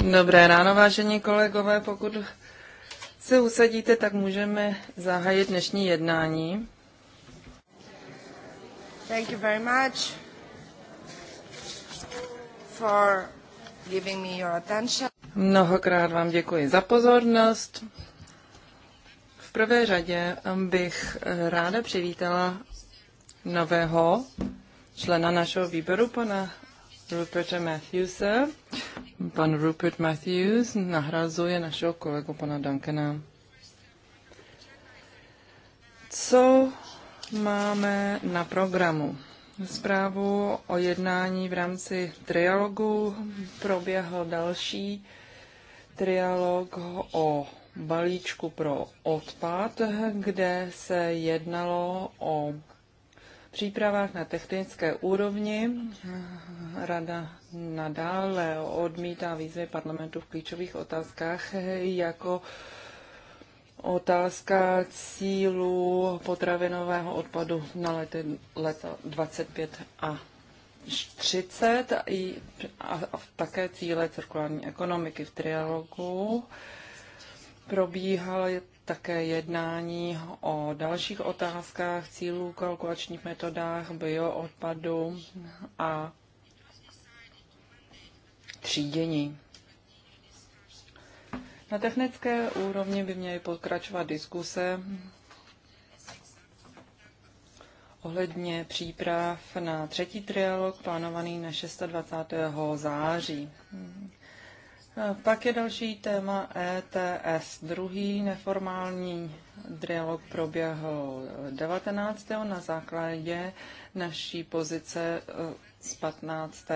Dobré ráno, vážení kolegové. Pokud se usadíte, tak můžeme zahájit dnešní jednání. Thank you very much for giving me your attention. Mnohokrát vám děkuji za pozornost. V prvé řadě bych ráda přivítala nového člena našeho výboru, pana Ruperta Matthewse. Pan Rupert Matthews nahrazuje našeho kolegu, pana Duncana. Co máme na programu? Zprávu o jednání v rámci trialogu proběhl další trialog o balíčku pro odpad, kde se jednalo o přípravách na technické úrovni. Rada nadále odmítá výzvy parlamentu v klíčových otázkách jako otázka cílu potravinového odpadu na lety, leta 25 a 30 i, a, a také cíle cirkulární ekonomiky v trialogu. Probíhal také jednání o dalších otázkách, cílů, kalkulačních metodách, bioodpadu a třídění. Na technické úrovni by měly pokračovat diskuse ohledně příprav na třetí trialog plánovaný na 26. září. Pak je další téma ETS. Druhý neformální dialog proběhl 19. na základě naší pozice eh, z 15.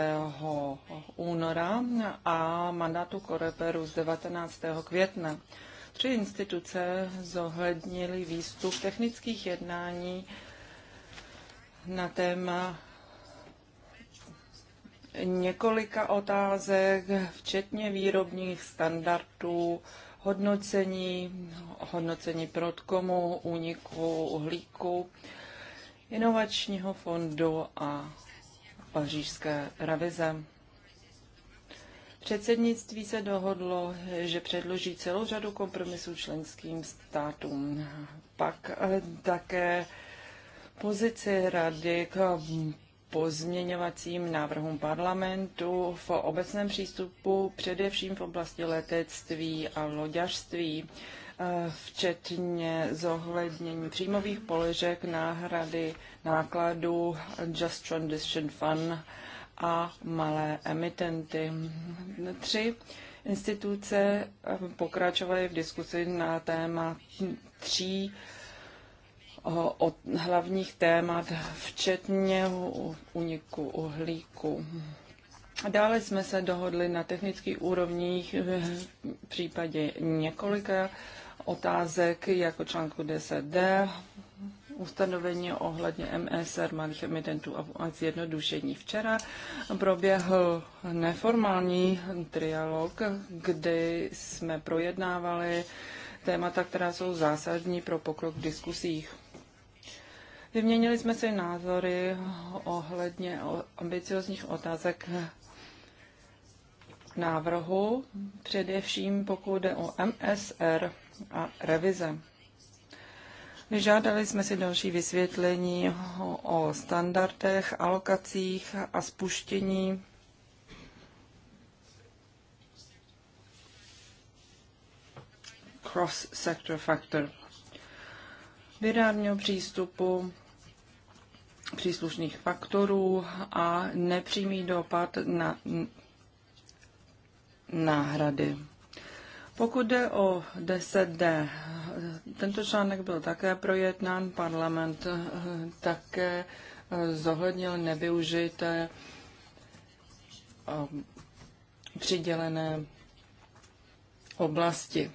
února a mandátu Koreperu z 19. května. Tři instituce zohlednily výstup technických jednání na téma několika otázek, včetně výrobních standardů, hodnocení, hodnocení protkomu, úniku uhlíku, inovačního fondu a pařížské revize. Předsednictví se dohodlo, že předloží celou řadu kompromisů členským státům. Pak eh, také pozici rady k pozměňovacím návrhům parlamentu v obecném přístupu, především v oblasti letectví a loďařství, eh, včetně zohlednění příjmových položek, náhrady nákladů, Just Transition Fund a malé emitenty. Tři instituce eh, pokračovaly v diskusi na téma tří od hlavních témat, včetně uniku uhlíku. Dále jsme se dohodli na technických úrovních v případě několika otázek, jako článku 10d, ustanovení ohledně MSR malých emitentů a zjednodušení. Včera proběhl neformální trialog, kdy jsme projednávali témata, která jsou zásadní pro pokrok v diskusích. Vyměnili jsme si názory ohledně ambiciozních otázek návrhu, především pokud jde o MSR a revize. Vyžádali jsme si další vysvětlení o standardech, alokacích a spuštění cross-sector factor binárního přístupu, příslušných faktorů a nepřímý dopad na náhrady. Pokud jde o 10D, tento článek byl také projednán, parlament eh, také eh, zohlednil nevyužité eh, přidělené oblasti.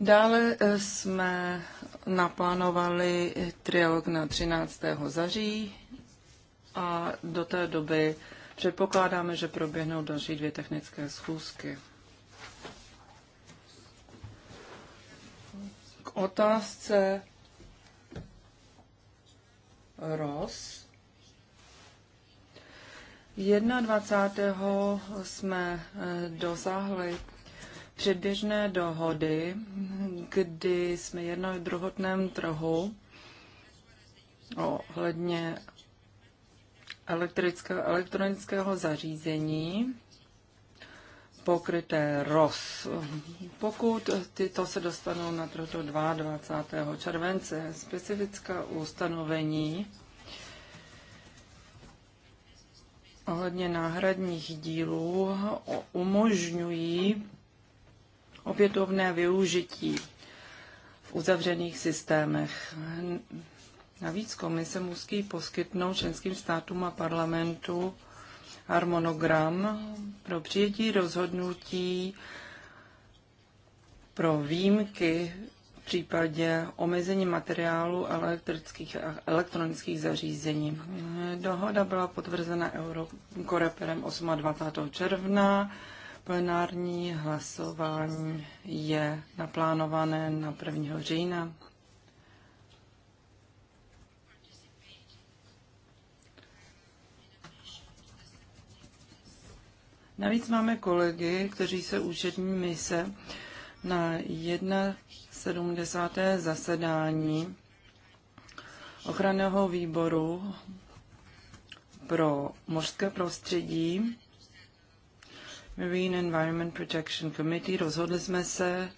Dále jsme naplánovali trialog na 13. září a do té doby předpokládáme, že proběhnou další dvě technické schůzky. K otázce ROS. 21. jsme dosáhli předběžné dohody, kdy jsme jedno v druhotném trhu ohledně elektrického, elektronického zařízení pokryté ROS. Pokud tyto se dostanou na trh 22. července, specifická ustanovení ohledně náhradních dílů umožňují opětovné využití v uzavřených systémech. Navíc komise musí poskytnout členským státům a parlamentu harmonogram pro přijetí rozhodnutí pro výjimky v případě omezení materiálu elektrických a elektronických zařízení. Dohoda byla potvrzena Eurokoreperem 28. června Plenární hlasování je naplánované na 1. října. Navíc máme kolegy, kteří se účetní mise na 1.70. zasedání ochranného výboru pro mořské prostředí Marine Environment Protection Committee, rozhodli jsme se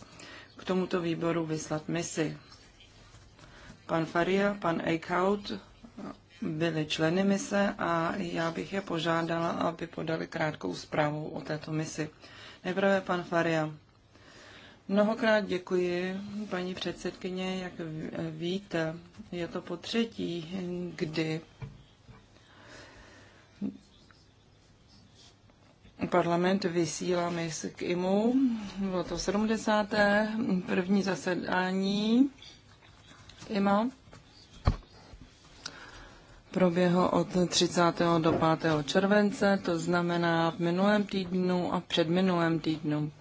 k tomuto výboru vyslat misi. Pan Faria, pan Eichhout byli členy mise a já bych je požádala, aby podali krátkou zprávu o této misi. Nejprve pan Faria. Mnohokrát děkuji, paní předsedkyně. Jak víte, je to po třetí, kdy parlament vysílá mis k IMU. Bylo to 70. první zasedání IMA. Proběhlo od 30. do 5. července, to znamená v minulém týdnu a před minulém týdnu.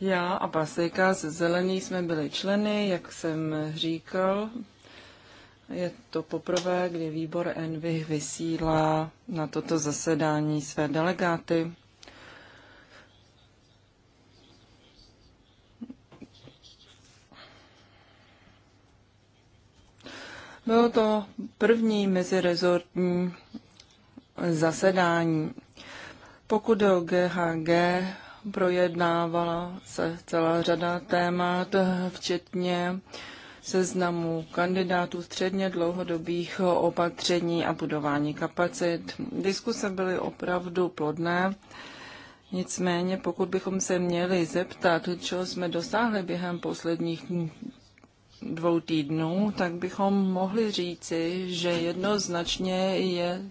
Já a Pasejka z Zelení jsme byli členy, jak jsem říkal, je to poprvé, kdy výbor Envy vysílá na toto zasedání své delegáty. Bylo to první mezirezortní zasedání. Pokud o GHG projednávala se celá řada témat, včetně uh, seznamu kandidátů středně dlouhodobých opatření a budování kapacit. Diskuse byly opravdu plodné. Nicméně, pokud bychom se měli zeptat, čeho jsme dosáhli během posledních dvou týdnů, tak bychom mohli říci, že jednoznačně je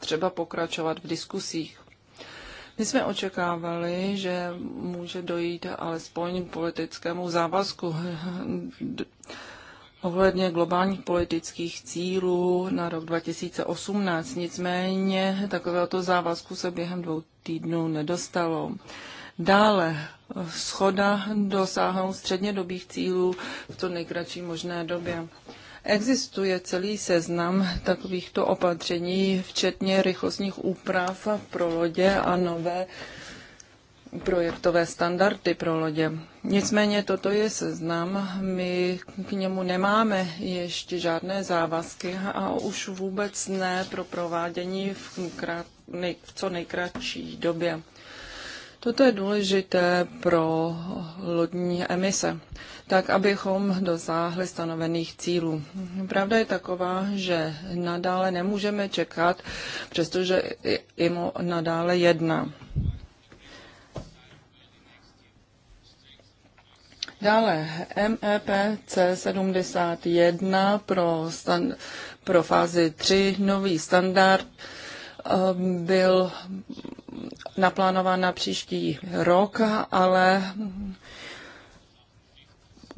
třeba pokračovat v diskusích. My jsme očekávali, že může dojít alespoň politickému závazku ohledně globálních politických cílů na rok 2018. Nicméně takovéto závazku se během dvou týdnů nedostalo. Dále schoda dosáhnout střednědobých cílů v co nejkratší možné době. Existuje celý seznam takovýchto opatření, včetně rychlostních úprav pro lodě a nové projektové standardy pro lodě. Nicméně toto je seznam, my k němu nemáme ještě žádné závazky a už vůbec ne pro provádění v, krát, nej, v co nejkratší době. Toto je důležité pro lodní emise, tak abychom dosáhli stanovených cílů. Pravda je taková, že nadále nemůžeme čekat, přestože IMO nadále jedná. Dále e c 71 pro, stan, pro fázi 3 nový standard eh, byl naplánován na příští rok, ale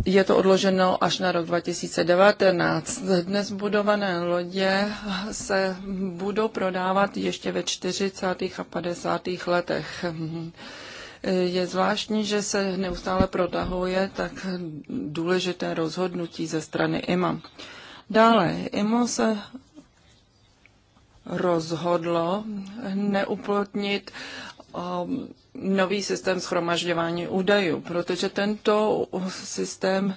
je to odloženo až na rok 2019. Dnes budované lodě se budou prodávat ještě ve 40. a 50. letech. Je zvláštní, že se neustále protahuje tak důležité rozhodnutí ze strany IMA. Dále, IMO se rozhodlo neuplotnit um, nový systém schromažďování údajů, protože tento systém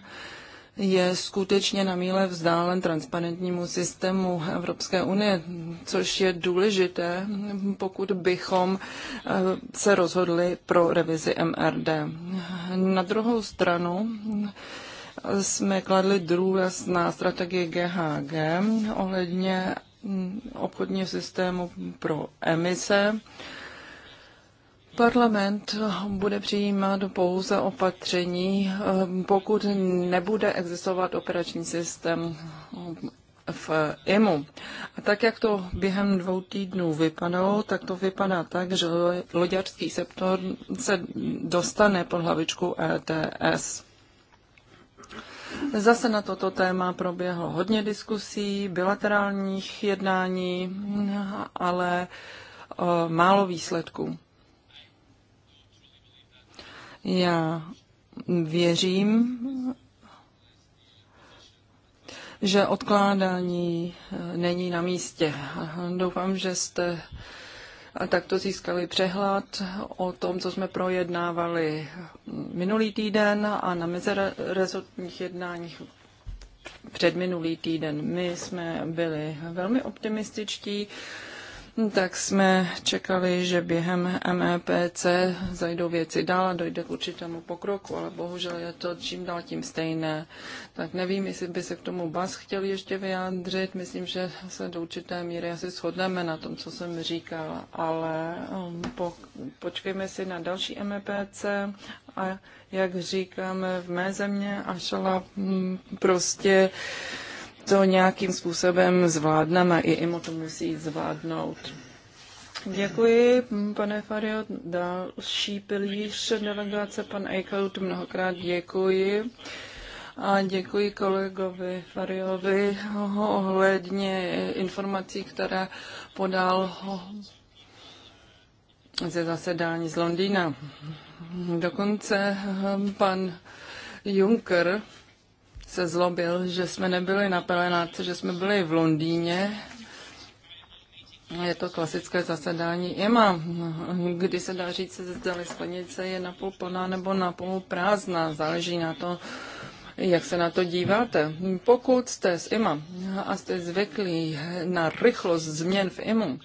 je skutečně na míle vzdálen transparentnímu systému Evropské unie, což je důležité, pokud bychom eh, se rozhodli pro revizi MRD. Na druhou stranu eh, jsme kladli důraz na strategii GHG ohledně obchodního systému pro emise. Parlament bude přijímat pouze opatření, pokud nebude existovat operační systém v IMU. A tak, jak to během dvou týdnů vypadalo, tak to vypadá tak, že loďarský sektor se dostane pod hlavičku ETS. Zase na toto téma proběhlo hodně diskusí, bilaterálních jednání, ale eh, málo výsledků. Já věřím, že odkládání eh, není na místě. Doufám, že jste a takto získali přehled o tom, co jsme projednávali minulý týden a na mezerezortních jednáních před minulý týden. My jsme byli velmi optimističtí No, tak jsme čekali, že během MEPC zajdou věci dál a dojde k určitému pokroku, ale bohužel je to čím dál tím stejné. Tak nevím, jestli by se k tomu BAS chtěl ještě vyjádřit. Myslím, že se do určité míry asi shodneme na tom, co jsem říkal, ale um, po, počkejme si na další MEPC a jak říkáme v mé země, Ašala mm, prostě to nějakým způsobem zvládneme, i IMO to musí zvládnout. Děkuji, pane Fario. Další pilíř delegace, pan Eichhout, mnohokrát děkuji. A děkuji kolegovi Fariovi ohledně informací, které podal ze zasedání z Londýna. Dokonce hm, pan Juncker se zlobil, že jsme nebyli na Pelenáce, že jsme byli v Londýně. Je to klasické zasedání EMA, kdy se dá říct, zdali sklenice je napůl plná nebo napůl prázdná. Záleží na to, jak se na to díváte? Pokud jste z EMA a jste zvyklí na rychlost změn v IMU,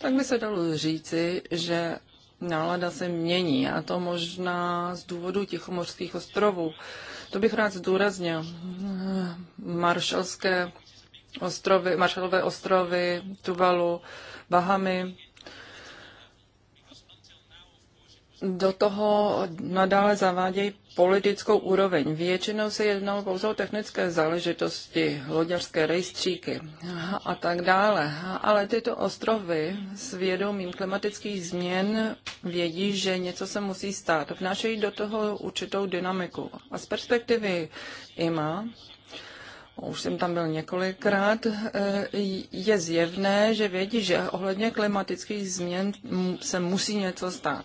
tak by se dalo říci, že nálada se mění a to možná z důvodu Tichomořských ostrovů. To bych rád zdůraznil. Maršalské ostrovy, Maršalové ostrovy, Tuvalu, Bahamy. Do toho nadále zavádějí politickou úroveň. Většinou se jednalo pouze o technické záležitosti, loďařské rejstříky a tak dále. Ale tyto ostrovy s vědomím klimatických změn vědí, že něco se musí stát. Vnášejí do toho určitou dynamiku. A z perspektivy IMA, už jsem tam byl několikrát, je zjevné, že vědí, že ohledně klimatických změn se musí něco stát.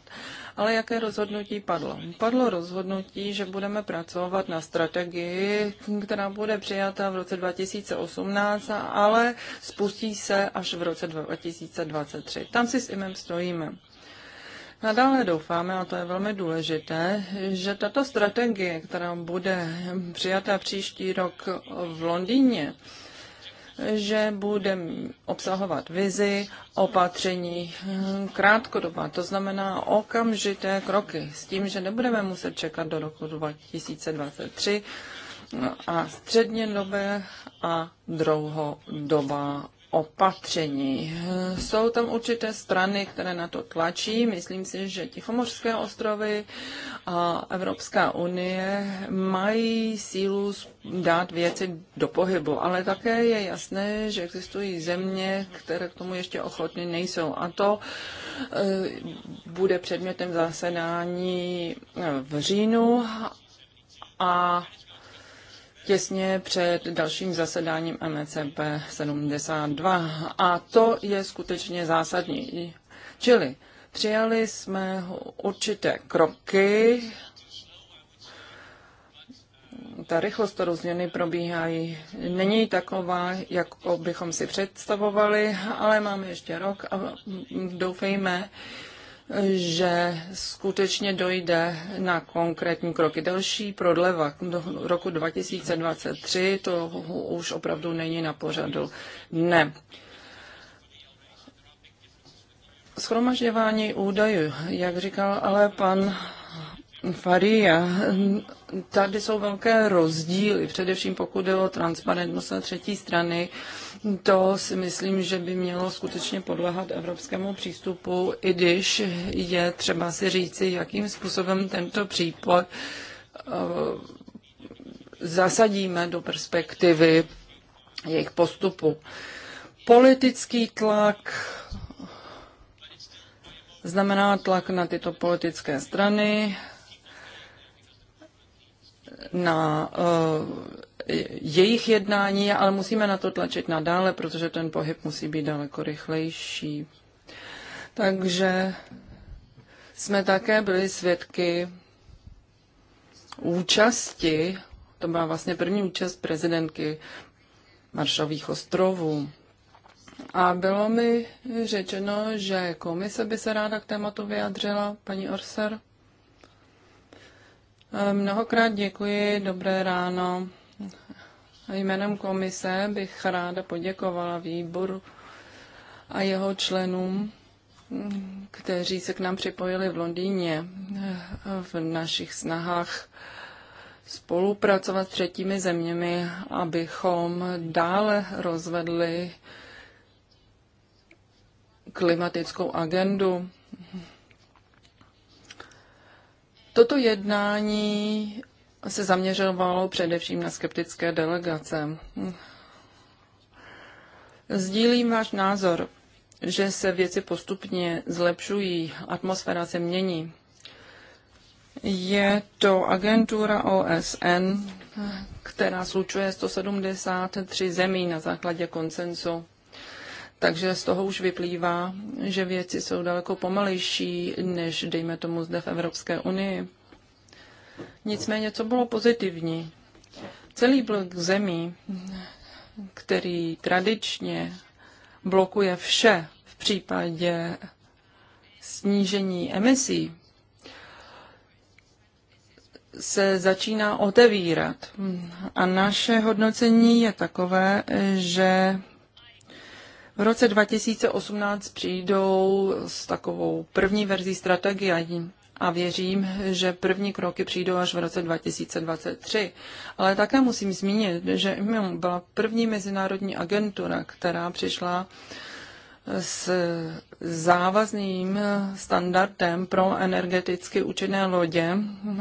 Ale jaké rozhodnutí padlo? Padlo rozhodnutí, že budeme pracovat na strategii, která bude přijata v roce 2018, ale spustí se až v roce 2023. Tam si s IMEM stojíme. Nadále doufáme, a to je velmi důležité, že tato strategie, která bude přijata příští rok v Londýně, že bude obsahovat vizi opatření hm, krátkodobá, to znamená okamžité kroky, s tím, že nebudeme muset čekat do roku 2023 no, a střednědobé a dlouhodobá opatření. Jsou tam určité strany, které na to tlačí. Myslím si, že Tichomořské ostrovy a Evropská unie mají sílu dát věci do pohybu, ale také je jasné, že existují země, které k tomu ještě ochotny nejsou. A to eh, bude předmětem zasedání v říjnu a těsně před dalším zasedáním MECP 72. A to je skutečně zásadní. Čili přijali jsme určité kroky, ta rychlost, kterou změny probíhají, není taková, jak bychom si představovali, ale máme ještě rok a doufejme, že skutečně dojde na konkrétní kroky. Další prodleva do roku 2023, to už opravdu není na pořadu Ne. Schromažďování údajů, jak říkal ale pan Faria, hm, tady jsou velké rozdíly, především pokud jde o transparentnost na třetí strany. To si myslím, že by mělo skutečně podlehat evropskému přístupu, i když je třeba si říci, jakým způsobem tento případ eh, zasadíme do perspektivy jejich postupu. Politický tlak znamená tlak na tyto politické strany, na eh, jejich jednání, ale musíme na to tlačit nadále, protože ten pohyb musí být daleko rychlejší. Takže jsme také byli svědky účasti, to byla vlastně první účast prezidentky Maršových ostrovů. A bylo mi řečeno, že komise by se ráda k tématu vyjadřila, paní Orser. Eh, mnohokrát děkuji, dobré ráno. Jménem komise bych ráda poděkovala výboru a jeho členům, kteří se k nám připojili v Londýně eh, v našich snahách spolupracovat s třetími zeměmi, abychom dále rozvedli klimatickou agendu Toto jednání se zaměřovalo především na skeptické delegace. Sdílím váš názor, že se věci postupně zlepšují, atmosféra se mění. Je to agentura OSN, která slučuje 173 zemí na základě konsenzu takže z toho už vyplývá, že věci jsou daleko pomalejší, než dejme tomu zde v Evropské unii. Nicméně, co bylo pozitivní? Celý blok zemí, který tradičně blokuje vše v případě snížení emisí, se začíná otevírat. A naše hodnocení je takové, že v roce 2018 přijdou s takovou první verzí strategie a věřím, že první kroky přijdou až v roce 2023. Ale také musím zmínit, že IMIUM byla první mezinárodní agentura, která přišla s závazným standardem pro energeticky účinné lodě.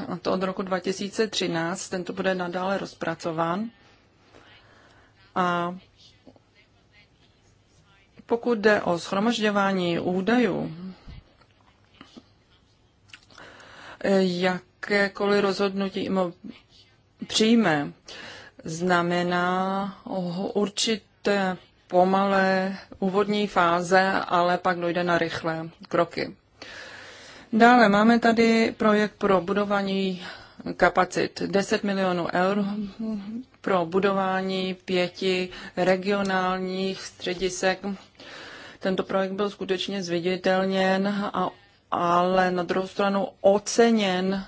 A to od roku 2013. Tento bude nadále rozpracován. A pokud jde o schromažďování údajů, jakékoliv rozhodnutí přijme, znamená určité pomalé úvodní fáze, ale pak dojde na rychlé kroky. Dále máme tady projekt pro budování kapacit 10 milionů eur pro budování pěti regionálních středisek. Tento projekt byl skutečně zviditelněn a ale na druhou stranu oceněn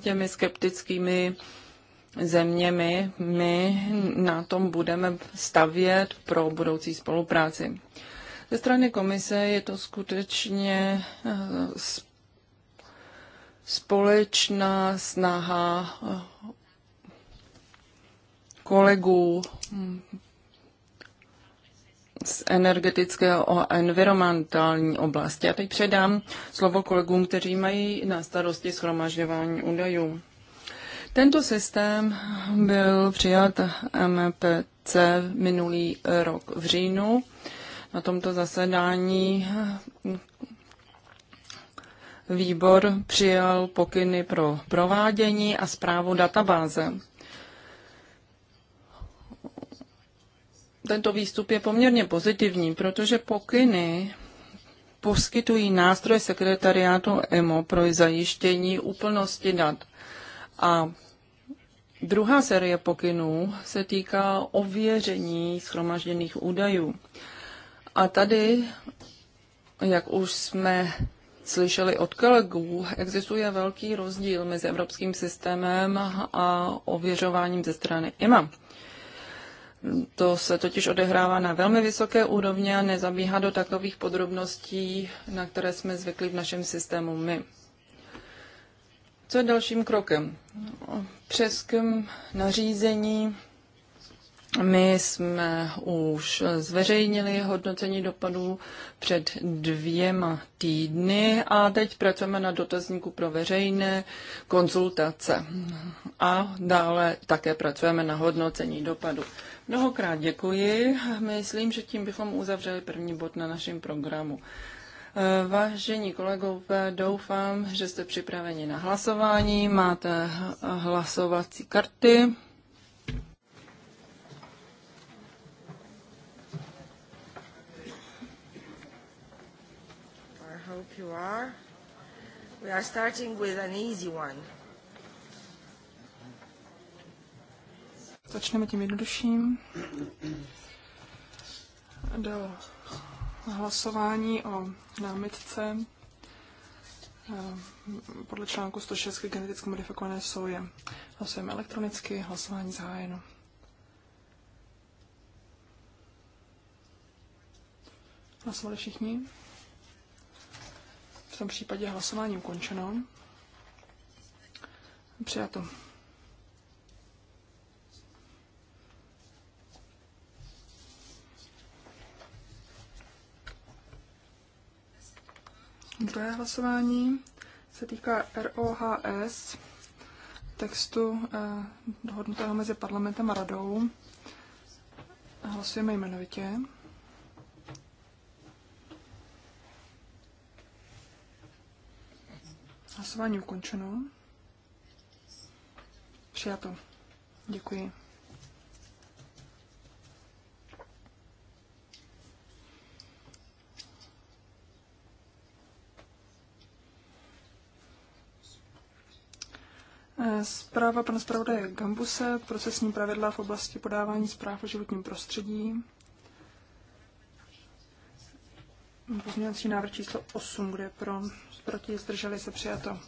těmi skeptickými zeměmi. My na tom budeme stavět pro budoucí spolupráci. Ze strany komise je to skutečně eh, společná snaha eh, kolegů z energetického a environmentální oblasti. Já teď předám slovo kolegům, kteří mají na starosti schromažďování údajů. Tento systém byl přijat MPC minulý rok v říjnu. Na tomto zasedání výbor přijal pokyny pro provádění a zprávu databáze. tento výstup je poměrně pozitivní, protože pokyny poskytují nástroj sekretariátu EMO pro zajištění úplnosti dat. A druhá série pokynů se týká ověření schromažděných údajů. A tady, jak už jsme slyšeli od kolegů, existuje velký rozdíl mezi evropským systémem a ověřováním ze strany EMA. To se totiž odehrává na velmi vysoké úrovni a nezabíhá do takových podrobností, na které jsme zvyklí v našem systému my. Co je dalším krokem? Přeskem nařízení my jsme už zveřejnili hodnocení dopadů před dvěma týdny a teď pracujeme na dotazníku pro veřejné konzultace. A dále také pracujeme na hodnocení dopadů. Mnohokrát děkuji. Myslím, že tím bychom uzavřeli první bod na našem programu. Vážení kolegové, doufám, že jste připraveni na hlasování. Máte hlasovací karty. you are. We are starting with an easy one. Začneme tím jednodušším. Do hlasování o námitce eh, podle článku 106 geneticky modifikované soje. Hlasujeme elektronicky, hlasování zahájeno. Hlasovali všichni? V tom případě hlasování ukončeno. Přijato. Druhé hlasování se týká ROHS, textu eh, dohodnutého mezi parlamentem a radou. Hlasujeme jmenovitě. Hlasování ukončeno. Přijato. Děkuji. Zpráva pana zpravodaje Gambuse, procesní pravidla v oblasti podávání zpráv o životním prostředí. Pozměňovací návrh číslo 8, kde pro, proti zdrželi se přijato.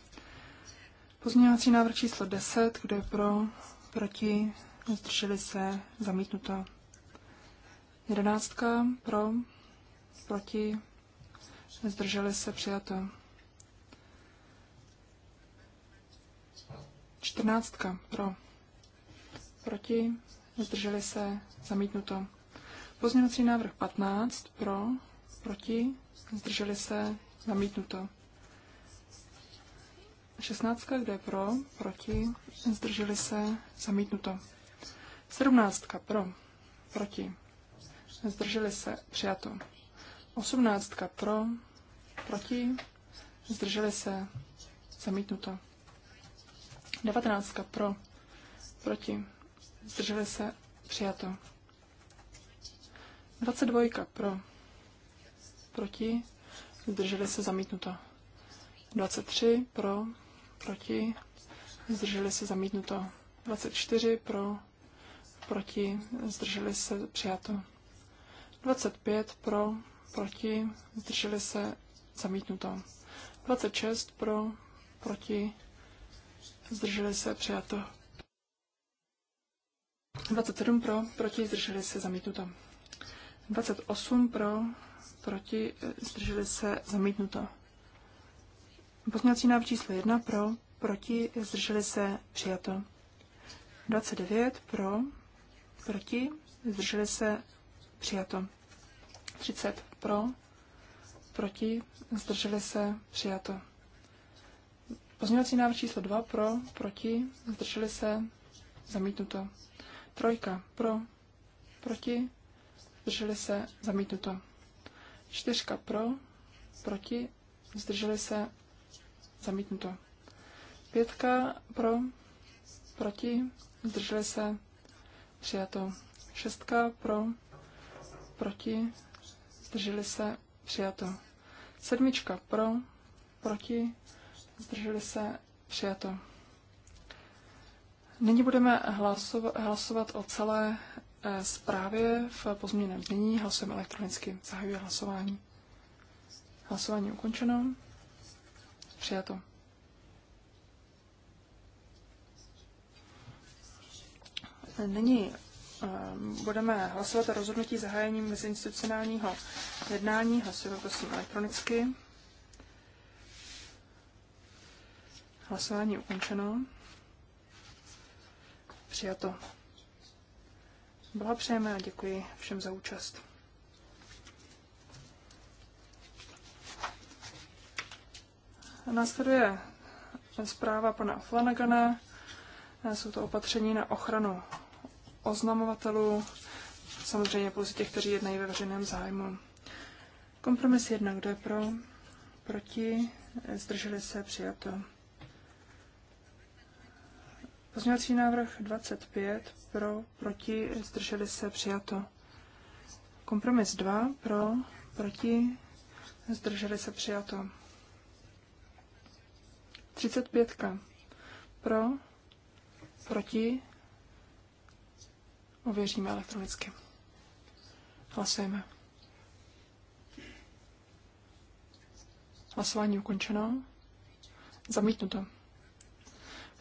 Pozměňovací návrh číslo 10, kde pro, proti zdrželi se zamítnuto. Jedenáctka pro, proti zdrželi se přijato. Čtrnáctka pro. Proti. Zdrželi se. Zamítnuto. Pozměňovací návrh 15 pro. Proti. Zdrželi se. Zamítnuto. 16, kde je pro, proti, zdrželi se, zamítnuto. 17, pro, proti, zdrželi se, přijato. 18, pro, proti, zdrželi se, zamítnuto. 19 pro, proti, zdrželi se, přijato. 22 pro, proti, zdrželi se, zamítnuto. 23 pro, proti, zdrželi se, zamítnuto. 24 pro, proti, zdrželi se, přijato. 25 pro, proti, zdrželi se, zamítnuto. 26 pro, proti, zdrželi se, přijato. 27 pro, proti, zdrželi se, zamítnuto. 28 pro, proti, zdrželi se, zamítnuto. Pozměňovací návrh číslo 1 pro, proti, zdrželi se, přijato. 29 pro, proti, zdrželi se, přijato. 30 pro, proti, zdrželi se, přijato. Pozměňovací návrh číslo 2 pro, proti, zdrželi se, zamítnuto. Trojka pro, proti, zdrželi se, zamítnuto. Čtyřka pro, proti, zdrželi se, zamítnuto. Pětka pro, proti, zdrželi se, přijato. Šestka pro, proti, zdrželi se, přijato. Sedmička pro, proti, zdrželi se, přijato. Nyní budeme hlasovat, hlasovat o celé eh, zprávě v pozměněném znění. Hlasujeme elektronicky. Zahajuji hlasování. Hlasování ukončeno. Přijato. Nyní eh, budeme hlasovat o rozhodnutí zahájení institucionálního jednání. Hlasujeme prosím elektronicky. Hlasování ukončeno. Přijato. přejeme a děkuji všem za účast. Následuje zpráva pana Flanagana. Jsou to opatření na ochranu oznamovatelů, samozřejmě pouze těch, kteří jednají ve veřejném zájmu. Kompromis jedna, kdo je pro, proti, zdrželi se, přijato. Pozměňovací návrh 25 pro, proti, zdrželi se, přijato. Kompromis 2 pro, proti, zdrželi se, přijato. 35 pro, proti, ověříme elektronicky. Hlasujeme. Hlasování ukončeno. Zamítnuto.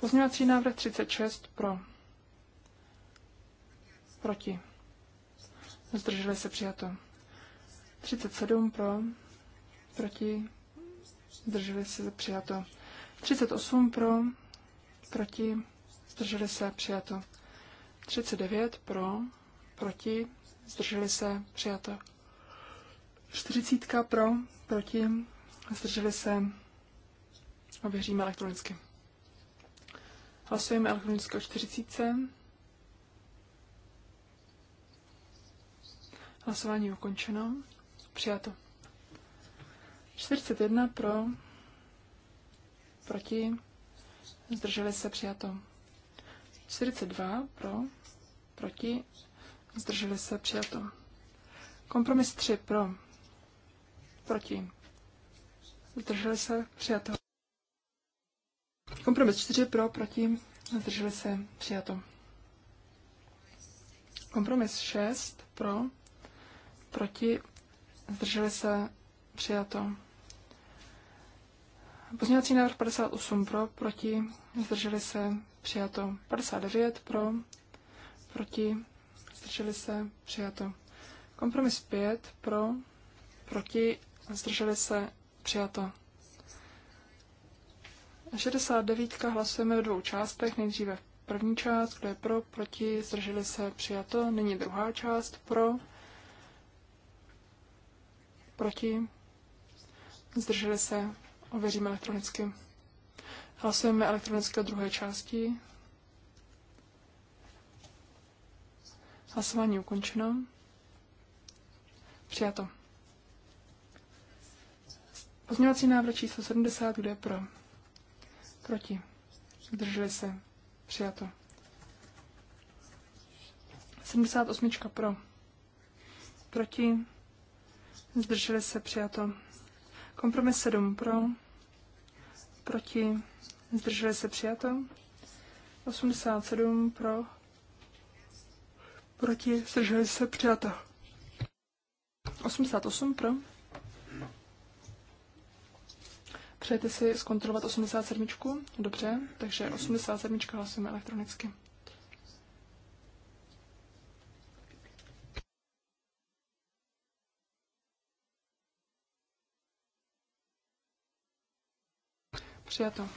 Pozměňovací návrh 36 pro. Proti. Zdrželi se přijato. 37 pro. Proti. Zdrželi se přijato. 38 pro. Proti. Zdrželi se přijato. 39 pro. Proti. Zdrželi se přijato. 40 pro. Proti. Zdrželi se. Ověříme elektronicky. Hlasujeme elektronicky o 40. Hlasování je ukončeno. Přijato. 41 pro, proti, zdrželi se přijato. 42 pro, proti, zdrželi se přijato. Kompromis 3 pro, proti, zdrželi se přijato. Kompromis 4 pro, proti, zdrželi se, přijato. Kompromis 6 pro, proti, zdrželi se, přijato. Pozměňovací návrh 58 pro, proti, zdrželi se, přijato. 59 pro, proti, zdrželi se, přijato. Kompromis 5 pro, proti, zdrželi se, přijato. Na 69 hlasujeme ve dvou částech. Nejdříve první část, kdo je pro, proti, zdrželi se, přijato. Nyní druhá část, pro, proti, zdrželi se, ověříme elektronicky. Hlasujeme elektronicky o druhé části. Hlasování ukončeno. Přijato. Pozměňovací návrh číslo 70, kde je pro? Proti. Zdrželi se. Přijato. 78 pro. Proti. Zdrželi se. Přijato. Kompromis 7 pro. Proti. Zdrželi se. Přijato. 87 pro. Proti. Zdrželi se. Přijato. 88 pro Přejete si zkontrolovat 87? Dobře, takže 87 hlasujeme elektronicky. Přijato.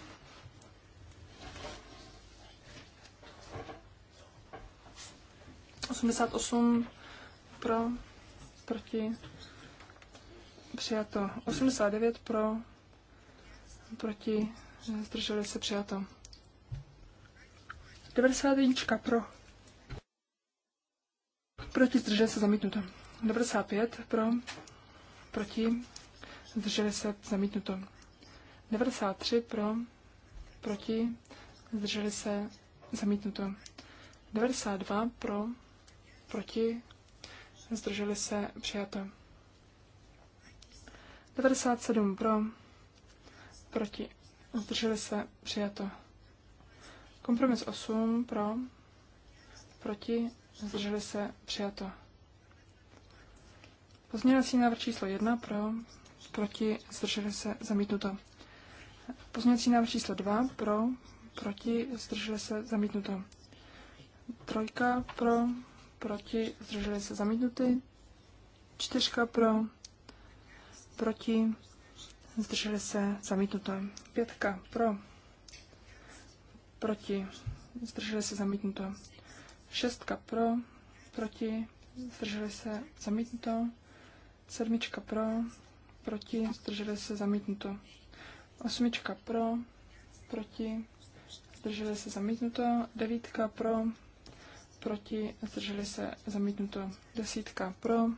Osmdesát osm pro, proti, přijato. Osmdesát devět pro, proti, zdrželi se přijato. 91 pro, proti, zdrželi se zamítnuto. 95 pro, proti, zdrželi se zamítnuto. 93 pro, proti, zdrželi se zamítnuto. 92 pro, proti, zdrželi se přijato. 97 pro, proti, zdrželi se, přijato. Kompromis 8 pro, proti, zdrželi se, přijato. Pozměňovací návrh číslo 1 pro, proti, zdrželi se, zamítnuto. Pozměňovací návrh číslo 2 pro, proti, zdrželi se, zamítnuto. Trojka pro, proti, zdrželi se, zamítnuty. Čtyřka pro, proti, zdrželi se, zamítnuto. Pětka pro, proti, zdrželi se, zamítnuto. Šestka pro, proti, zdrželi se, zamítnuto. Sedmička pro, proti, zdrželi se, zamítnuto. Osmička pro, proti, zdrželi se, zamítnuto. Devítka pro, proti, zdrželi se, zamítnuto. Desítka pro,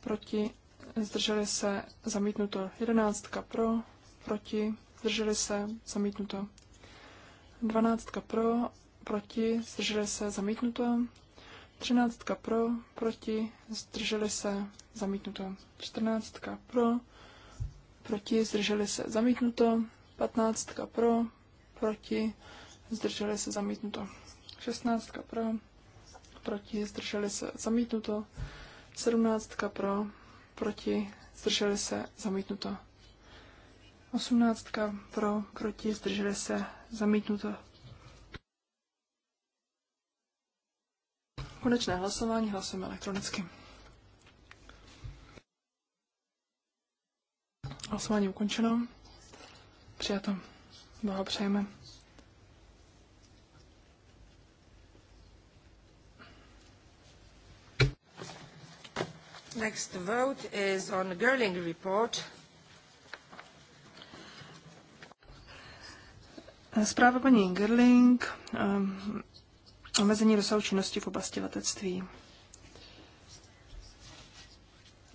proti, zdrželi se, zamítnuto. Jedenáctka pro, proti, zdrželi se, zamítnuto. Dvanáctka pro, proti, zdrželi se, zamítnuto. Třináctka pro, proti, zdrželi se, zamítnuto. Čtrnáctka pro, proti, zdrželi se, zamítnuto. Patnáctka pro, proti, zdrželi se, zamítnuto. Šestnáctka pro, proti, zdrželi se, zamítnuto. Sedmnáctka pro, proti, zdrželi se, zamítnuto. Osmnáctka pro, proti, zdrželi se, zamítnuto. Konečné hlasování hlasujeme elektronicky. Hlasování ukončeno. Přijato. Blahopřejeme. přejeme. Next vote is on Gerling report. Zpráva paní Gerling, um, omezení rozsahu činnosti v oblasti letectví.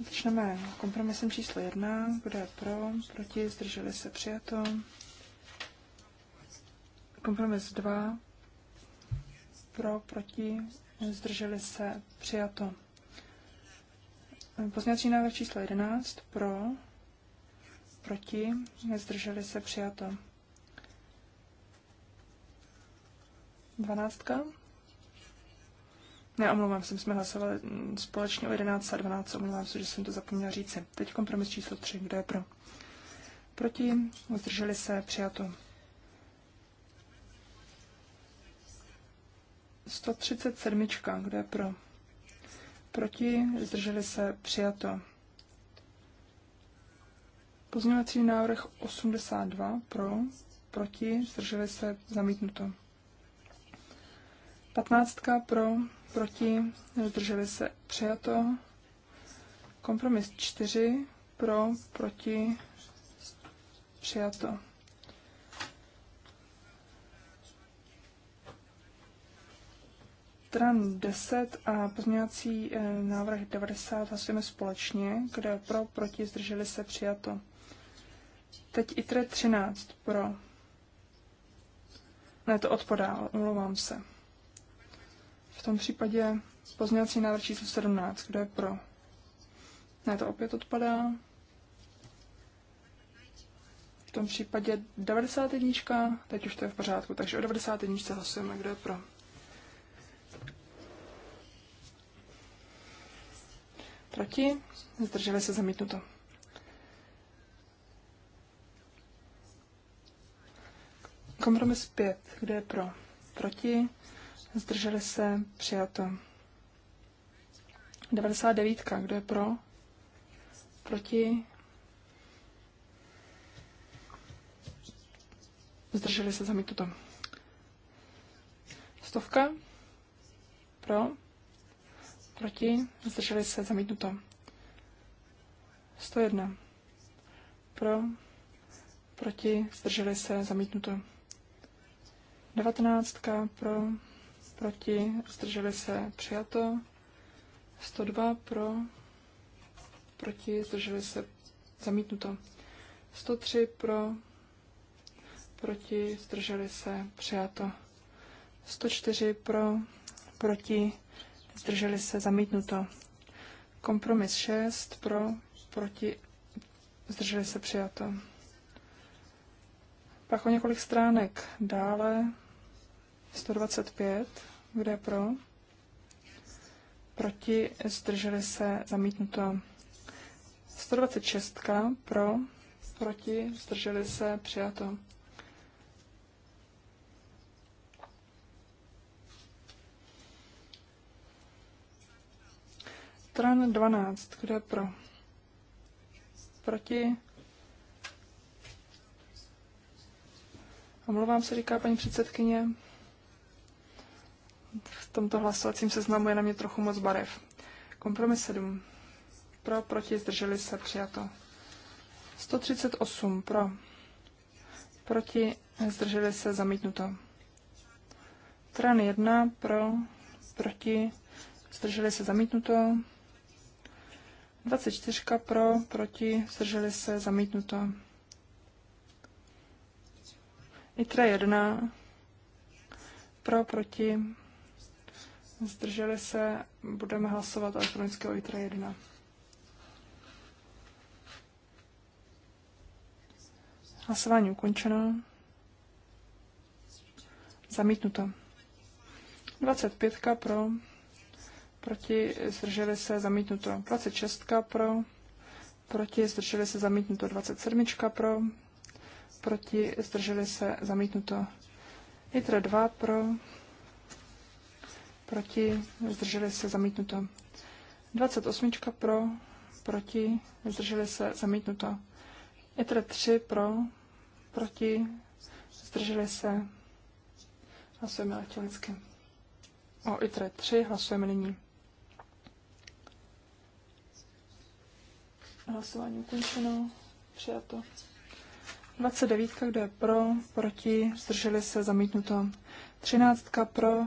Začneme kompromisem číslo jedna. Kdo je pro? Proti? Zdrželi se? Přijato. Kompromis dva. Pro? Proti? Zdrželi se? Přijato. Pozměňovací návrh číslo 11 pro, proti, nezdrželi se přijato. 12. Ne, omlouvám se, jsme hlasovali mm, společně o 11 a 12, omlouvám se, že jsem to zapomněla říci. Teď kompromis číslo 3, kdo je pro? Proti, zdrželi se, přijato. 137, kdo je pro? Proti? Zdrželi se? Přijato. Pozměňovací návrh 82 pro, proti, zdrželi se, zamítnuto. 15 pro, proti, zdrželi se, přijato. Kompromis 4 pro, proti, přijato. stran 10 a pozměňovací eh, návrh 90 hlasujeme společně, kde pro, proti, zdrželi se, přijato. Teď ITRE 13 pro. Ne, to odpadá, omlouvám se. V tom případě pozměňovací návrh číslo 17, kde je pro? Ne, to opět odpadá. V tom případě 91, teď už to je v pořádku, takže o 91 hlasujeme, kdo je pro. Proti? Zdrželi se zamítnuto. Kompromis 5. Kdo je pro? Proti? Zdrželi se přijato. 99. Kdo je pro? Proti? Zdrželi se zamítnuto. Stovka? Pro? proti, zdrželi se, zamítnuto. 101 pro, proti, zdrželi se, zamítnuto. 19 pro, proti, zdrželi se, přijato. 102 pro, proti, zdrželi se, zamítnuto. 103 pro, proti, zdrželi se, přijato. 104 pro, proti, zdrželi se, zamítnuto. Kompromis 6 pro, proti, zdrželi se, přijato. Pak o několik stránek dále 125, kde je pro, proti, zdrželi se, zamítnuto. 126 pro, proti, zdrželi se, přijato. stran 12, kdo je pro? Proti? Omlouvám se, říká paní předsedkyně. V tomto hlasovacím seznamu je na mě trochu moc barev. Kompromis 7. Pro, proti, zdrželi se, přijato. 138 pro. Proti, zdrželi se, zamítnuto. Tran 1 pro, proti, zdrželi se, zamítnuto. 24 pro, proti, zdrželi se, zamítnuto. ITRA 1 pro, proti, zdrželi se, budeme hlasovat elektronicky o ITRA 1. Hlasování ukončeno. Zamítnuto. 25 pro, proti, zdrželi se, zamítnuto 26 pro, proti, zdrželi se, zamítnuto 27 pro, proti, zdrželi se, zamítnuto ITRA 2 pro, proti, zdrželi se, zamítnuto 28 pro, proti, zdrželi se, zamítnuto ITRA 3 pro, proti, zdrželi se, hlasujeme elektronicky. O ITRE 3 hlasujeme nyní. Hlasování ukončeno. Přijato. 29, kdo je pro, proti, zdrželi se, zamítnuto. 13 pro,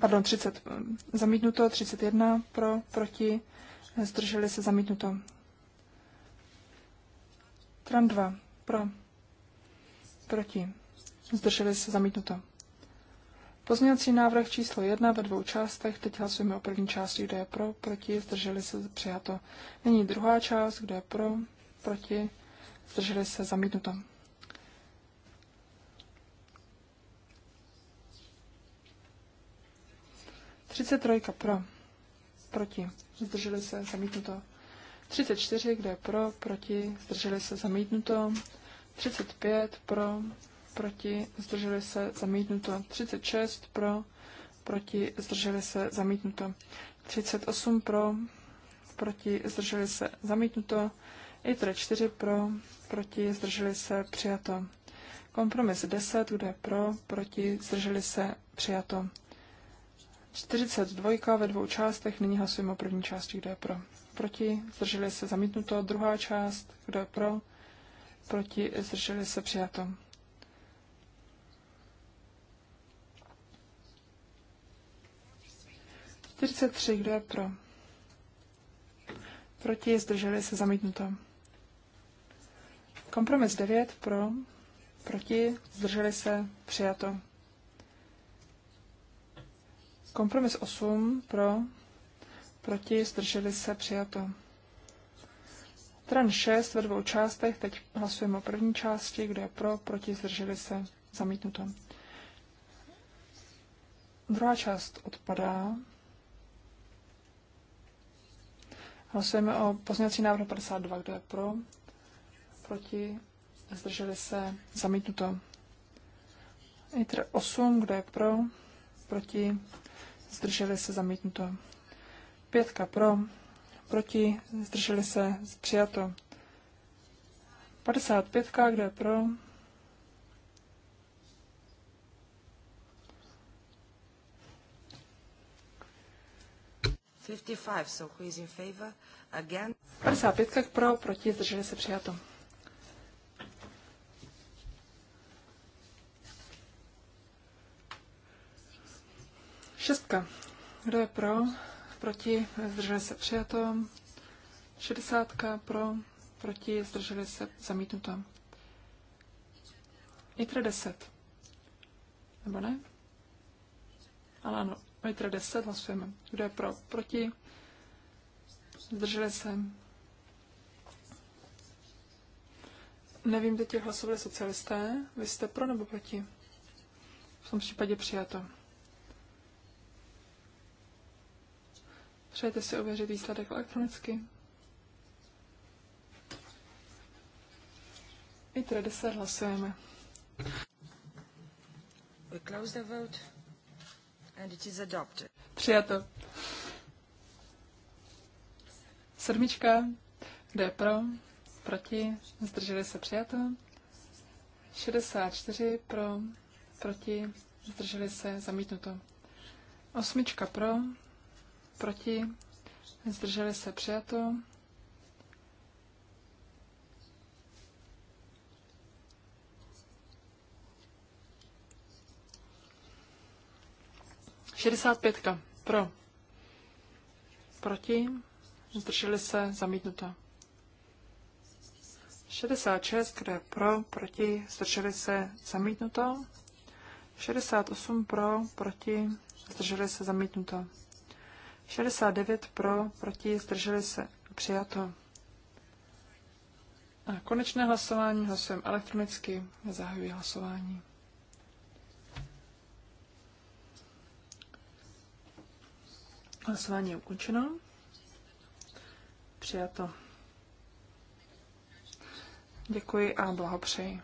pardon, 30, eh, zamítnuto, 31 pro, proti, zdrželi se, zamítnuto. Tram 2, pro, proti, zdrželi se, zamítnuto. Pozměňovací návrh číslo jedna ve dvou částech. Teď hlasujeme o první části, kdo je pro, proti, zdrželi se, přijato. Nyní druhá část, kdo je pro, proti, zdrželi se, zamítnuto. Třicet trojka pro, proti, zdrželi se, zamítnuto. čtyři, kde je pro, proti, zdrželi se, zamítnuto. Třicet pět pro, proti, zdrželi se, zamítnuto. 36 pro, proti, zdrželi se, zamítnuto. 38 pro, proti, zdrželi se, zamítnuto. tedy 4 pro, proti, zdrželi se, přijato. Kompromis 10, kde pro, proti, zdrželi se, přijato. 42 ve dvou částech, nyní hlasujeme o první části, kde je pro. Proti, zdrželi se, zamítnuto. Druhá část, kde je pro, proti, zdrželi se, přijato. 43, kdo je pro? Proti, zdrželi se, zamítnuto. Kompromis 9, pro, proti, zdrželi se, přijato. Kompromis 8, pro, proti, zdrželi se, přijato. Tran 6 ve dvou částech, teď hlasujeme o první části, kde je pro, proti, zdrželi se, zamítnuto. Druhá část odpadá. Hlasujeme o pozměňovací návrh 52. Kdo je pro? Proti? Zdrželi se? Zamítnuto. ITR 8. Kdo je pro? Proti? Zdrželi se? Zamítnuto. Pětka pro? Proti? Zdrželi se? Přijato. 55. Kdo je pro? 55, so pro, proti, zdrželi se přijato. Šestka. Kdo je pro? Proti, zdrželi se přijato. Šedesátka pro, proti, zdrželi se zamítnuto. ITRE 10. Nebo ne? Ale ano, Petra 10 hlasujeme. Kdo je pro? Proti? Zdrželi se. Nevím, teď jak hlasovali socialisté. Vy jste pro nebo proti? V tom případě přijato. Přejete si ověřit výsledek elektronicky? I tedy 10 hlasujeme. We close the vote. And it is adopted. Přijato. Sedmička. Kdo je pro? Proti? Zdrželi se přijato. 64 pro, proti, zdrželi se, zamítnuto. Osmička pro, proti, zdrželi se, přijato. 65. Pro. Proti. Zdrželi se. Zamítnuto. 66, kde je pro, proti, zdrželi se, zamítnuto. 68 pro, proti, zdrželi se, zamítnuto. 69 pro, proti, zdrželi se, přijato. A konečné hlasování hlasujeme elektronicky. Zahajuji hlasování. Hlasování je ukončeno. Přijato. Děkuji a blahopřeji.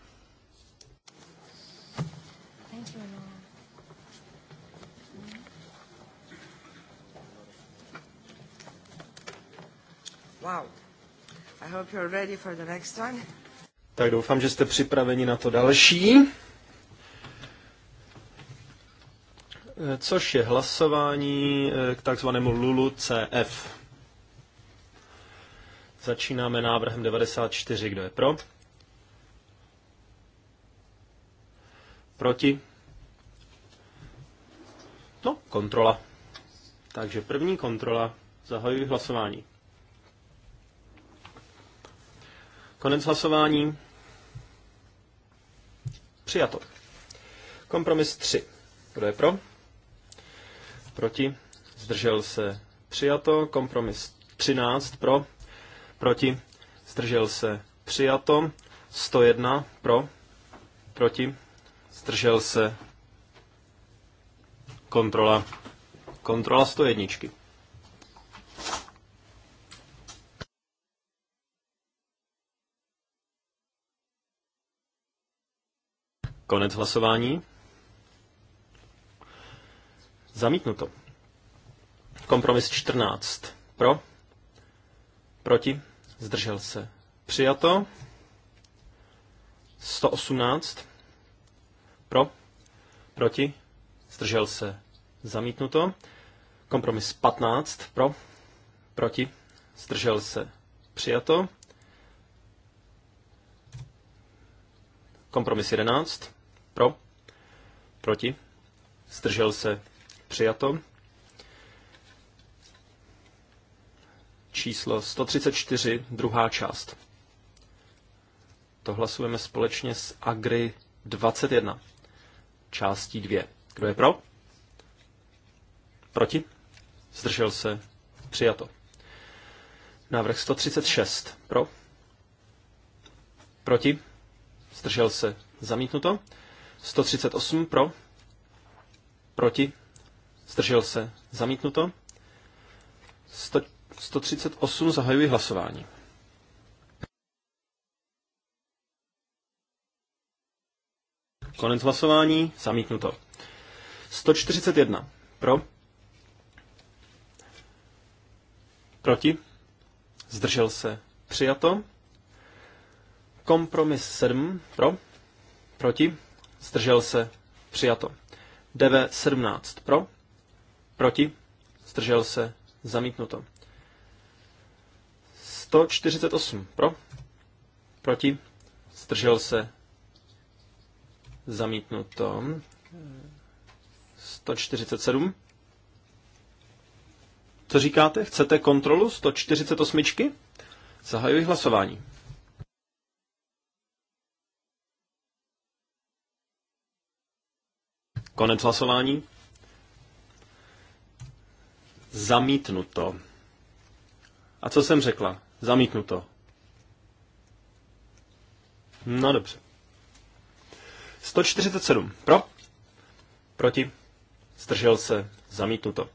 Wow. I hope you're ready for the next one. Tak doufám, že jste připraveni na to další. což je hlasování eh, k takzvanému Lulu CF. Začínáme návrhem 94. Kdo je pro? Proti? No, kontrola. Takže první kontrola. Zahajuji hlasování. Konec hlasování. Přijato. Kompromis 3. Kdo je pro? proti, zdržel se přijato, kompromis 13 pro, proti, zdržel se přijato, 101 pro, proti, zdržel se kontrola, kontrola 101. Konec hlasování. Zamítnuto. Kompromis 14. Pro? Proti? Zdržel se. Přijato. 118. Pro? Proti? Zdržel se. Zamítnuto. Kompromis 15. Pro? Proti? Zdržel se. Přijato. Kompromis 11. Pro? Proti? Zdržel se. Přijato. Číslo 134, druhá část. To hlasujeme společně s Agri 21, částí 2. Kdo je pro? Proti? Zdržel se? Přijato. Návrh 136. Pro? Proti? Zdržel se? Zamítnuto. 138. Pro? Proti? Zdržel se? Zamítnuto. 100, 138. Zahajuji hlasování. Konec hlasování. Zamítnuto. 141. Pro. Proti. Zdržel se. Přijato. Kompromis 7. Pro. Proti. Zdržel se. Přijato. DV 17. Pro. Proti? Zdržel se? Zamítnuto. 148. Pro? Proti? Zdržel se? Zamítnuto. 147. Co říkáte? Chcete kontrolu 148? Zahajuji hlasování. Konec hlasování. Zamítnuto. A co jsem řekla? Zamítnuto. No dobře. 147. Pro? Proti? Zdržel se? Zamítnuto.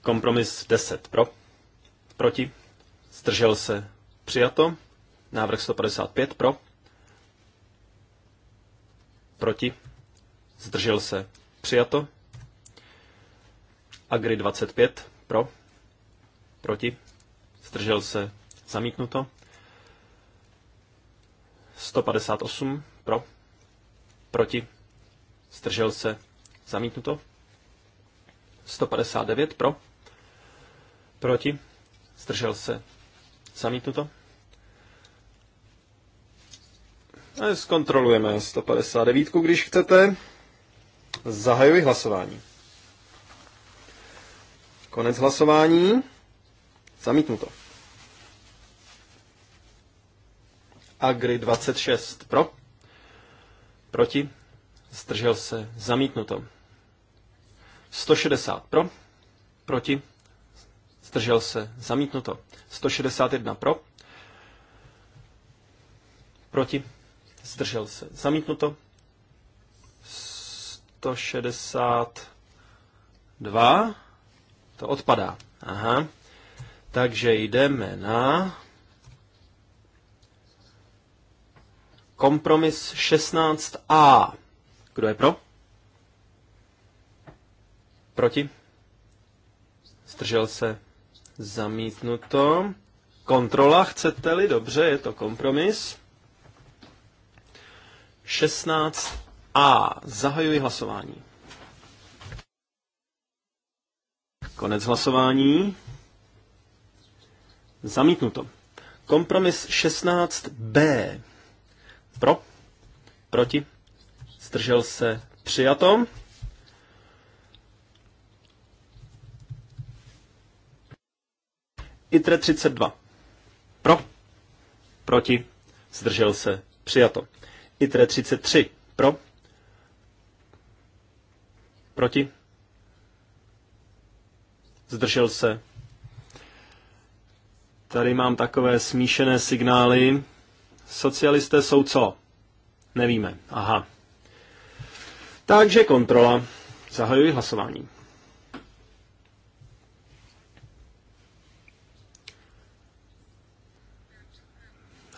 Kompromis 10. Pro? Proti? Zdržel se? Přijato. Návrh 155. Pro? Proti? Zdržel se? Přijato. Agri 25 pro, proti, zdržel se, zamítnuto. 158 pro, proti, zdržel se, zamítnuto. 159 pro, proti, zdržel se, zamítnuto. A zkontrolujeme 159, když chcete. Zahajuji hlasování. Konec hlasování. Zamítnuto. Agri 26 pro. Proti. Zdržel se. Zamítnuto. 160 pro. Proti. Zdržel se. Zamítnuto. 161 pro. Proti. Zdržel se. Zamítnuto. 162 to odpadá. Aha. Takže jdeme na kompromis 16a. Kdo je pro? Proti? Zdržel se zamítnuto. Kontrola, chcete-li? Dobře, je to kompromis. 16a. Zahajuji hlasování. Konec hlasování. Zamítnuto. Kompromis 16b. Pro? Proti? Zdržel se? Přijato. ITRE 32. Pro? Proti? Zdržel se? Přijato. ITRE 33. Pro? Proti? zdržel se. Tady mám takové smíšené signály. Socialisté jsou co? Nevíme. Aha. Takže kontrola. Zahajuji hlasování.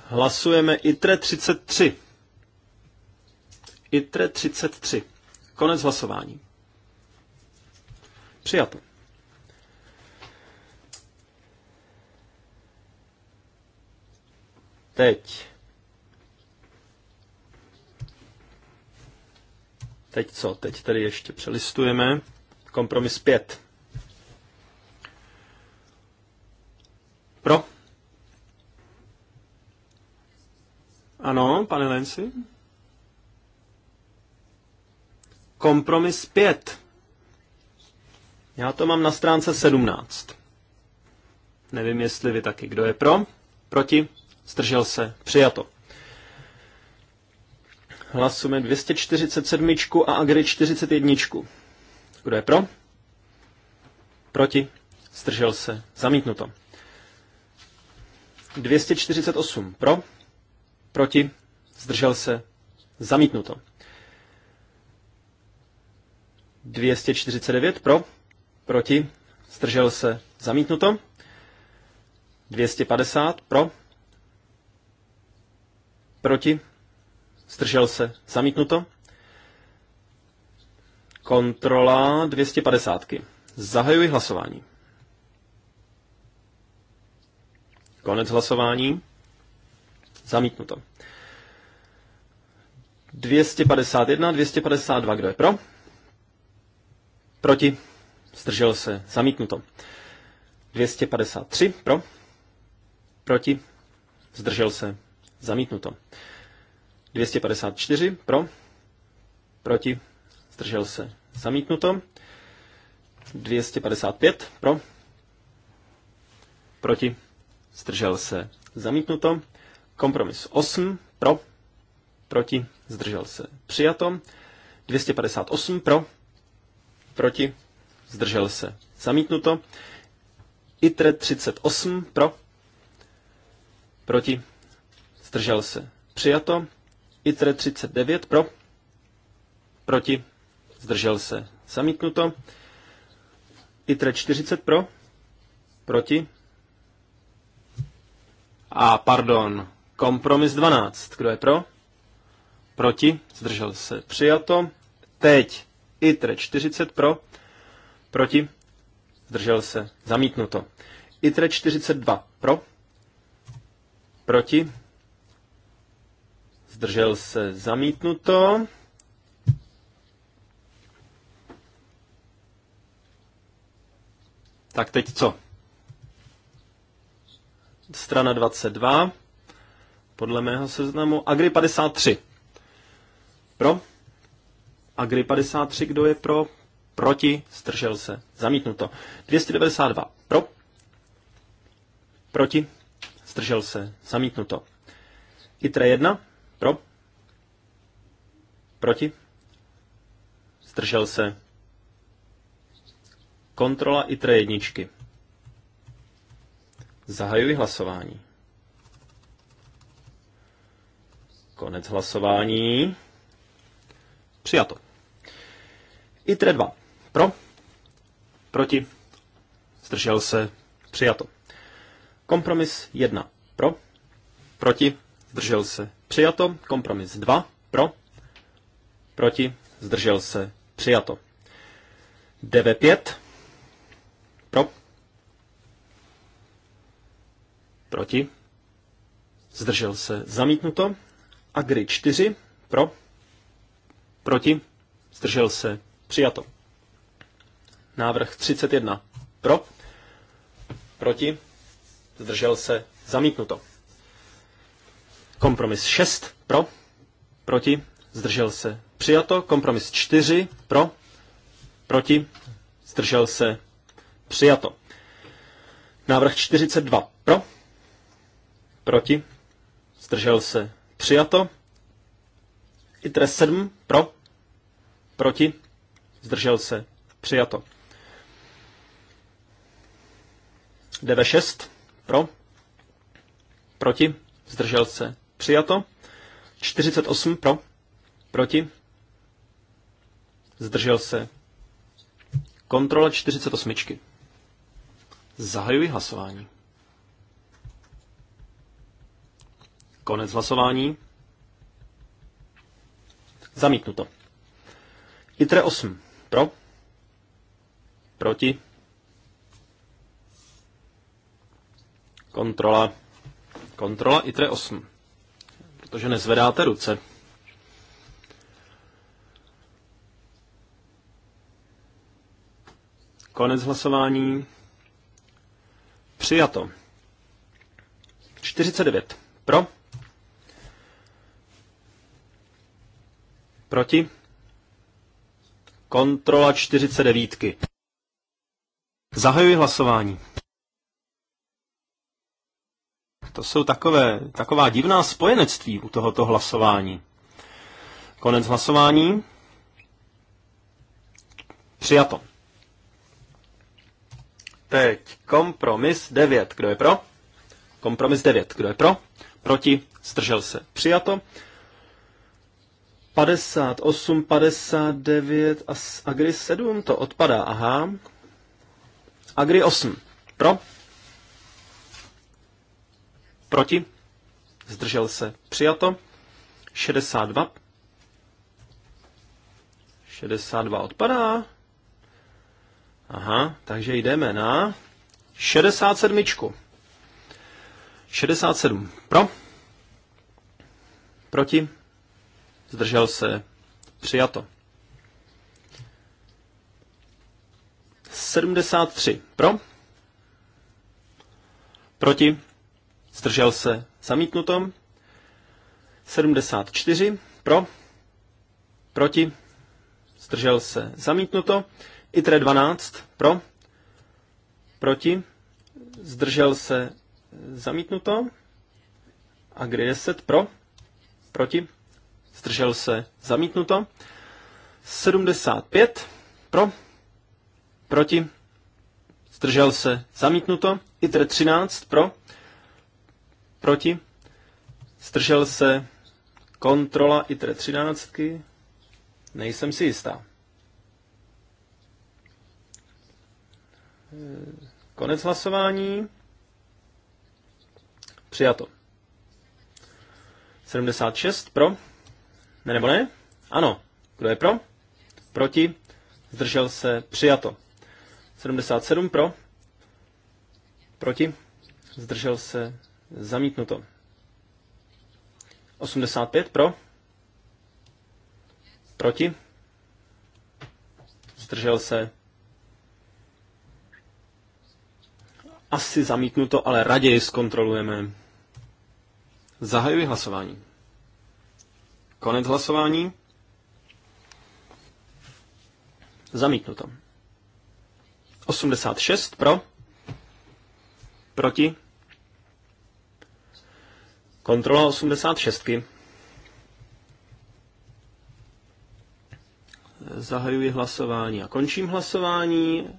Hlasujeme ITRE 33. ITRE 33. Konec hlasování. Přijato. teď. Teď co? Teď tady ještě přelistujeme. Kompromis 5. Pro? Ano, pane Lenci? Kompromis 5. Já to mám na stránce 17. Nevím, jestli vy taky. Kdo je pro? Proti? Zdržel se. Přijato. Hlasujeme 247 a Agri 41. Kdo je pro? Proti? Zdržel se. Zamítnuto. 248 pro? Proti? Zdržel se. Zamítnuto. 249 pro? Proti? Zdržel se. Zamítnuto. 250 pro? Proti? Zdržel se. Zamítnuto. Kontrola 250. Zahajuji hlasování. Konec hlasování. Zamítnuto. 251, 252, kdo je pro? Proti? Zdržel se. Zamítnuto. 253, pro? Proti? Zdržel se. Zamítnuto. 254 pro, proti, zdržel se. Zamítnuto. 255 pro, proti, zdržel se. Zamítnuto. Kompromis 8 pro, proti, zdržel se. Přijato. 258 pro, proti, zdržel se. Zamítnuto. ITRE 38 pro, proti, Zdržel se. Přijato. ITRE 39 pro. Proti. Zdržel se. Zamítnuto. ITRE 40 pro. Proti. A pardon. Kompromis 12. Kdo je pro? Proti. Zdržel se. Přijato. Teď ITRE 40 pro. Proti. Zdržel se. Zamítnuto. ITRE 42 pro. Proti zdržel se zamítnuto. Tak teď co? Strana 22, podle mého seznamu, Agri 53. Pro? Agri 53, kdo je pro? Proti, stržel se, zamítnuto. 292, pro? Proti, stržel se, zamítnuto. ITRE 1, pro? Proti? Zdržel se. Kontrola ITRE jedničky. Zahajuji hlasování. Konec hlasování. Přijato. ITRE 2. Pro? Proti? Zdržel se. Přijato. Kompromis 1. Pro? Proti? Zdržel se. Přijato. Kompromis 2. Pro. Proti. Zdržel se. Přijato. DV5. Pro. Proti. Zdržel se. Zamítnuto. Agri 4. Pro. Proti. Zdržel se. Přijato. Návrh 31. Pro. Proti. Zdržel se. Zamítnuto. Kompromis 6 pro, proti, zdržel se přijato. Kompromis 4 pro, proti, zdržel se přijato. Návrh 42 pro, proti, zdržel se přijato. ITRE 7 pro, proti, zdržel se přijato. DV6 pro, proti, zdržel se Přijato. 48 pro. Proti. Zdržel se. Kontrola 48. Zahajuji hlasování. Konec hlasování. Zamítnuto. ITRE 8. Pro. Proti. Kontrola. Kontrola ITRE 8 protože nezvedáte ruce. Konec hlasování. Přijato. 49. Pro. Proti. Kontrola 49. Zahajuji hlasování. To jsou takové, taková divná spojenectví u tohoto hlasování. Konec hlasování. Přijato. Teď kompromis 9. Kdo je pro? Kompromis 9. Kdo je pro? Proti? Zdržel se. Přijato. 58, 59 a Agri 7 to odpadá. Aha. Agri 8. Pro? Proti? Zdržel se. Přijato. 62. 62 odpadá. Aha, takže jdeme na 67. 67 pro. Proti. Zdržel se. Přijato. 73 pro. Proti. Zdržel se zamítnuto. 74 pro. Proti. Zdržel se zamítnuto. ITRE 12 pro. Proti. Zdržel se zamítnuto. A 10 pro. Proti. Zdržel se zamítnuto. 75 pro. Proti. Zdržel se zamítnuto. ITRE 13 pro Proti? Zdržel se kontrola ITRE 13. Nejsem si jistá. E, konec hlasování. Přijato. 76 pro. Ne nebo ne? Ano. Kdo je pro? Proti. Zdržel se. Přijato. 77 pro. Proti. Zdržel se. Zamítnuto. 85 pro. Proti. Zdržel se. Asi zamítnuto, ale raději zkontrolujeme. Zahajuji hlasování. Konec hlasování. Zamítnuto. 86 pro. Proti. Kontrola 86. Zahajuji hlasování a končím hlasování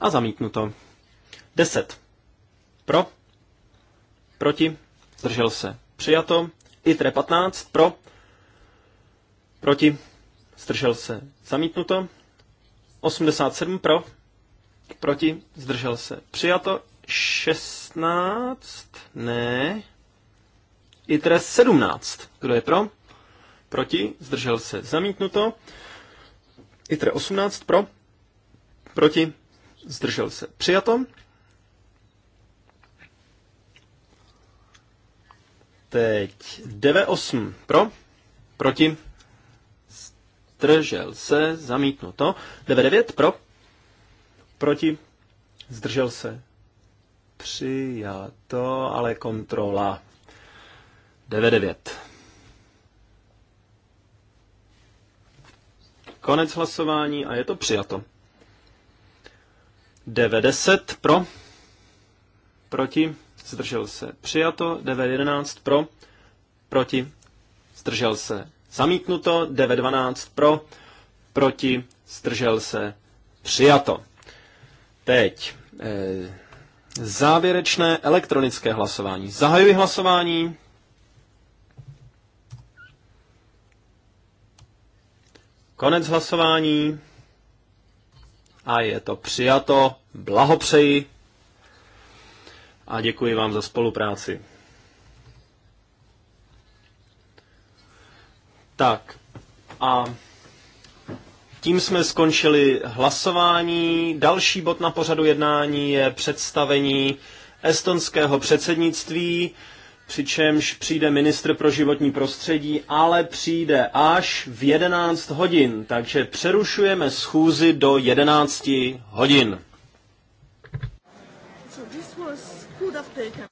a zamítnu to. 10. Pro. Proti. Zdržel se. Přijato. ITRE 15. Pro. Proti. Zdržel se. Zamítnuto. 87 pro. Proti. Zdržel se. Přijato. 16. Ne. ITRES 17. Kdo je pro? Proti? Zdržel se. Zamítnuto. ITRE 18 pro? Proti? Zdržel se. Přijato. Teď DV8. pro? Proti? Zdržel se. Zamítnuto. DV9. pro? Proti? Zdržel se. Přijato, ale kontrola. 99. Konec hlasování a je to přijato. 90 pro, proti, zdržel se. Přijato, 911 pro, proti, zdržel se. Zamítnuto, 912 pro, proti, zdržel se. Přijato. Teď e, závěrečné elektronické hlasování. Zahajuji hlasování. Konec hlasování. A je to přijato. Blahopřeji. A děkuji vám za spolupráci. Tak. A tím jsme skončili hlasování. Další bod na pořadu jednání je představení estonského předsednictví přičemž přijde ministr pro životní prostředí, ale přijde až v 11 hodin, takže přerušujeme schůzi do 11 hodin. So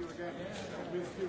you again. I missed you.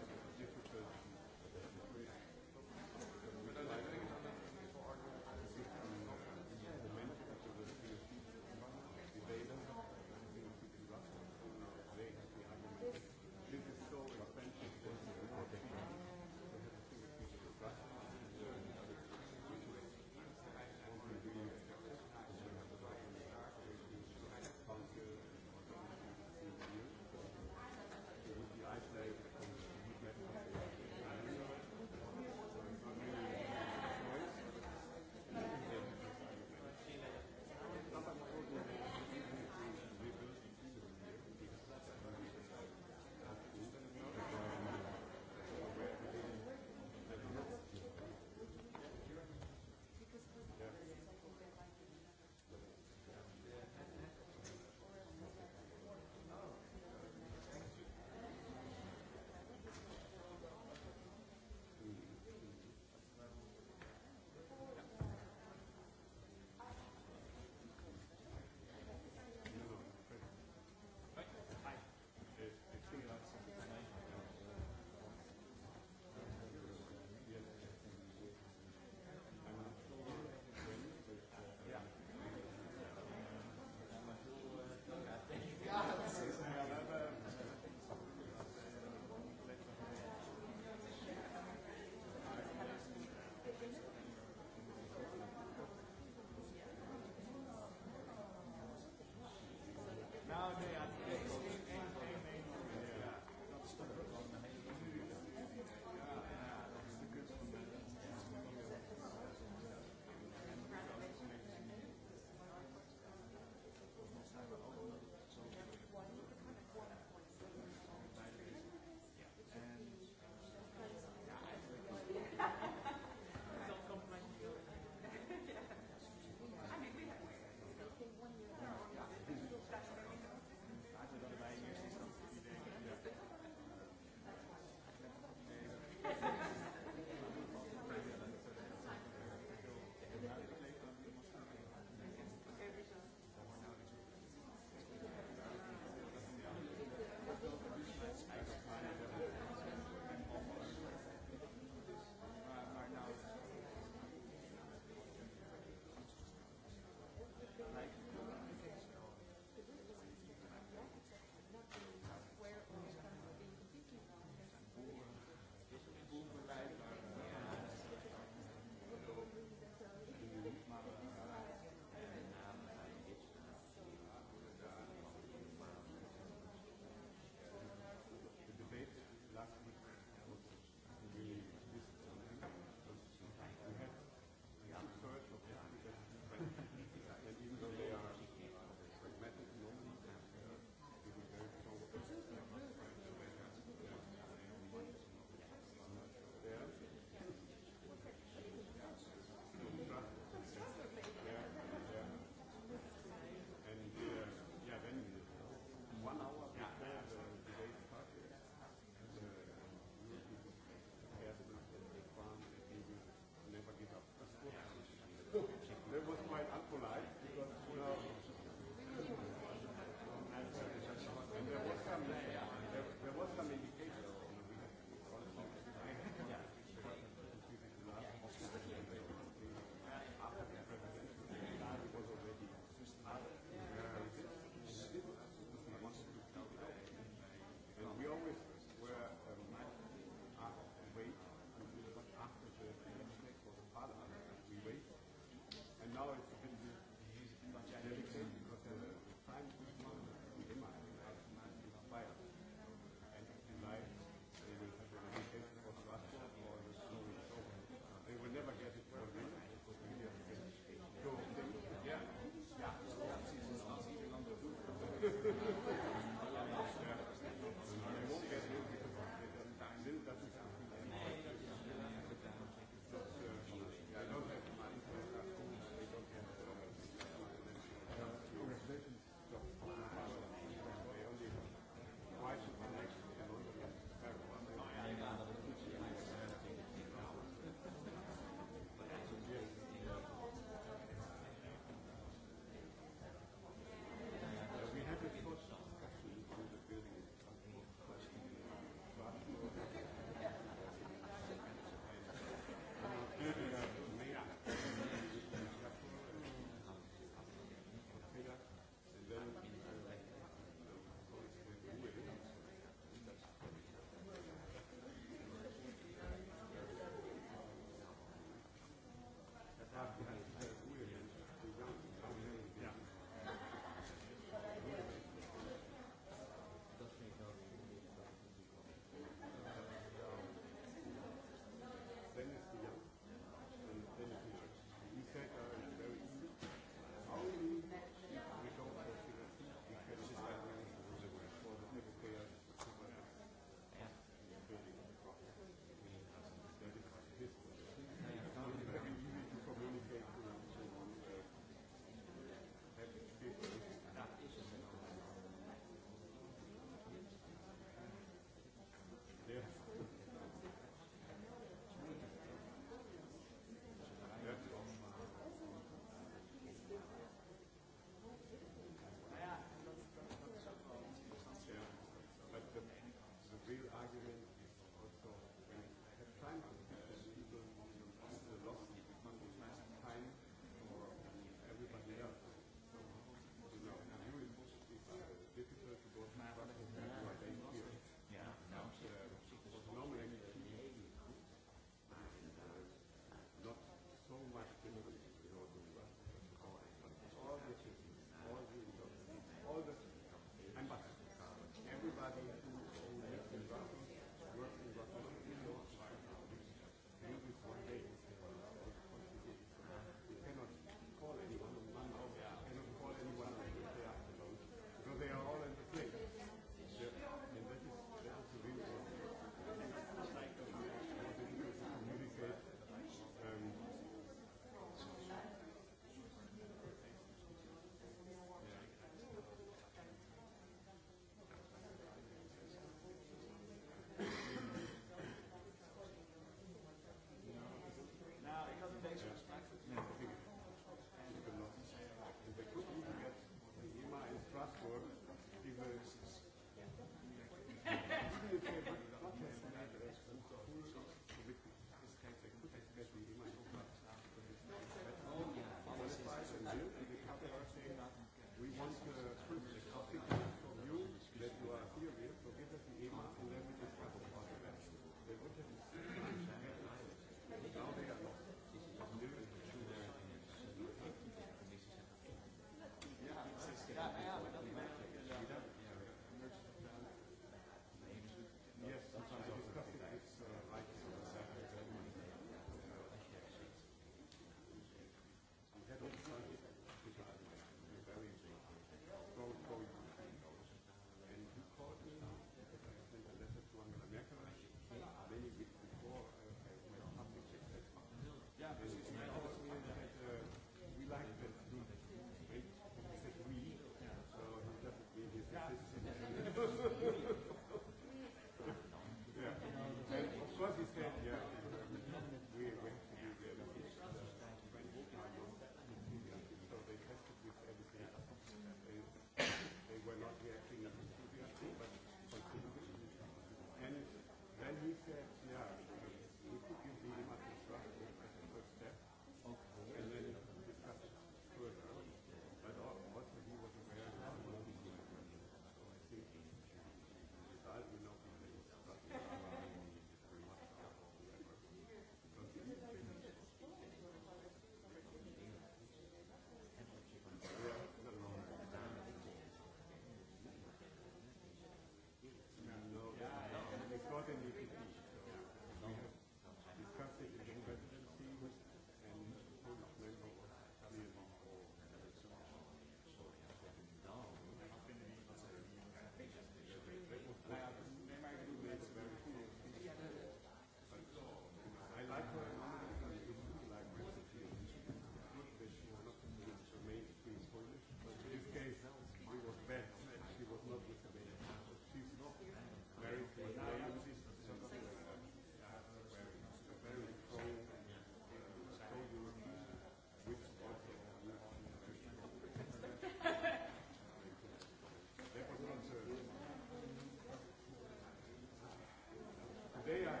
They are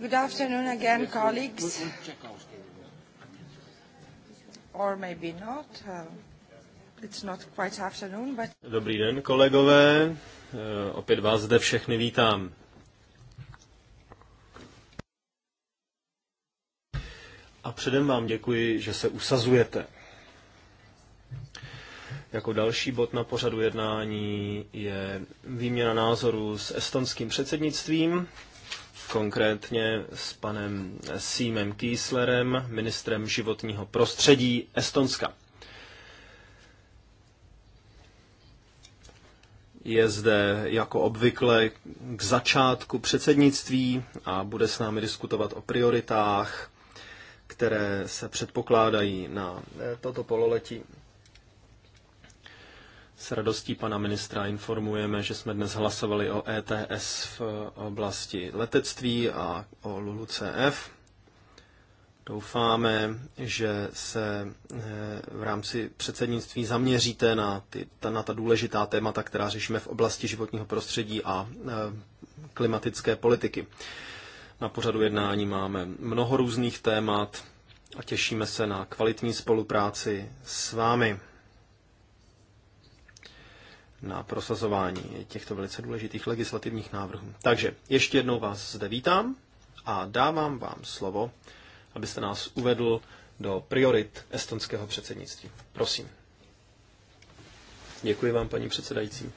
Good afternoon again, colleagues. Or maybe not. Uh, it's not quite afternoon, but... Dobrý den, kolegové. Eh, opět vás zde všechny vítám. A předem vám děkuji, že se usazujete. Jako další bod na pořadu jednání je výměna názorů s estonským předsednictvím konkrétně s panem Simem Kýslerem, ministrem životního prostředí Estonska. je zde jako obvykle k začátku předsednictví a bude s námi diskutovat o prioritách, které se předpokládají na toto pololetí. S radostí pana ministra informujeme, že jsme dnes hlasovali o ETS v oblasti letectví a o LULUCF. Doufáme, že se eh, v rámci předsednictví zaměříte na, ty, ta, na ta důležitá témata, která řešíme v oblasti životního prostředí a eh, klimatické politiky. Na pořadu jednání máme mnoho různých témat a těšíme se na kvalitní spolupráci s vámi na prosazování těchto velice důležitých legislativních návrhů. Takže ještě jednou vás zde vítám a dávám vám slovo, abyste nás uvedl do priorit estonského předsednictví. Prosím. Děkuji vám, paní předsedající.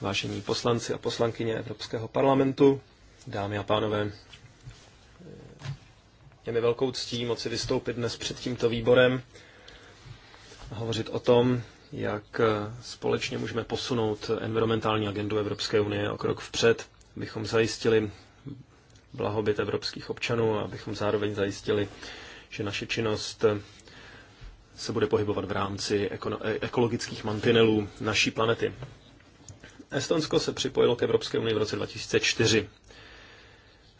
Vážení poslanci a poslankyně Evropského parlamentu, dámy a pánové, je mi velkou ctí moci vystoupit dnes před tímto výborem a hovořit o tom, jak eh, společně můžeme posunout environmentální agendu Evropské unie o krok vpřed, abychom zajistili blahobyt evropských občanů a abychom zároveň zajistili, že naše činnost eh, se bude pohybovat v rámci eh, ekologických mantinelů naší planety. Estonsko se připojilo k Evropské unii v roce 2004.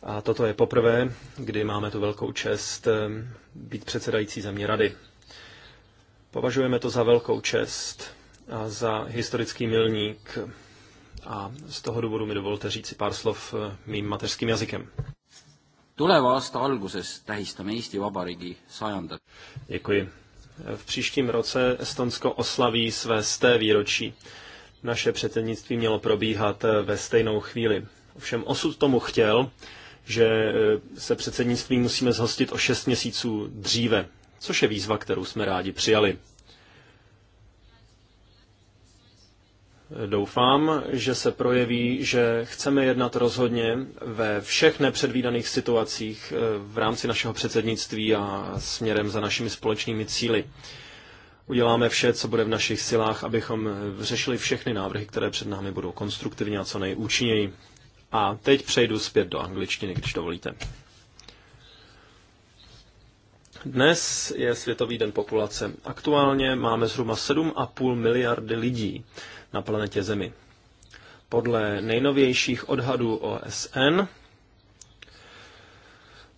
A toto je poprvé, kdy máme tu velkou čest být předsedající země rady. Považujeme to za velkou čest a za historický milník a z toho důvodu mi dovolte říci pár slov eh, mým mateřským jazykem. Tuleva aasta alguses tähistame Eesti Vabariigi sajandat. Děkuji. V příštím roce Estonsko oslaví své sté výročí. Naše předsednictví mělo probíhat eh, ve stejnou chvíli. Ovšem osud tomu chtěl, že eh, se předsednictví musíme zhostit o šest měsíců dříve, což je výzva, kterou jsme rádi přijali. Doufám, že se projeví, že chceme jednat rozhodně ve všech nepředvídaných situacích eh, v rámci našeho předsednictví a směrem za našimi společnými cíly. Uděláme vše, co bude v našich silách, abychom eh, řešili všechny návrhy, které před námi budou konstruktivně a co nejúčinněji. A teď přejdu zpět do angličtiny, když dovolíte. Dnes je Světový den populace. Aktuálně máme zhruba 7,5 miliardy lidí na planetě Zemi. Podle nejnovějších odhadů OSN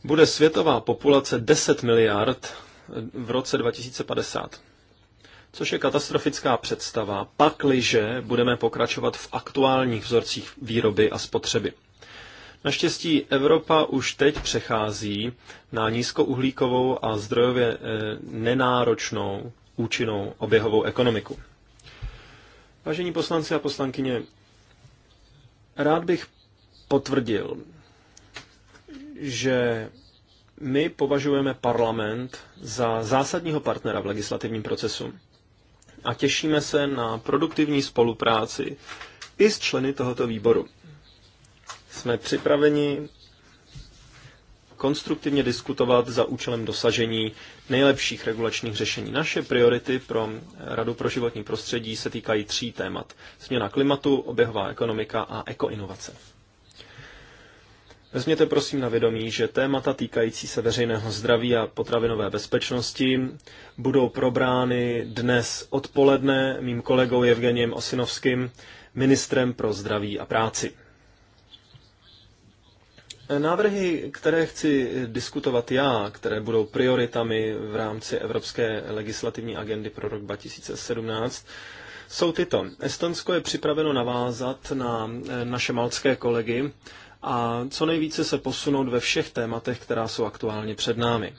bude světová populace 10 miliard v roce 2050 což je katastrofická představa, pakliže budeme pokračovat v aktuálních vzorcích výroby a spotřeby. Naštěstí Evropa už teď přechází na nízkouhlíkovou a zdrojově eh, nenáročnou účinnou oběhovou ekonomiku. Vážení poslanci a poslankyně, rád bych potvrdil, že my považujeme parlament za zásadního partnera v legislativním procesu a těšíme se na produktivní spolupráci i s členy tohoto výboru. Jsme připraveni konstruktivně diskutovat za účelem dosažení nejlepších regulačních řešení. Naše priority pro Radu pro životní prostředí se týkají tří témat. Změna klimatu, oběhová ekonomika a ekoinovace. Vezměte prosím na vědomí, že témata týkající se veřejného zdraví a potravinové bezpečnosti budou probrány dnes odpoledne mým kolegou Evgeniem Osinovským, ministrem pro zdraví a práci. Návrhy, které chci diskutovat já, které budou prioritami v rámci Evropské legislativní agendy pro rok 2017, jsou tyto. Estonsko je připraveno navázat na eh, naše malcké kolegy a co nejvíce se posunout ve všech tématech, která jsou aktuálně před námi.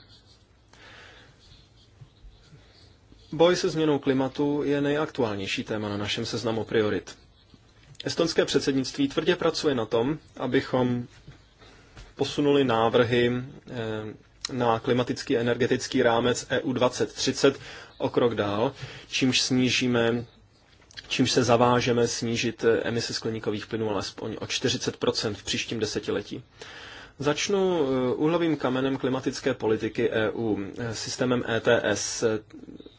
Boj se změnou klimatu je nejaktuálnější téma na našem seznamu priorit. Estonské předsednictví tvrdě pracuje na tom, abychom posunuli návrhy eh, na klimatický energetický rámec EU 2030 o krok dál, čímž snížíme čímž se zavážeme snížit eh, emise skleníkových plynů alespoň o 40 v příštím desetiletí. Začnu eh, úhlavým kamenem klimatické politiky EU, systémem ETS.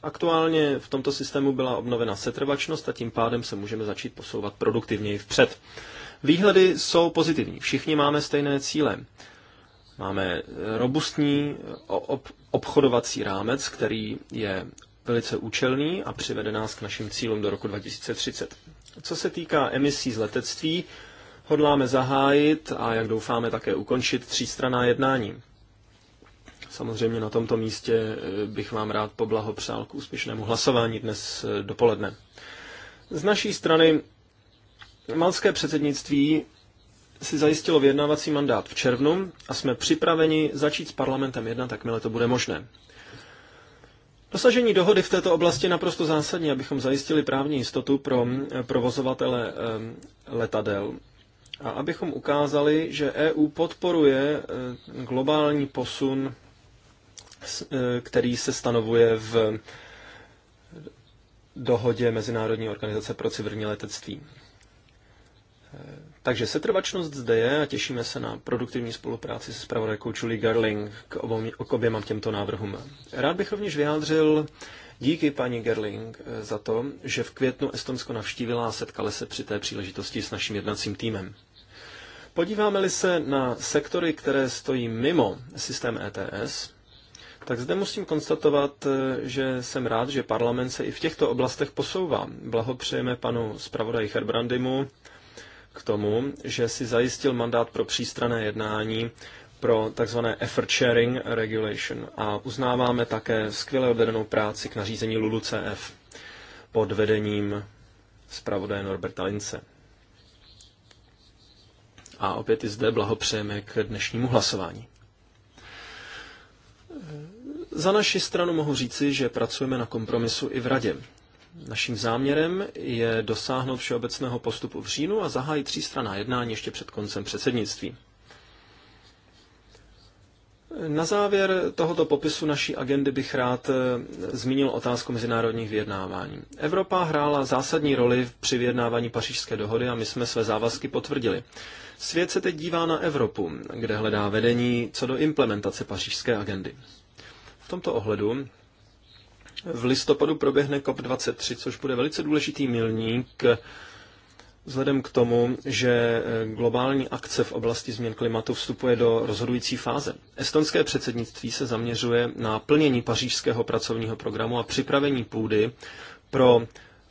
Aktuálně v tomto systému byla obnovena setrvačnost a tím pádem se můžeme začít posouvat produktivněji vpřed. Výhledy jsou pozitivní. Všichni máme stejné cíle. Máme robustní obchodovací rámec, který je velice účelný a přivede nás k našim cílům do roku 2030. Co se týká emisí z letectví, hodláme zahájit a jak doufáme také ukončit třístraná jednání. Samozřejmě na tomto místě eh, bych vám rád poblahopřál k úspěšnému hlasování dnes eh, dopoledne. Z naší strany Malské předsednictví si zajistilo vyjednávací mandát v červnu a jsme připraveni začít s parlamentem jednat, takmile to bude možné. Dosažení dohody v této oblasti je naprosto zásadní, abychom zajistili právní jistotu pro eh, provozovatele eh, letadel a abychom ukázali, že EU podporuje eh, globální posun, který se stanovuje v dohodě Mezinárodní organizace pro civilní letectví. Takže setrvačnost zde je a těšíme se na produktivní spolupráci se zpravodajkou Julie Gerling k, obom, k oběma těmto návrhům. Rád bych rovněž vyjádřil díky paní Gerling eh, za to, že v květnu Estonsko navštívila a setkala se při té příležitosti s naším jednacím týmem. Podíváme-li se na sektory, které stojí mimo systém ETS, tak zde musím konstatovat, eh, že jsem rád, že parlament se i v těchto oblastech posouvá. Blahopřejeme panu zpravodaji Herbrandimu k tomu, že si zajistil mandát pro přístrané jednání pro tzv. effort sharing regulation a uznáváme také skvěle odvedenou práci k nařízení LULUCF pod vedením zpravodaje Norberta Lince. A opět i zde blahopřejeme k dnešnímu hlasování. Za naši stranu mohu říci, že pracujeme na kompromisu i v radě. Naším záměrem je dosáhnout všeobecného postupu v říjnu a zahájit třístraná jednání ještě před koncem předsednictví. Na závěr tohoto popisu naší agendy bych rád eh, zmínil otázku mezinárodních vyjednávání. Evropa hrála zásadní roli při vyjednávání pařížské dohody a my jsme své závazky potvrdili. Svět se teď dívá na Evropu, kde hledá vedení co do implementace pařížské agendy. V tomto ohledu v listopadu proběhne COP23, což bude velice důležitý milník vzhledem k tomu, že eh, globální akce v oblasti změn klimatu vstupuje do rozhodující fáze. Estonské předsednictví se zaměřuje na plnění pařížského pracovního programu a připravení půdy pro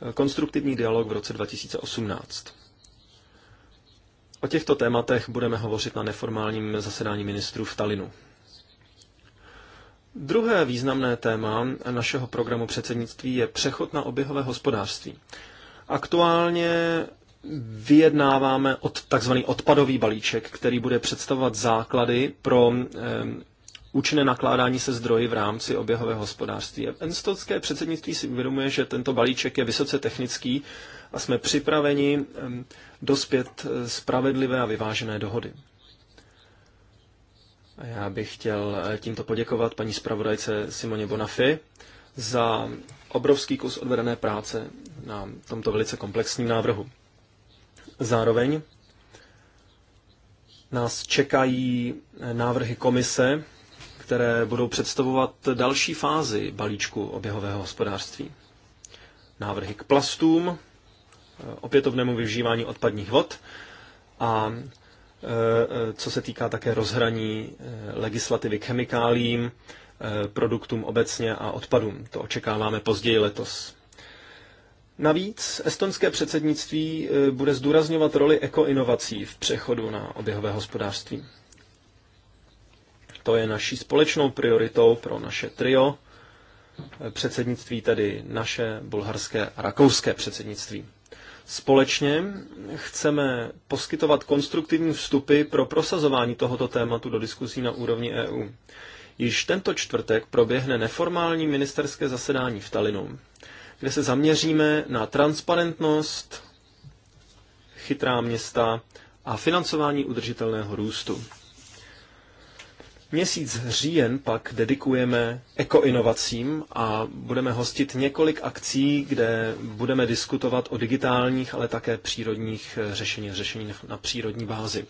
eh, konstruktivní dialog v roce 2018. O těchto tématech budeme hovořit na neformálním zasedání ministrů v Talinu. Druhé významné téma našeho programu předsednictví je přechod na oběhové hospodářství. Aktuálně vyjednáváme od tzv. odpadový balíček, který bude představovat základy pro eh, účinné nakládání se zdroji v rámci oběhového hospodářství. Enstotské předsednictví si uvědomuje, že tento balíček je vysoce technický a jsme připraveni eh, dospět eh, spravedlivé a vyvážené dohody. Já bych chtěl eh, tímto poděkovat paní zpravodajce Simoně Bonafy za obrovský kus odvedené práce na tomto velice komplexním návrhu. Zároveň nás čekají eh, návrhy komise, které budou představovat další fázi balíčku oběhového hospodářství. Návrhy k plastům, eh, opětovnému využívání odpadních vod a Eh, co se týká také rozhraní eh, legislativy chemikálím, eh, produktům obecně a odpadům. To očekáváme později letos. Navíc estonské předsednictví bude zdůrazňovat roli ekoinovací v přechodu na oběhové hospodářství. To je naší společnou prioritou pro naše trio, předsednictví tedy naše bulharské a rakouské předsednictví. Společně chceme poskytovat konstruktivní vstupy pro prosazování tohoto tématu do diskusí na úrovni EU. Již tento čtvrtek proběhne neformální ministerské zasedání v Talinu, kde se zaměříme na transparentnost, chytrá města a financování udržitelného růstu. Měsíc říjen pak dedikujeme ekoinovacím a budeme hostit několik akcí, kde budeme diskutovat o digitálních, ale také přírodních eh, řešeních, řešeních na přírodní bázi.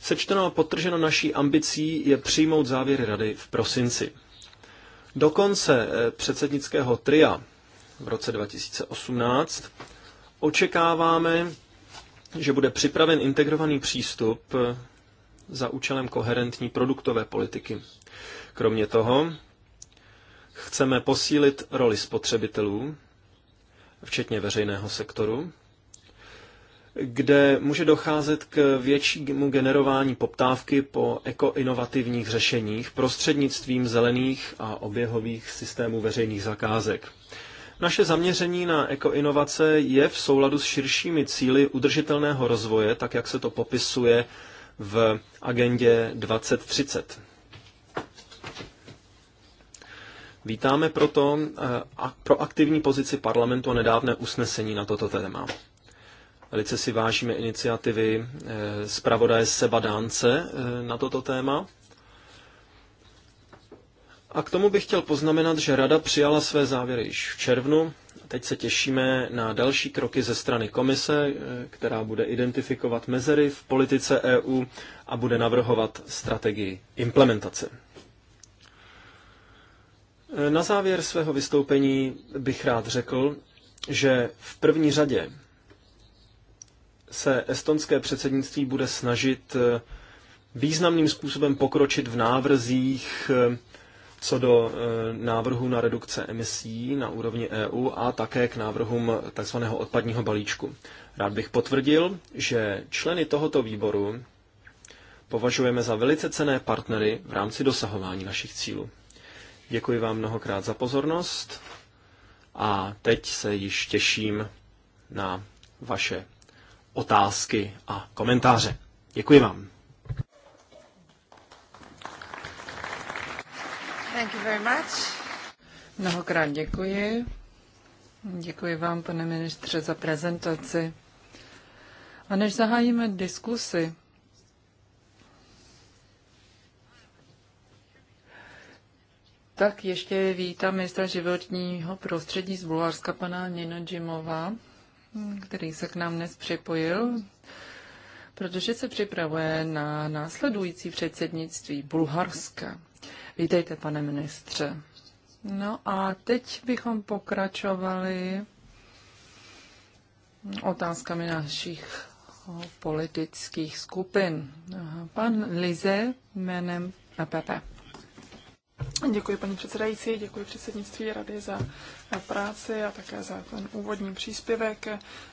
Sečteno a potrženo naší ambicí je přijmout závěry rady v prosinci. Do konce eh, předsednického tria v roce 2018 očekáváme, že bude připraven integrovaný přístup eh, za účelem koherentní produktové politiky. Kromě toho chceme posílit roli spotřebitelů, včetně veřejného sektoru, kde může docházet k většímu generování poptávky po ekoinovativních řešeních prostřednictvím zelených a oběhových systémů veřejných zakázek. Naše zaměření na ekoinovace je v souladu s širšími cíly udržitelného rozvoje, tak jak se to popisuje v agendě 2030. Vítáme proto eh, proaktivní pozici parlamentu a nedávné usnesení na toto téma. Velice si vážíme iniciativy eh, zpravodaje Seba Dánce eh, na toto téma. A k tomu bych chtěl poznamenat, že Rada přijala své závěry již v červnu Teď se těšíme na další kroky ze strany komise, eh, která bude identifikovat mezery v politice EU a bude navrhovat strategii implementace. Eh, na závěr svého vystoupení bych rád řekl, že v první řadě se estonské předsednictví bude snažit eh, významným způsobem pokročit v návrzích co do eh, návrhu na redukce emisí na úrovni EU a také k návrhům tzv. odpadního balíčku. Rád bych potvrdil, že členy tohoto výboru považujeme za velice cené partnery v rámci dosahování našich cílů. Děkuji vám mnohokrát za pozornost a teď se již těším na vaše otázky a komentáře. Děkuji vám. Thank you very much. Mnohokrát děkuji. Děkuji vám, pane ministře, za prezentaci. A než zahájíme diskusy, tak ještě vítám ministra životního prostředí z Bulharska, pana Nina Džimova, který se k nám dnes připojil protože se připravuje na následující předsednictví Bulharska. Vítejte, pane ministře. No a teď bychom pokračovali otázkami našich politických skupin. Pan Lize jménem APP. Děkuji paní předsedající, děkuji předsednictví Rady za práci a také za ten úvodní příspěvek.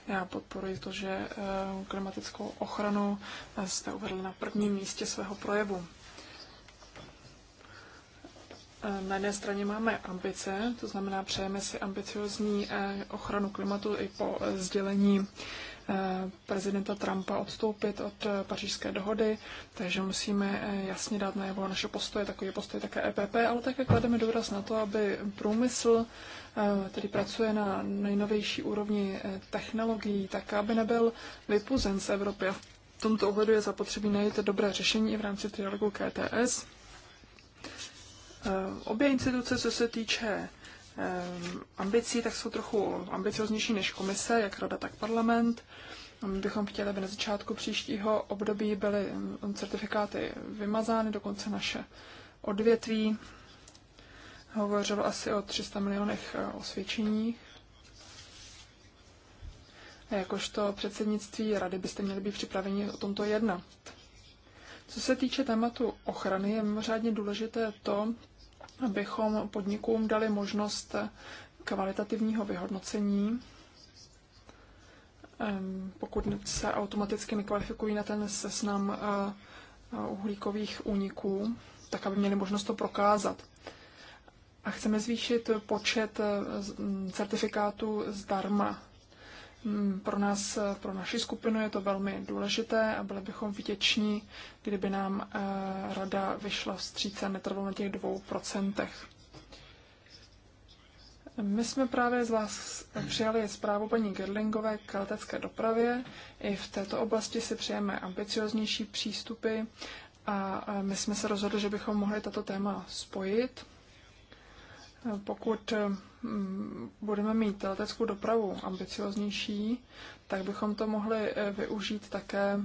Já podporuji to, že eh, klimatickou ochranu jste uvedli na prvním místě svého projevu. Eh, na jedné straně máme ambice, to znamená přejeme si ambiciozní eh, ochranu klimatu i po sdělení Eh, prezidenta Trumpa odstoupit od eh, pařížské dohody, takže musíme eh, jasně dát najevo naše postoje, takový postoj také EPP, ale také klademe důraz na to, aby průmysl tedy pracuje na nejnovější úrovni technologií, tak aby nebyl vypuzen z Evropy. v tomto ohledu je zapotřebí najít dobré řešení i v rámci trialogu KTS. Obě instituce, co se týče Ehm, ambicí, tak jsou trochu ambicioznější než komise, jak rada, tak parlament. My bychom chtěli, aby na začátku příštího období byly mm, certifikáty vymazány, dokonce naše odvětví. Hovořilo asi o 300 milionech eh, osvědčení. A jakožto předsednictví rady byste měli být připraveni o tomto jednat. Co se týče tématu ochrany, je mimořádně důležité to, abychom podnikům dali možnost kvalitativního vyhodnocení, pokud se automaticky nekvalifikují na ten seznam eh, uhlíkových úniků, tak aby měli možnost to prokázat. A chceme zvýšit počet eh, certifikátů zdarma Mm, pro nás, pro naši skupinu je to velmi důležité a byli bychom vděční, kdyby nám eh, rada vyšla vstříc a netrvalo na těch dvou procentech. My jsme právě z vás přijali zprávu paní Gerlingové k letecké dopravě. I v této oblasti si přejeme ambicioznější přístupy a eh, my jsme se rozhodli, že bychom mohli tato téma spojit. Eh, pokud Mm, budeme mít leteckou dopravu ambicioznější, tak bychom to mohli eh, využít také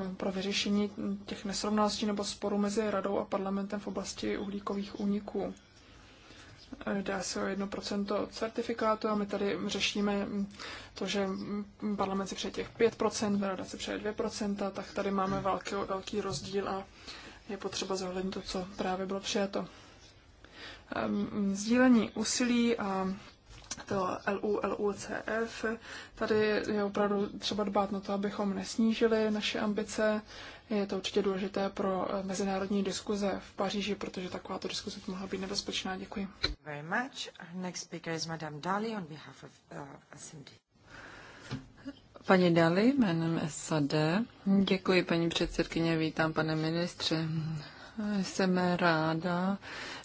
eh, pro vyřešení těch nesrovnalostí nebo sporů mezi radou a parlamentem v oblasti uhlíkových úniků. Eh, dá se o 1% certifikátu a my tady řešíme mm, to, že mm, parlament si přeje těch 5%, rada si přeje 2%, tak tady máme velký, velký rozdíl a je potřeba zohlednit to, co právě bylo přijato. Ehm, sdílení úsilí a to LU, LUCF. Tady je opravdu třeba dbát na to, abychom nesnížili naše ambice. Je to určitě důležité pro eh, mezinárodní diskuze v Paříži, protože takováto diskuze by mohla být nebezpečná. Děkuji. Very much. next speaker is Madame Dali on behalf of uh, SMD. Paní Dali, jménem SAD. Děkuji, paní předsedkyně, vítám, pane ministře jsem ráda,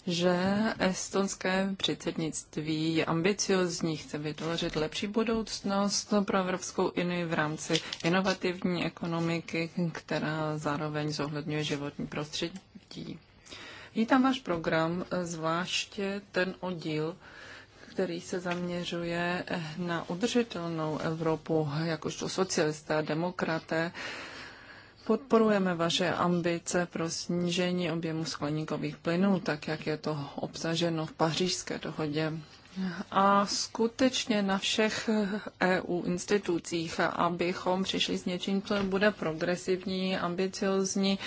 že estonské předsednictví je ambiciozní, chce vytvořit lepší budoucnost pro Evropskou unii v rámci inovativní ekonomiky, která zároveň zohledňuje životní prostředí. Vítám váš program, zvláště ten oddíl, který se zaměřuje na udržitelnou Evropu, jakožto socialisté a demokraté Podporujeme vaše ambice pro snížení objemu skleníkových plynů, tak jak je to obsaženo v pařížské dohodě. A skutečně na všech EU institucích, abychom přišli s něčím, co bude progresivní, ambiciozní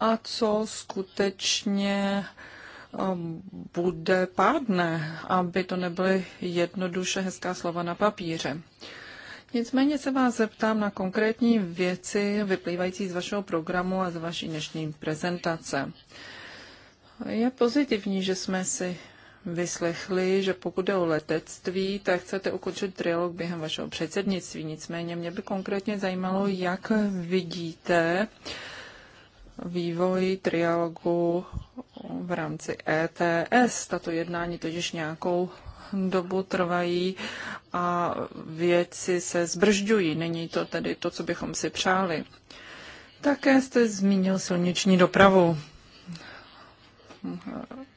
a co skutečně eh, bude pádné, aby to nebyly jednoduše hezká slova na papíře. Nicméně se vás zeptám na konkrétní věci vyplývající z vašeho programu a z vaší dnešní prezentace. Je pozitivní, že jsme si vyslechli, že pokud jde o letectví, tak chcete ukončit trialog během vašeho předsednictví. Nicméně mě by konkrétně zajímalo, jak vidíte vývoj trialogu v rámci ETS. Tato jednání totiž nějakou dobu trvají a věci se zbržďují. Není to tedy to, co bychom si přáli. Také jste zmínil silniční dopravu.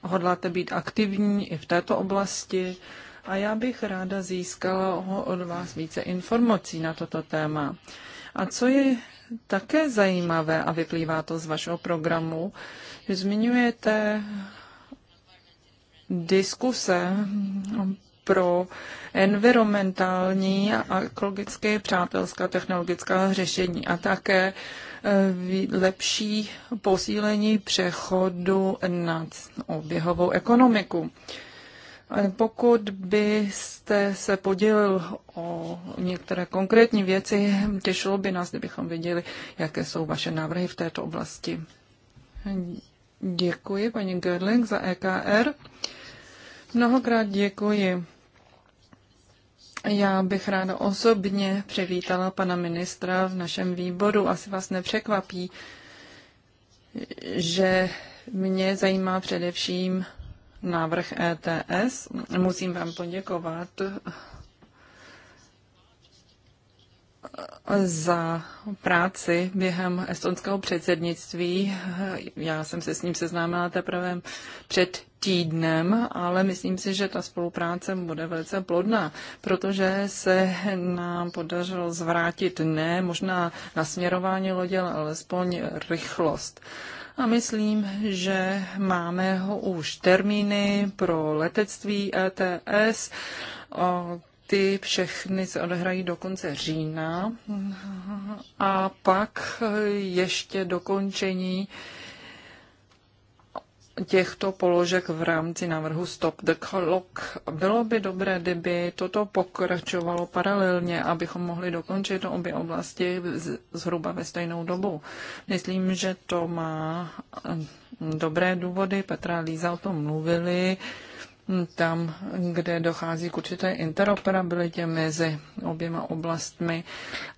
Hodláte být aktivní i v této oblasti a já bych ráda získala od vás více informací na toto téma. A co je také zajímavé a vyplývá to z vašeho programu, že zmiňujete diskuse pro environmentální a ekologické přátelská technologická řešení a také eh, lepší posílení přechodu na oběhovou ekonomiku. Pokud byste se podělil o některé konkrétní věci, těšilo by nás, kdybychom viděli, jaké jsou vaše návrhy v této oblasti. Děkuji paní Gerling za EKR. Mnohokrát děkuji. Já bych ráda osobně přivítala pana ministra v našem výboru. Asi vás nepřekvapí, že mě zajímá především návrh ETS. Musím vám poděkovat za práci během estonského předsednictví. Já jsem se s ním seznámila teprve před týdnem, ale myslím si, že ta spolupráce bude velice plodná, protože se nám podařilo zvrátit ne možná nasměrování lodě, ale alespoň rychlost a myslím, že máme už termíny pro letectví ETS, ty všechny se odehrají do konce října a pak ještě dokončení těchto položek v rámci návrhu Stop the Clock. Bylo by dobré, kdyby toto pokračovalo paralelně, abychom mohli dokončit obě oblasti zhruba ve stejnou dobu. Myslím, že to má eh, dobré důvody. Petra a Líza o tom mluvili tam, kde dochází k určité interoperabilitě mezi oběma oblastmi,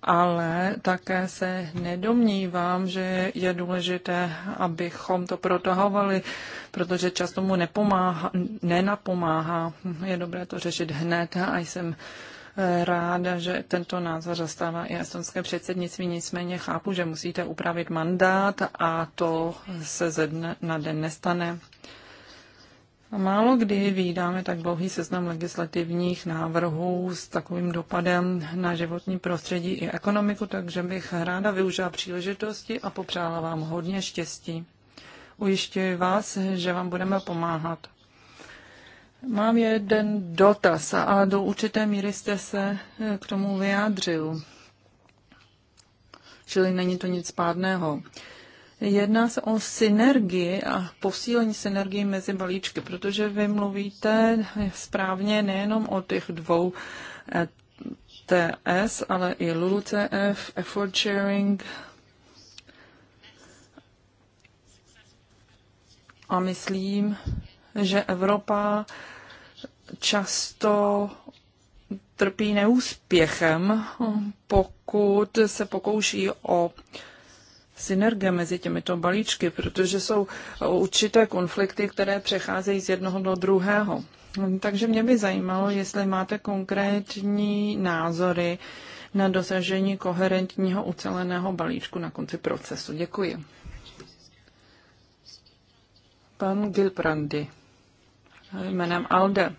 ale také se nedomnívám, že je důležité, abychom to protahovali, protože často mu nepomáhá, nenapomáhá. Je dobré to řešit hned a jsem ráda, že tento názor zastává i estonské předsednictví, nicméně chápu, že musíte upravit mandát a to se ze dne na den nestane. Málo kdy vydáme tak dlouhý seznam legislativních návrhů s takovým dopadem na životní prostředí i ekonomiku, takže bych ráda využila příležitosti a popřála vám hodně štěstí. Ujišťuji vás, že vám budeme pomáhat. Mám jeden dotaz, ale do určité míry jste se eh, k tomu vyjádřil. Čili není to nic pádného. Jedná se o synergii a posílení synergii mezi balíčky, protože vy mluvíte správně nejenom o těch dvou e TS, ale i LULUCF, effort sharing. A myslím, že Evropa často trpí neúspěchem, pokud se pokouší o synergie mezi těmito balíčky, protože jsou určité konflikty, které přecházejí z jednoho do druhého. Takže mě by zajímalo, jestli máte konkrétní názory na dosažení koherentního uceleného balíčku na konci procesu. Děkuji. Pan Gilbrandy jménem Alde.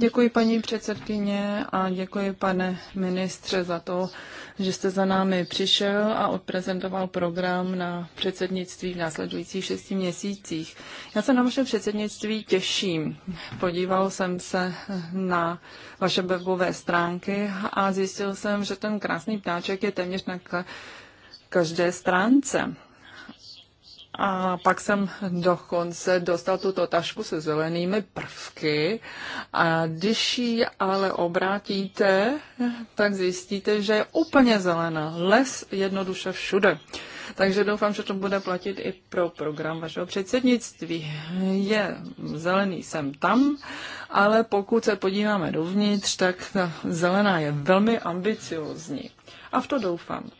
Děkuji paní předsedkyně a děkuji pane ministře za to, že jste za námi přišel a odprezentoval program na předsednictví v následujících šesti měsících. Já se na vaše předsednictví těším. Podíval jsem se na vaše webové stránky a zjistil jsem, že ten krásný ptáček je téměř na každé stránce. A pak jsem dokonce dostal tuto tašku se zelenými prvky a když ji ale obrátíte, tak zjistíte, že je úplně zelená. Les jednoduše všude. Takže doufám, že to bude platit i pro program vašeho předsednictví. Je zelený jsem tam, ale pokud se podíváme dovnitř, tak ta zelená je velmi ambiciozní. A v to doufám.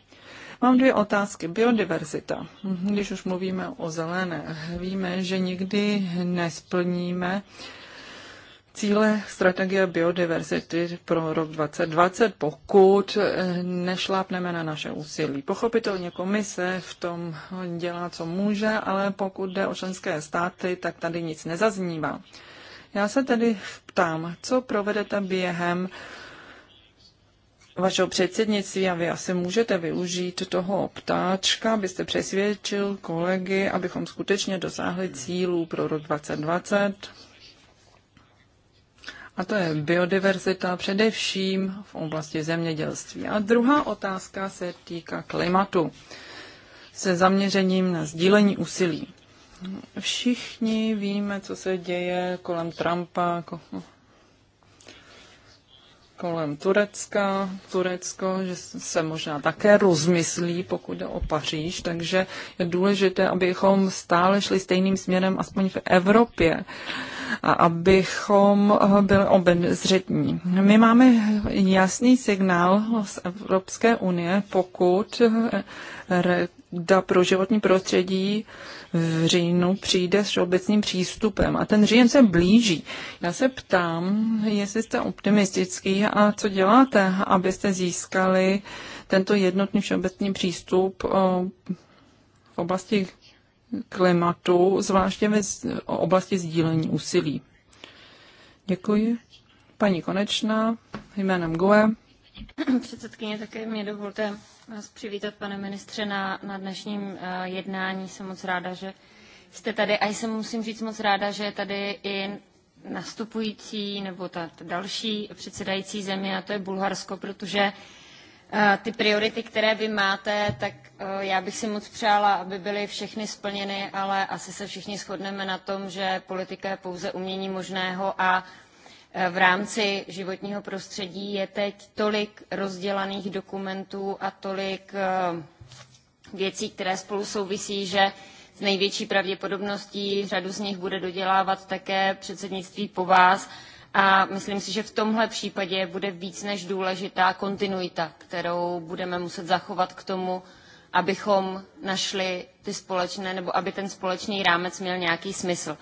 Mám dvě otázky. Biodiverzita. Když už mluvíme o zelené, víme, že nikdy nesplníme cíle strategie biodiverzity pro rok 2020, pokud eh, nešlápneme na naše úsilí. Pochopitelně komise v tom dělá, co může, ale pokud jde o členské státy, tak tady nic nezaznívá. Já se tedy ptám, co provedete během vašeho předsednictví a vy asi můžete využít toho ptáčka, abyste přesvědčil kolegy, abychom skutečně dosáhli cílů pro rok 2020. A to je biodiverzita především v oblasti zemědělství. A druhá otázka se týká klimatu se zaměřením na sdílení úsilí. Všichni víme, co se děje kolem Trumpa, jako kolem Turecka, Turecko, že se možná také rozmyslí, pokud jde o Paříž, takže je důležité, abychom stále šli stejným směrem, aspoň v Evropě, a abychom byli obezřetní. My máme jasný signál z Evropské unie, pokud Rada pro životní prostředí v říjnu přijde s obecným přístupem a ten říjen se blíží. Já se ptám, jestli jste optimistický a co děláte, abyste získali tento jednotný všeobecný přístup eh, v oblasti klimatu, zvláště ve oblasti sdílení úsilí. Děkuji. Paní Konečná jménem GUE. Předsedkyně, také mě dovolte vás přivítat, pane ministře, na, na dnešním eh, jednání. Jsem moc ráda, že jste tady a jsem, musím říct, moc ráda, že je tady i nastupující nebo ta další předsedající země, a to je Bulharsko, protože eh, ty priority, které vy máte, tak eh, já bych si moc přála, aby byly všechny splněny, ale asi se všichni shodneme na tom, že politika je pouze umění možného a Eh, v rámci životního prostředí je teď tolik rozdělaných dokumentů a tolik eh, věcí, které spolu souvisí, že s největší pravděpodobností řadu z nich bude dodělávat také předsednictví po vás. A myslím si, že v tomhle případě bude víc než důležitá kontinuita, kterou budeme muset zachovat k tomu, abychom našli ty společné, nebo aby ten společný rámec měl nějaký smysl. Uh,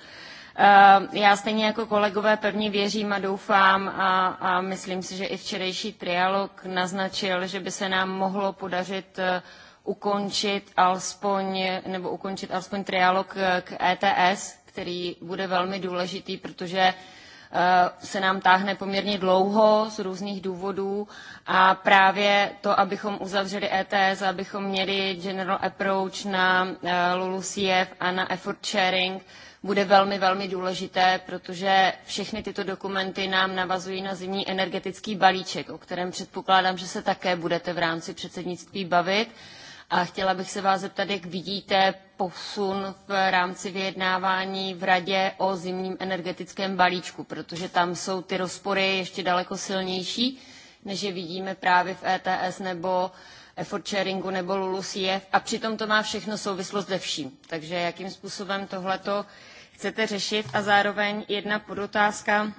Eh, já stejně jako kolegové pevně věřím a doufám a, a myslím si, že i včerejší trialog naznačil, že by se nám mohlo podařit eh, ukončit alespoň, nebo ukončit alespoň trialog eh, k ETS, který bude velmi důležitý, protože se nám táhne poměrně dlouho z různých důvodů a právě to, abychom uzavřeli ETS, abychom měli general approach na LULUCF a na effort sharing, bude velmi, velmi důležité, protože všechny tyto dokumenty nám navazují na zimní energetický balíček, o kterém předpokládám, že se také budete v rámci předsednictví bavit. A chtěla bych se vás zeptat, jak vidíte posun v rámci vyjednávání v Radě o zimním energetickém balíčku, protože tam jsou ty rozpory ještě daleko silnější, než je vidíme právě v ETS nebo effort sharingu nebo LULUCF a přitom to má všechno souvislost se vším. Takže jakým způsobem tohleto chcete řešit a zároveň jedna podotázka,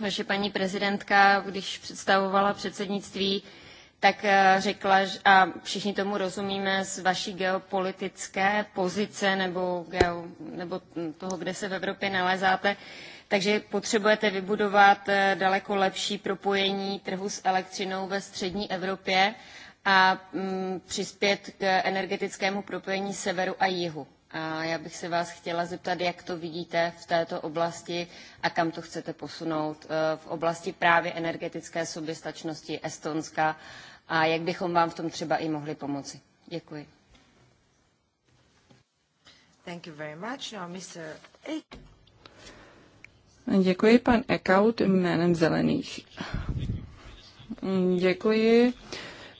vaše paní prezidentka, když představovala předsednictví, tak eh, řekla, a všichni tomu rozumíme z vaší geopolitické pozice nebo, geo, nebo toho, kde se v Evropě nalezáte, takže potřebujete vybudovat eh, daleko lepší propojení trhu s elektřinou ve střední Evropě a mm, přispět k energetickému propojení severu a jihu. A já bych se vás chtěla zeptat, jak to vidíte v této oblasti a kam to chcete posunout eh, v oblasti právě energetické soběstačnosti Estonska a jak bychom vám v tom třeba i mohli pomoci. Děkuji. Thank you very much. Now, Mr. Děkuji, pan Ekaut, jménem Zelených. Děkuji.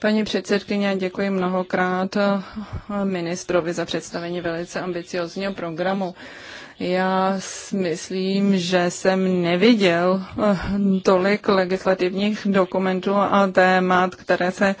Paní předsedkyně, děkuji mnohokrát ministrovi za představení velice ambiciozního programu. Já myslím, že jsem neviděl eh, tolik legislativních dokumentů a témat, které se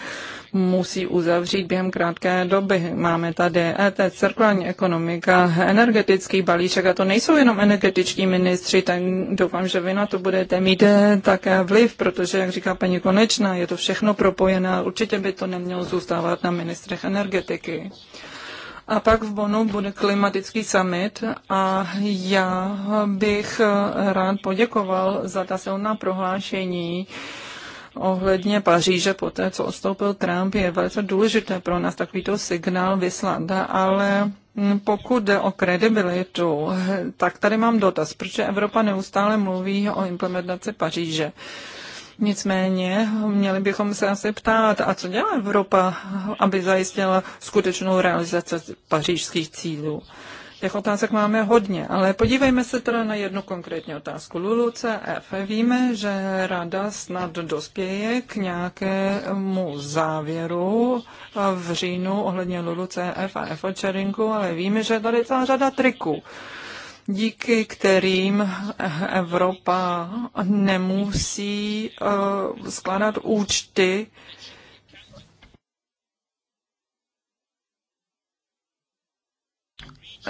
musí uzavřít během krátké doby. Máme tady ET, cirkulární ekonomika, energetický balíček a to nejsou jenom energetičtí ministři, tak doufám, že vy na to budete mít eh, také vliv, protože, jak říká paní Konečná, je to všechno propojené, určitě by to nemělo zůstávat na ministrech energetiky. A pak v Bonu bude klimatický summit a já bych eh, rád poděkoval za ta silná prohlášení, ohledně Paříže, po té, co odstoupil Trump, je velice důležité pro nás takovýto signál vyslat, ale hm, pokud jde o kredibilitu, hm, tak tady mám dotaz, proč Evropa neustále mluví o implementaci Paříže. Nicméně hm, měli bychom se asi ptát, a co dělá Evropa, aby zajistila skutečnou realizaci pařížských cílů. Těch otázek máme hodně, ale podívejme se teda na jednu konkrétní otázku. Lulu CF. Víme, že rada snad dospěje k nějakému závěru v říjnu ohledně Lulu CF a FO Čerinku, ale víme, že tady je celá řada triků díky kterým Evropa nemusí uh, skládat účty uh,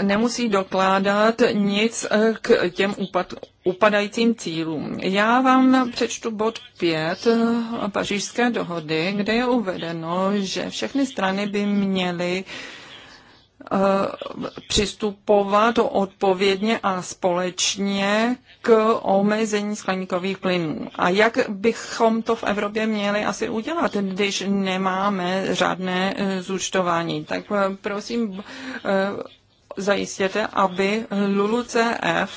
nemusí dokládat nic eh, k těm upad, upadajícím cílům. Já vám přečtu bod 5 eh, pařížské dohody, kde je uvedeno, že všechny strany by měly eh, přistupovat odpovědně a společně k omezení skleníkových plynů. A jak bychom to v Evropě měli asi udělat, když nemáme řádné zúčtování? Tak prosím, zajistěte, aby LULUCF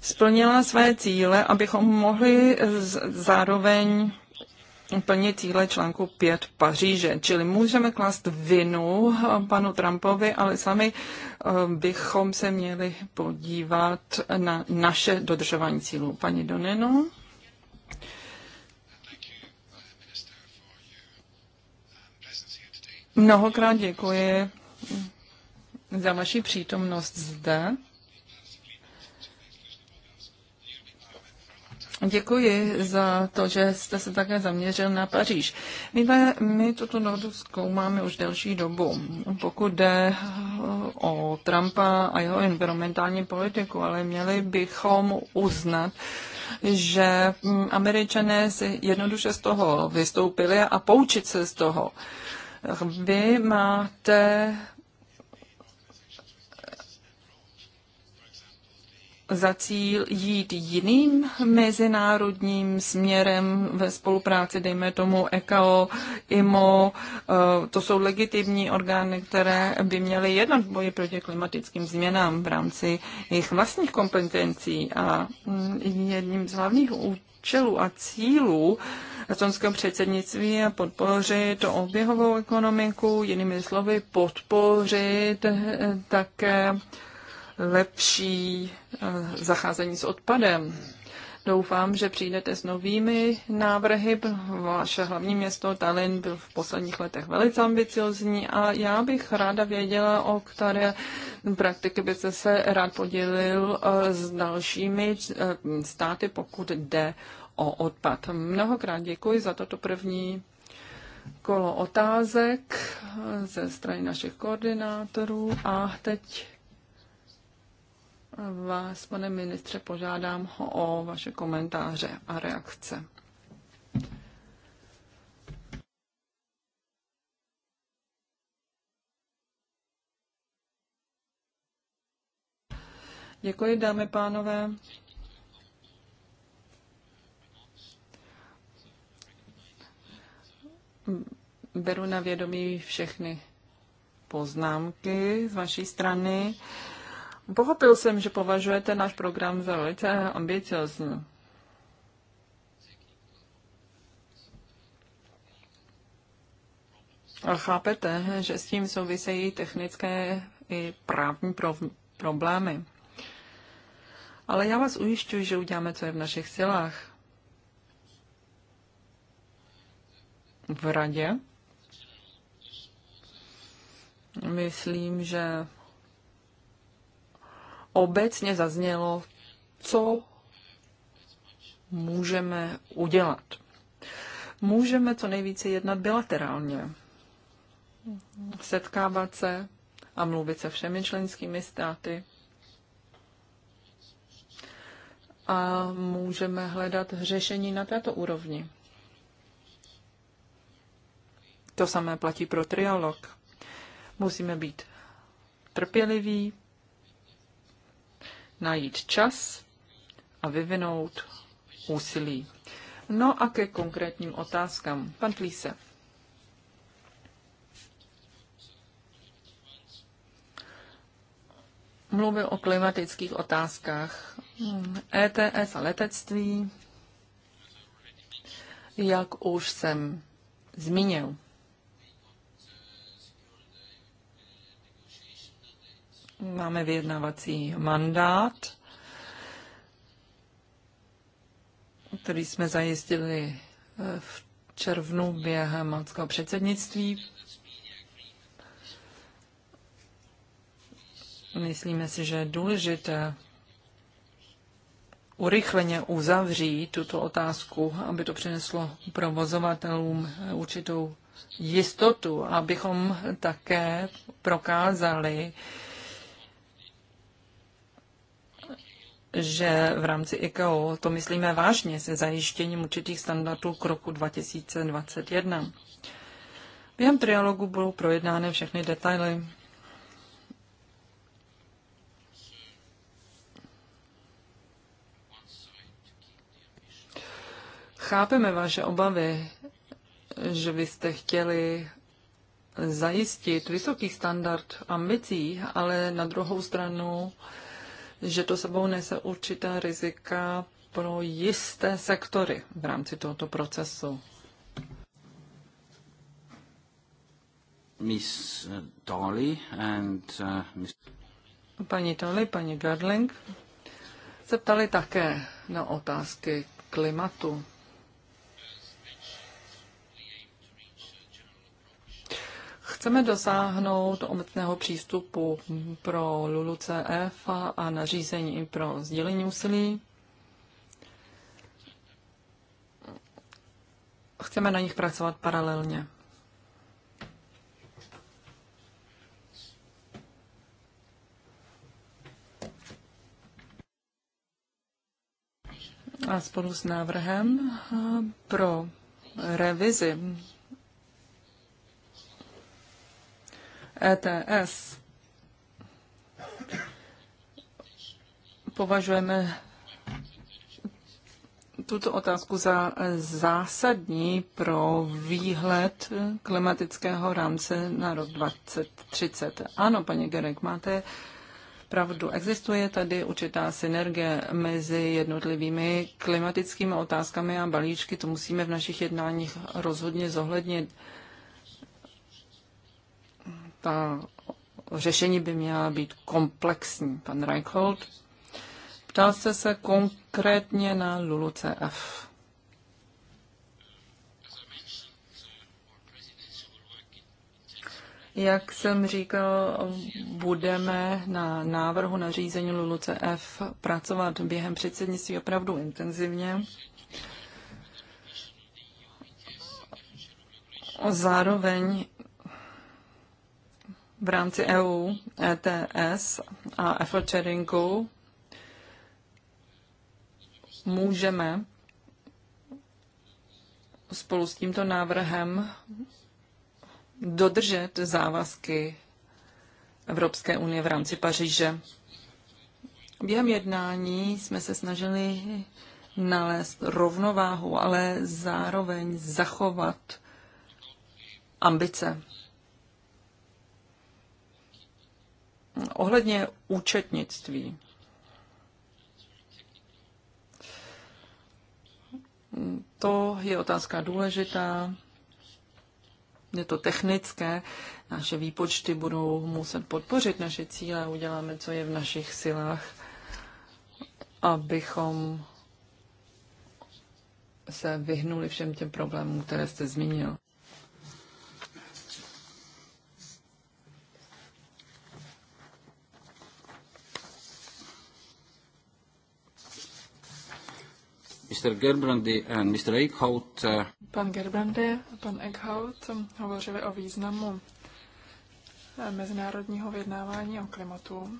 splnila své cíle, abychom mohli zároveň plnit cíle článku 5 Paříže. Čili můžeme klást vinu eh, panu Trumpovi, ale sami eh, bychom se měli podívat na naše dodržování cílů. Paní Doneno. Mnohokrát děkuji za vaši přítomnost zde. Děkuji za to, že jste se také zaměřil na Paříž. My, my tuto dohodu zkoumáme už delší dobu. Pokud jde o Trumpa a jeho environmentální politiku, ale měli bychom uznat, že američané si jednoduše z toho vystoupili a poučit se z toho. Vy máte za cíl jít jiným mezinárodním směrem ve spolupráci, dejme tomu ECAO, IMO. Eh, to jsou legitimní orgány, které by měly jednat v boji proti klimatickým změnám v rámci jejich vlastních kompetencí. A mm, jedním z hlavních účelů a cílů estonského předsednictví je podpořit oběhovou ekonomiku, jinými slovy podpořit eh, také lepší eh, zacházení s odpadem. Doufám, že přijdete s novými návrhy. Vaše hlavní město Tallinn byl v posledních letech velice ambiciozní a já bych ráda věděla, o které praktiky byste se rád podělil eh, s dalšími eh, státy, pokud jde o odpad. Mnohokrát děkuji za toto první kolo otázek ze strany našich koordinátorů a teď vás, pane ministře, požádám ho o vaše komentáře a reakce. Děkuji, dámy pánové. Beru na vědomí všechny poznámky z vaší strany. Pochopil jsem, že považujete náš program za velice ambiciozní. A chápete, že s tím souvisejí technické i právní problémy. Ale já vás ujišťuji, že uděláme, co je v našich silách. V radě. Myslím, že obecně zaznělo, co můžeme udělat. Můžeme co nejvíce jednat bilaterálně, setkávat se a mluvit se všemi členskými státy. A můžeme hledat řešení na této úrovni. To samé platí pro trialog. Musíme být trpěliví, najít čas a vyvinout úsilí. No a ke konkrétním otázkám. Pan Plíse. Mluvil o klimatických otázkách. ETS a letectví, jak už jsem zmínil. Máme vyjednávací mandát, který jsme zajistili eh, v červnu během malckého předsednictví. Myslíme si, že je důležité urychleně uzavřít tuto otázku, aby to přineslo provozovatelům určitou jistotu, abychom také prokázali, že v rámci ICAO to myslíme vážně se zajištěním určitých standardů k roku 2021. Během trialogu budou projednány všechny detaily. Chápeme vaše obavy, že byste chtěli zajistit vysoký standard ambicí, ale na druhou stranu že to sebou nese určitá rizika pro jisté sektory v rámci tohoto procesu. Miss eh, Dolly and uh, Miss... Paní Dolly, paní Gardling, se ptali také na otázky klimatu. Chceme dosáhnout obecného přístupu pro LULUCF a nařízení i pro sdělení úsilí. Chceme na nich pracovat paralelně. A spolu s návrhem pro revizi ETS považujeme tuto otázku za zásadní pro výhled klimatického rámce na rok 2030. Ano, paní Gerek, máte pravdu. Existuje tady určitá synergie mezi jednotlivými klimatickými otázkami a balíčky. To musíme v našich jednáních rozhodně zohlednit ta řešení by měla být komplexní. Pan Reichhold ptal se se konkrétně na LULUCF. Jak jsem říkal, budeme na návrhu na řízení LULUCF pracovat během předsednictví opravdu intenzivně. Zároveň v rámci EU, ETS a effort sharingu můžeme spolu s tímto návrhem dodržet závazky Evropské unie v rámci Paříže. Během jednání jsme se snažili nalézt rovnováhu, ale zároveň zachovat ambice. ohledně účetnictví. To je otázka důležitá, je to technické. Naše výpočty budou muset podpořit naše cíle, uděláme, co je v našich silách, abychom se vyhnuli všem těm problémům, které jste zmínil. Mr. Gerbrandy and Mr. Eichhout. uh, Pan Gerbrandy a pan Eichhout hovořili o významu eh, mezinárodního vyjednávání o klimatu.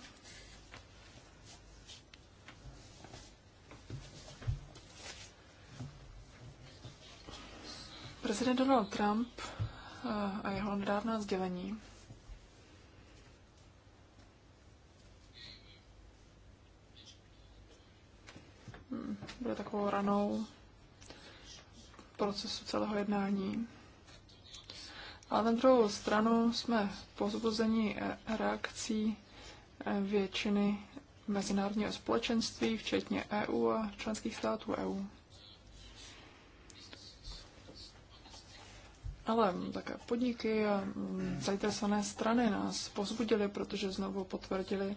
Prezident Donald Trump eh, a jeho nedávná sdělení bude takovou ranou procesu celého jednání. Ale na druhou stranu jsme pozbuzeni reakcí eh, většiny mezinárodního společenství, včetně EU a členských států EU. Ale také podniky a mm, zainteresované strany nás pozbudili, protože znovu potvrdili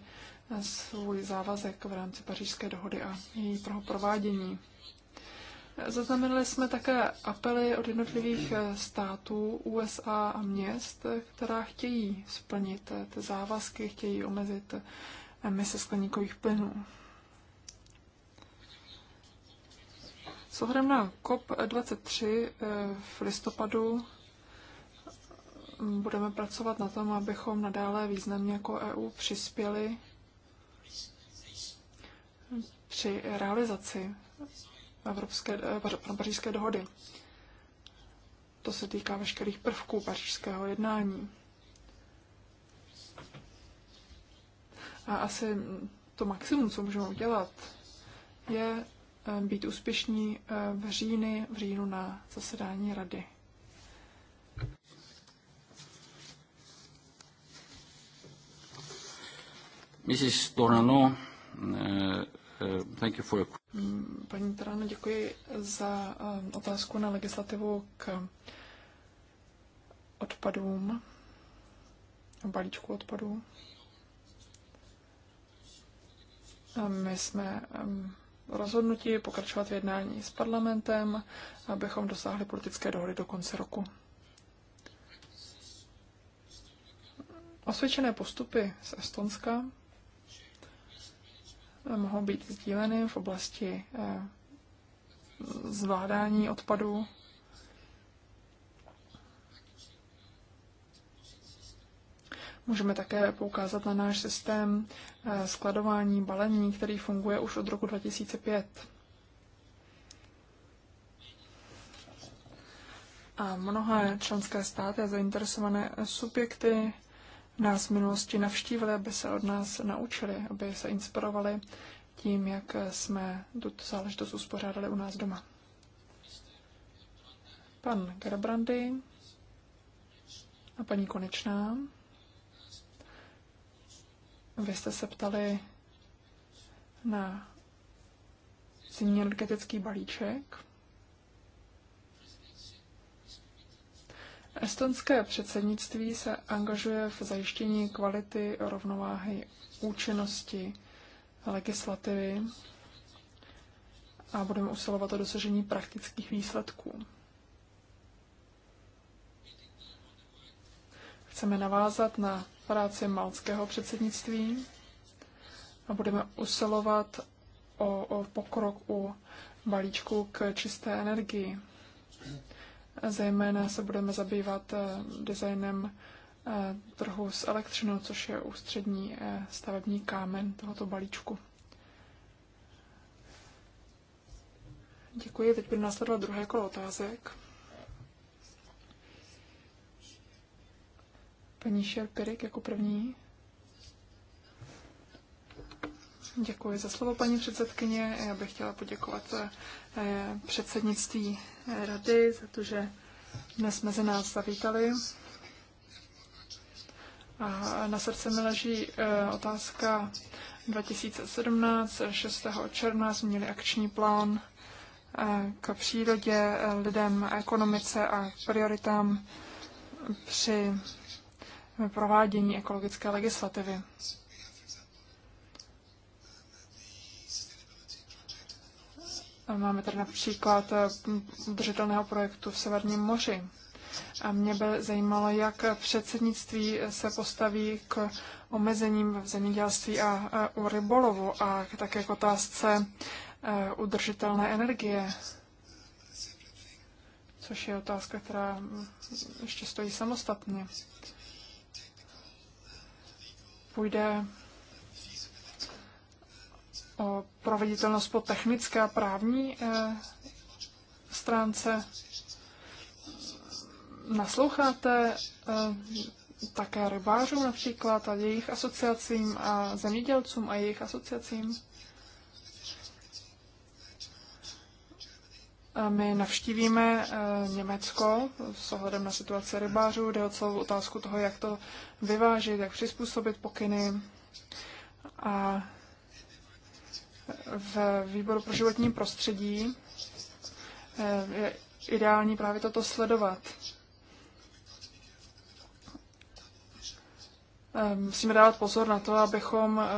svůj závazek v rámci pařížské dohody a její provádění. Zaznamenali jsme také apely od jednotlivých eh, států USA a měst, která chtějí splnit eh, ty závazky, chtějí omezit eh, emise skleníkových plynů. S ohledem na COP23 v listopadu mm, budeme pracovat na tom, abychom nadále významně jako EU přispěli při realizaci Evropské, eh, pařížské dohody. To se týká veškerých prvků pařížského jednání. A asi to maximum, co můžeme udělat, je eh, být úspěšní eh, v říjny, v říjnu na zasedání rady. Mrs. Dornano, Uh, thank you for your... Mm, paní Tráno, děkuji za uh, otázku na legislativu k odpadům, balíčku odpadů. Um, my jsme um, rozhodnutí pokračovat v jednání s parlamentem, abychom dosáhli politické dohody do konce roku. Osvědčené postupy z Estonska mohou být sdíleny v oblasti eh, zvládání odpadů. Můžeme také poukázat na náš systém eh, skladování balení, který funguje už od roku 2005. A mnohé členské státy a zainteresované subjekty nás v minulosti navštívili, aby se od nás naučili, aby se inspirovali tím, jak jsme tuto záležitost uspořádali u nás doma. Pan Garabrandy a paní Konečná. Vy jste se ptali na zimní energetický balíček. Estonské předsednictví se angažuje v zajištění kvality, rovnováhy, účinnosti legislativy a budeme usilovat o dosažení praktických výsledků. Chceme navázat na práci malckého předsednictví a budeme usilovat o, o pokrok u balíčku k čisté energii. Zejména se budeme zabývat eh, designem eh, trhu s elektřinou, což je ústřední eh, stavební kámen tohoto balíčku. Děkuji, teď bude následovat druhé kolo otázek. Paní Šerpirik jako první. Děkuji za slovo, paní předsedkyně. Já bych chtěla poděkovat eh, předsednictví rady za to, že dnes mezi nás zavítali. A na srdce mi leží eh, otázka 2017, 6. června jsme měli akční plán eh, k přírodě, lidem, ekonomice a prioritám při provádění ekologické legislativy. Máme tady například eh, udržitelného projektu v Severním moři. A mě by zajímalo, jak předsednictví se postaví k omezením v zemědělství a u rybolovu a také k otázce eh, udržitelné energie, což je otázka, která ještě stojí samostatně. Půjde Eh, proveditelnost po technické a právní eh, stránce. Nasloucháte eh, také rybářům například a jejich asociacím a zemědělcům a jejich asociacím. My navštívíme Německo s ohledem na situaci rybářů, jde o celou otázku toho, jak to vyvážit, jak přizpůsobit pokyny. A v výboru pro životní prostředí eh, je ideální právě toto sledovat. Eh, musíme dávat pozor na to, abychom eh,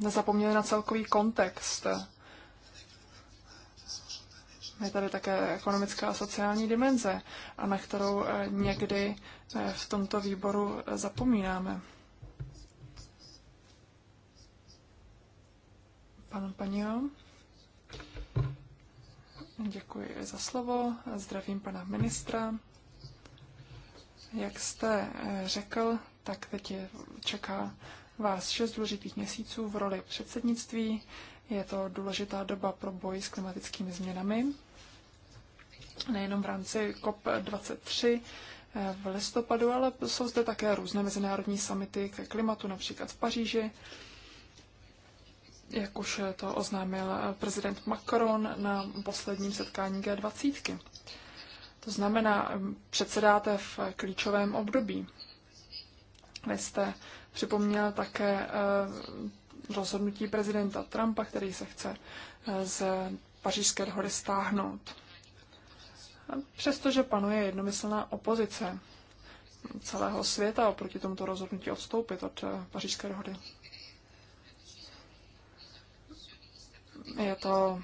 nezapomněli na celkový kontext. Je tady také ekonomická a sociální dimenze, a na kterou někdy v tomto výboru zapomínáme. Pan Panio. Děkuji za slovo. Zdravím pana ministra. Jak jste eh, řekl, tak teď je, čeká vás šest důležitých měsíců v roli předsednictví. Je to důležitá doba pro boj s klimatickými změnami, nejenom v rámci COP23 eh, v listopadu, ale jsou zde také různé mezinárodní samity ke klimatu, například v Paříži, jak už to oznámil eh, prezident Macron na posledním setkání G20. To znamená, mm, předsedáte v klíčovém období. Vy jste připomněl také eh, rozhodnutí prezidenta Trumpa, který se chce eh, z pařížské dohody stáhnout. Přestože panuje jednomyslná opozice mm, celého světa oproti tomuto rozhodnutí odstoupit od pařížské dohody. je to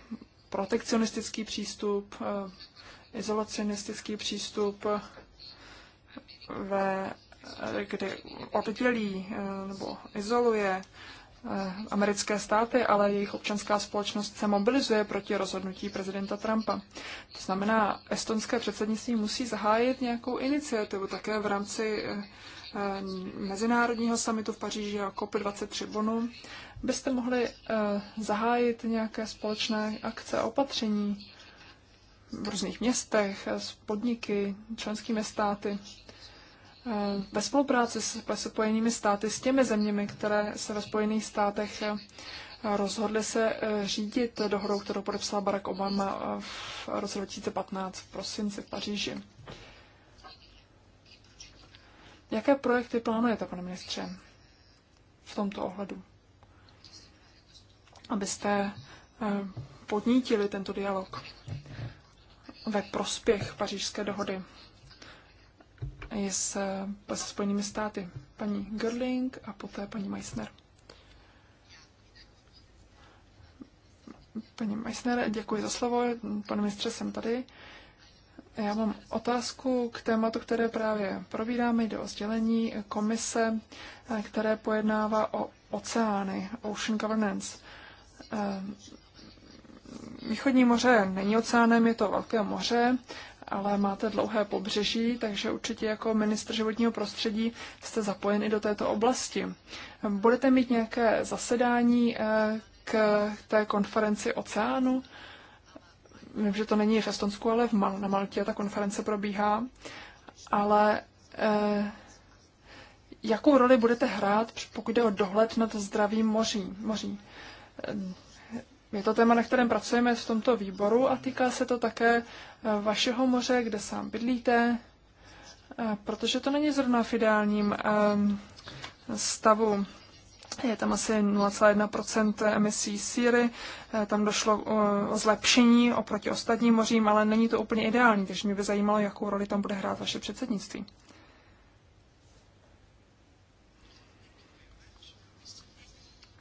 protekcionistický přístup, eh, izolacionistický přístup, eh, ve, eh, kdy oddělí nebo izoluje americké státy, ale jejich občanská společnost se mobilizuje proti rozhodnutí prezidenta Trumpa. To znamená, estonské předsednictví musí zahájit nějakou iniciativu také v rámci mezinárodního samitu v Paříži a COP23 Bonu, byste mohli eh, zahájit nějaké společné akce a opatření v různých městech, eh, s podniky, členskými státy, eh, ve spolupráci s Spojenými státy, s těmi zeměmi, které se ve Spojených státech rozhodly se řídit dohodou, kterou podepsal Barack Obama v roce 2015 v prosinci v Paříži. Jaké projekty plánujete, pane ministře, v tomto ohledu? abyste eh, podnítili tento dialog ve prospěch pařížské dohody je s, s Spojenými státy paní Gerling a poté paní Meissner. Paní Meissner, děkuji za slovo. Pane ministře, jsem tady. Já mám otázku k tématu, které právě probíráme. Jde o sdělení komise, eh, které pojednává o oceány, Ocean Governance. Eh, východní moře není oceánem, je to velké moře, ale máte dlouhé pobřeží, takže určitě jako ministr životního prostředí jste zapojen i do této oblasti. Budete mít nějaké zasedání eh, k té konferenci oceánu? Vím, že to není v Estonsku, ale v Mal- na Maltě ta konference probíhá. Ale eh, jakou roli budete hrát, pokud jde o dohled nad zdravým moří? moří? Je to téma, na kterém pracujeme v tomto výboru a týká se to také eh, vašeho moře, kde sám bydlíte, eh, protože to není zrovna v ideálním eh, stavu. Je tam asi 0,1 emisí síry, tam došlo o zlepšení oproti ostatním mořím, ale není to úplně ideální, takže mě by zajímalo, jakou roli tam bude hrát vaše předsednictví.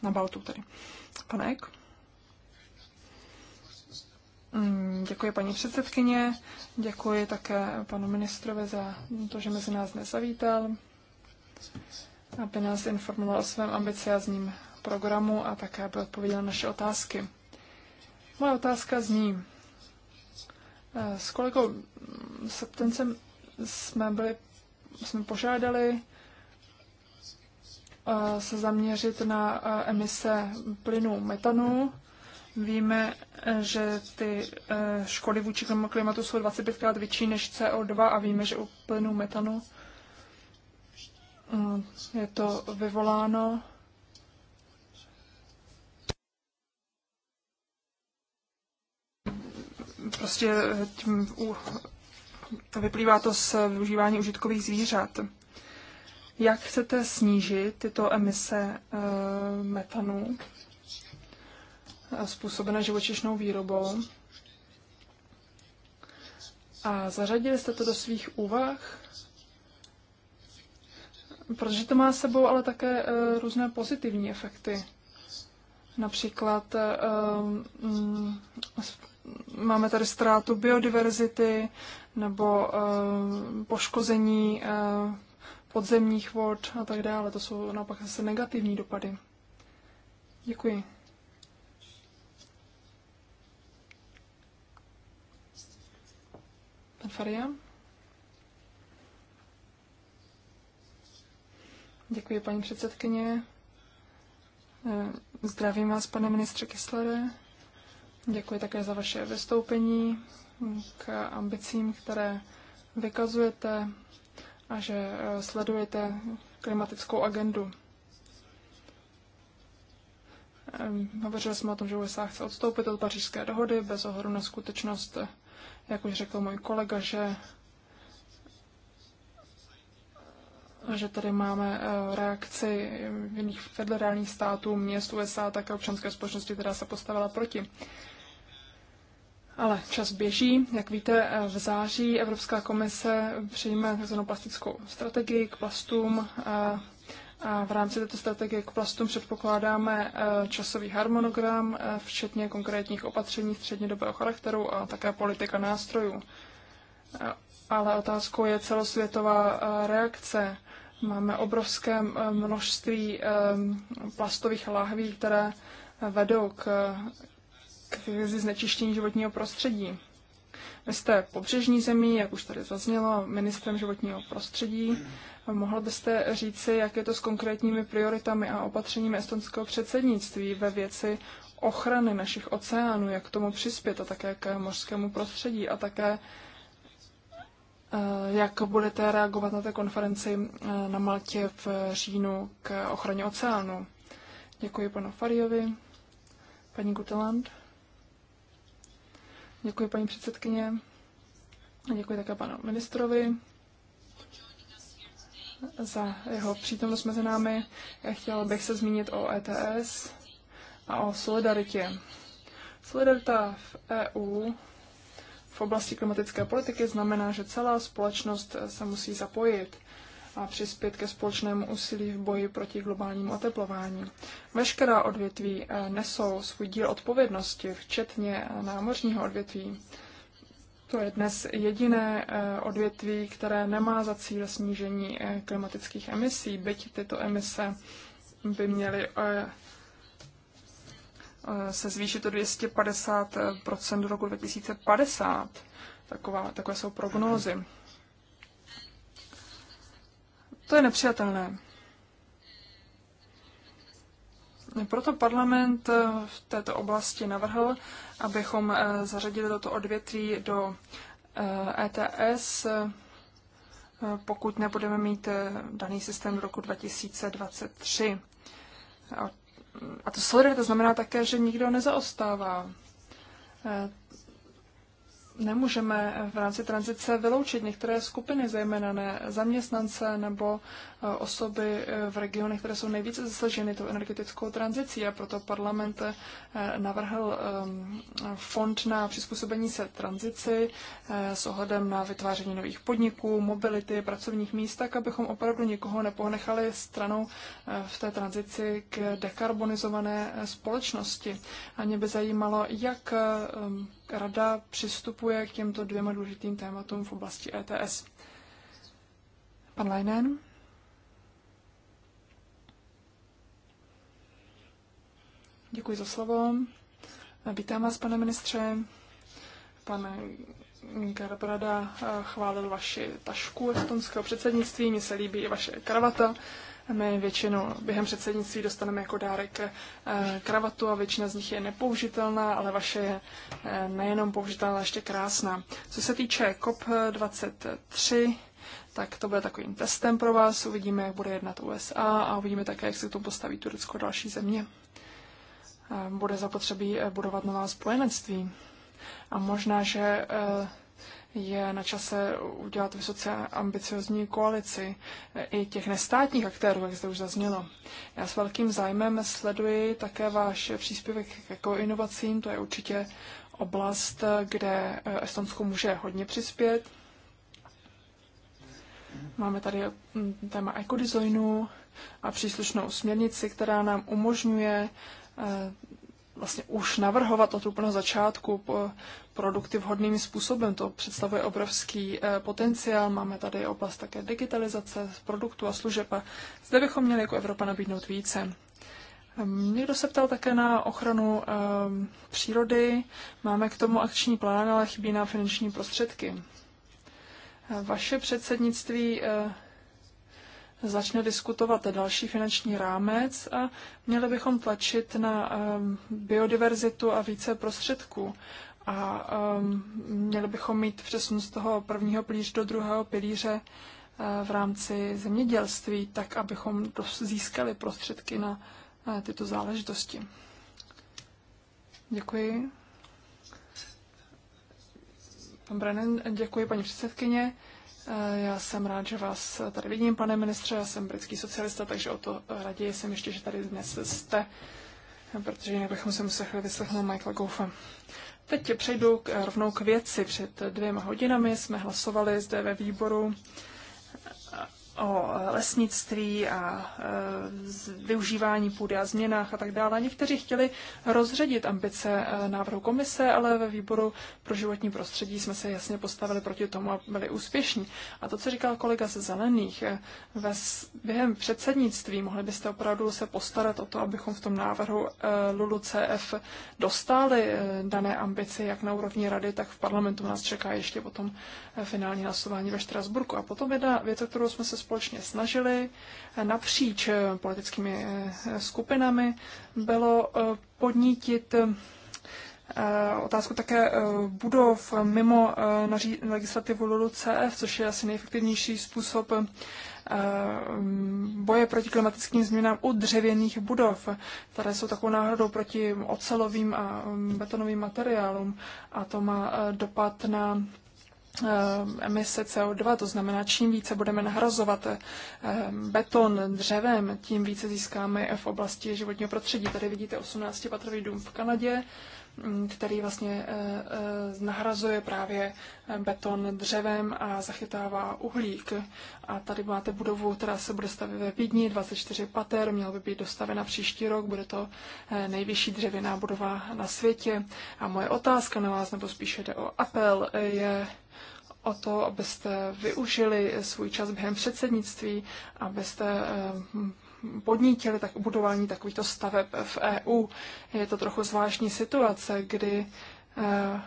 Na Baltu tedy. Mm, děkuji paní předsedkyně, děkuji také panu ministrovi za to, že mezi nás nezavítal, aby nás informoval o svém ambiciozním programu a také aby odpověděl naše otázky. Moje otázka zní, eh, s kolegou Septencem jsme byli, jsme požádali Eh, se zaměřit na eh, emise plynu metanu. Víme, eh, že ty škody vůči klimatu jsou 25krát větší než CO2 a víme, že u plynu metanu je to vyvoláno prostě tím, u, vyplývá to z využívání užitkových zvířat. Jak chcete snížit tyto emise eh, metanu eh, způsobené živočišnou výrobou? A zařadili jste to do svých úvah? Protože to má sebou ale také eh, různé pozitivní efekty. Například um, máme tady ztrátu biodiverzity nebo um, poškození um, podzemních vod a tak dále. To jsou naopak zase negativní dopady. Děkuji. Pan Faria? Děkuji, paní předsedkyně. Eh, zdravím vás, pane ministře Kislere. Děkuji také za vaše vystoupení k ambicím, které vykazujete a že eh, sledujete klimatickou agendu. Hovořili jsme o tom, že USA chce odstoupit od pařížské dohody bez ohledu na skutečnost, eh, jak už řekl můj kolega, že že tady máme eh, reakci jiných federálních států, měst USA, také občanské společnosti, která se postavila proti. Ale čas běží. Jak víte, v září Evropská komise přijme takzvanou plastickou strategii k plastům. A v rámci této strategie k plastům předpokládáme e, časový harmonogram, e, včetně konkrétních opatření střednědobého charakteru a také politika nástrojů. E, ale otázkou je celosvětová reakce. Máme obrovské množství plastových lahví, které vedou k krizi znečištění životního prostředí. Vy jste pobřežní zemí, jak už tady zaznělo, ministrem životního prostředí. Mohl byste říci, jak je to s konkrétními prioritami a opatřeními estonského předsednictví ve věci ochrany našich oceánů, jak k tomu přispět a také k mořskému prostředí a také eh, jak budete reagovat na té konferenci eh, na Maltě v říjnu k ochraně oceánu. Děkuji panu Fariovi, paní Guteland. Děkuji paní předsedkyně a děkuji také panu ministrovi za jeho přítomnost mezi námi. Já chtěl bych se zmínit o ETS a o solidaritě. Solidarita v EU v oblasti klimatické politiky znamená, že celá společnost se musí zapojit a přispět ke společnému úsilí v boji proti globálnímu oteplování. Veškerá odvětví eh, nesou svůj díl odpovědnosti, včetně eh, námořního odvětví. To je dnes jediné eh, odvětví, které nemá za cíl snížení klimatických emisí, byť tyto emise by měly se zvýšit o 250 do roku 2050. Taková, takové jsou prognózy. To je nepřijatelné. Proto parlament eh, v této oblasti navrhl, abychom eh, zařadili toto odvětví do ETS, eh, e pokud nebudeme mít daný systém v roku 2023. A to solidarita znamená také, že nikdo nezaostává nemůžeme v rámci tranzice vyloučit některé skupiny, zejména ne zaměstnance nebo eh, osoby eh, v regionech, které jsou nejvíce zasaženy tou energetickou tranzicí a proto parlament eh, navrhl ehm, fond na přizpůsobení se tranzici s ohledem na vytváření nových podniků, mobility, pracovních míst, tak abychom opravdu nikoho neponechali stranou v té tranzici k dekarbonizované společnosti. A mě by zajímalo, jak Rada přistupuje k těmto dvěma důležitým tématům v oblasti ETS. Pan Leinen. Děkuji za slovo. Vítám vás, pane ministře. Pan Garbrada eh, chválil vaši tašku estonského předsednictví, mně se líbí i vaše kravata. My většinou během předsednictví dostaneme jako dárek eh, kravatu a většina z nich je nepoužitelná, ale vaše je eh, nejenom použitelná, ale ještě krásná. Co se týče COP23, tak to bude takovým testem pro vás. Uvidíme, jak bude jednat USA a uvidíme také, jak se k tomu postaví Turecko a další země. Eh, bude zapotřebí budovat nová spojenectví. A možná, že je na čase udělat vysoce ambiciozní koalici i těch nestátních aktérů, jak zde už zaznělo. Já s velkým zájmem sleduji také váš příspěvek jako inovacím, to je určitě oblast, kde eh, Estonsko může hodně přispět. Máme tady hm, téma ekodizajnu a příslušnou směrnici, která nám umožňuje eh, vlastně už navrhovat od úplného začátku produkty vhodným způsobem. To představuje obrovský eh, potenciál. Máme tady oblast také digitalizace produktů a služeb a zde bychom měli jako Evropa nabídnout více. Ehm, někdo se ptal také na ochranu e, přírody. Máme k tomu akční plán, ale chybí nám finanční prostředky. Eh, vaše předsednictví e, začne diskutovat další finanční rámec a měli bychom tlačit na ehm, biodiverzitu a více prostředků. A ehm, měli bychom mít přesun z toho prvního pilíře do druhého pilíře eh, v rámci zemědělství, tak abychom získali prostředky na eh, tyto záležitosti. Děkuji. Pan Brennan, děkuji paní předsedkyně. Eh, já jsem rád, že vás tady vidím, pane ministře. Já jsem britský socialista, takže o to raději jsem ještě, že tady dnes jste, protože jinak bychom se museli vyslechnout Michaela Goufa. Teď přejdu k, rovnou k věci. Před dvěma hodinami jsme hlasovali zde ve výboru o eh, lesnictví a eh, využívání půdy a změnách a tak dále. Někteří chtěli rozředit ambice eh, návrhu komise, ale ve výboru pro životní prostředí jsme se jasně postavili proti tomu a byli úspěšní. A to, co říkal kolega ze Zelených, ve, během předsednictví mohli byste opravdu se postarat o to, abychom v tom návrhu Lulu CF dostali dané ambice jak na úrovni rady, tak v parlamentu nás čeká ještě potom finální hlasování ve Štrasburku. A potom jedna věc, kterou jsme se společně snažili napříč eh, politickými eh, skupinami, bylo eh, podnítit otázku také budov mimo legislativu LULU-CF, což je asi nejefektivnější způsob boje proti klimatickým změnám u dřevěných budov, které jsou takovou náhodou proti ocelovým a mm, betonovým materiálům. A to má dopad na Eh, emise CO2, to znamená, čím více budeme nahrazovat eh, beton dřevem, tím více získáme v oblasti životního prostředí. Tady vidíte 18-patrový dům v Kanadě, mm, který vlastně eh, nahrazuje právě beton dřevem a zachytává uhlík. A tady máte budovu, která se bude stavět ve Vídni, 24 pater, měla by být dostavena příští rok, bude to nejvyšší dřevěná budova na světě. A moje otázka na vás, nebo spíše jde o apel, je, o to, abyste využili svůj čas během předsednictví, abyste eh, podnítili tak budování takovýchto staveb v EU. Je to trochu zvláštní situace, kdy eh,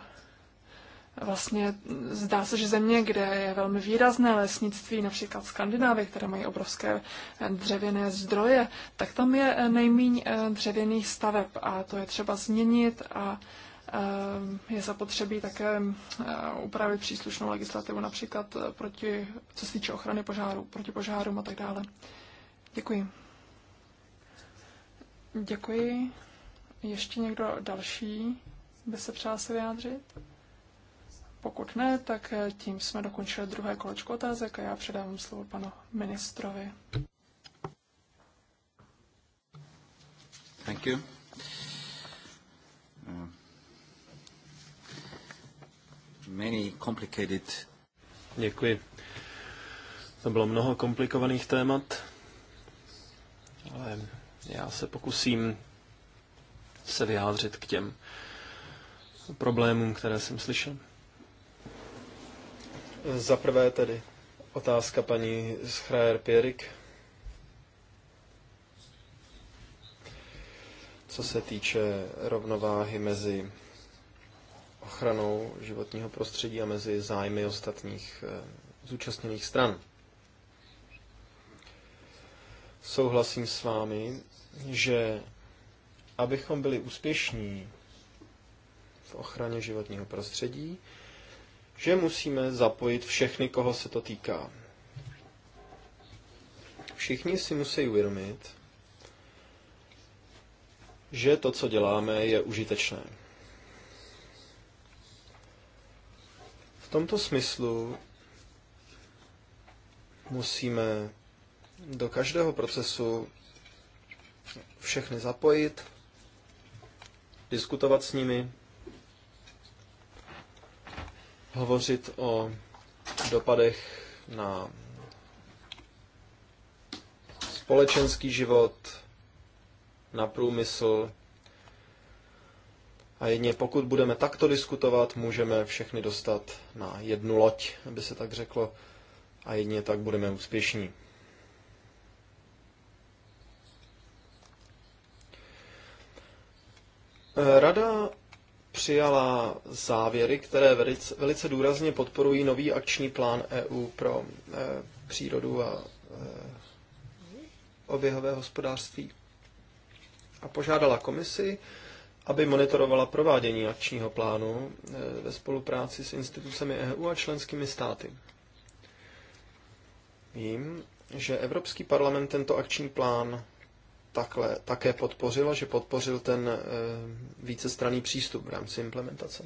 vlastně zdá se, že země, kde je velmi výrazné lesnictví, například Skandinávie, které mají obrovské eh, dřevěné zdroje, tak tam je nejméně dřevěných staveb a to je třeba změnit a Eh, je zapotřebí také eh, upravit příslušnou legislativu, například eh, proti, co se týče ochrany požáru, proti požárům a tak dále. Děkuji. Děkuji. Ještě někdo další by se přál se vyjádřit? Pokud ne, tak tím jsme dokončili druhé kolečko otázek a já předávám slovo panu ministrovi. Thank you. Uh... Děkuji. To bylo mnoho komplikovaných témat, ale já se pokusím se vyjádřit k těm problémům, které jsem slyšel. Za prvé tedy otázka paní Schreier Pierik. Co se týče rovnováhy mezi ochranou životního prostředí a mezi zájmy ostatních eh, zúčastněných stran. Souhlasím s vámi, že abychom byli úspěšní v ochraně životního prostředí, že musíme zapojit všechny, koho se to týká. Všichni si musí uvědomit, že to, co děláme, je užitečné. tomto smyslu musíme do každého procesu všechny zapojit, diskutovat s nimi, hovořit o dopadech na společenský život, na průmysl, a jedině pokud budeme takto diskutovat, můžeme všechny dostat na jednu loď, aby se tak řeklo, a jedině tak budeme úspěšní. Rada přijala závěry, které velice, velice důrazně podporují nový akční plán EU pro e, přírodu a e, oběhové hospodářství. A požádala komisi, aby monitorovala provádění akčního plánu eh, ve spolupráci s institucemi EU a členskými státy. Vím, že Evropský parlament tento akční plán takhle, také podpořil a že podpořil ten e, vícestranný přístup v rámci implementace.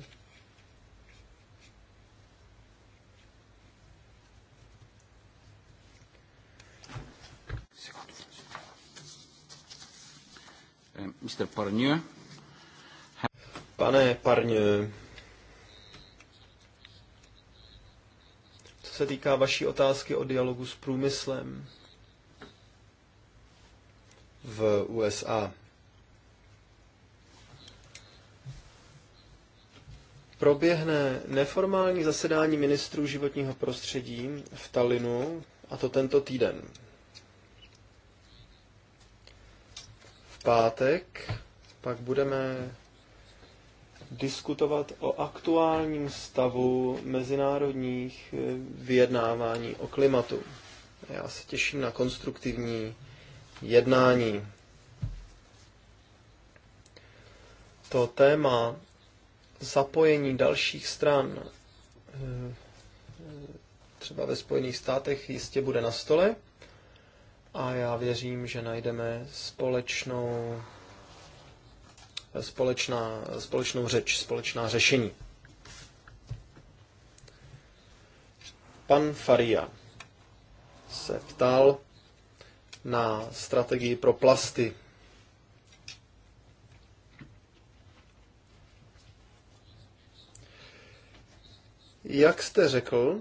Eh, Mr. Parnier. Pane Parně, co se týká vaší otázky o dialogu s průmyslem v USA, proběhne neformální zasedání ministrů životního prostředí v Talinu, a to tento týden. V pátek pak budeme diskutovat o aktuálním stavu mezinárodních eh, vyjednávání o klimatu. Já se těším na konstruktivní jednání. To téma zapojení dalších stran eh, eh, třeba ve Spojených státech jistě bude na stole a já věřím, že najdeme společnou společná, společnou řeč, společná řešení. Pan Faria se ptal na strategii pro plasty. Jak jste řekl,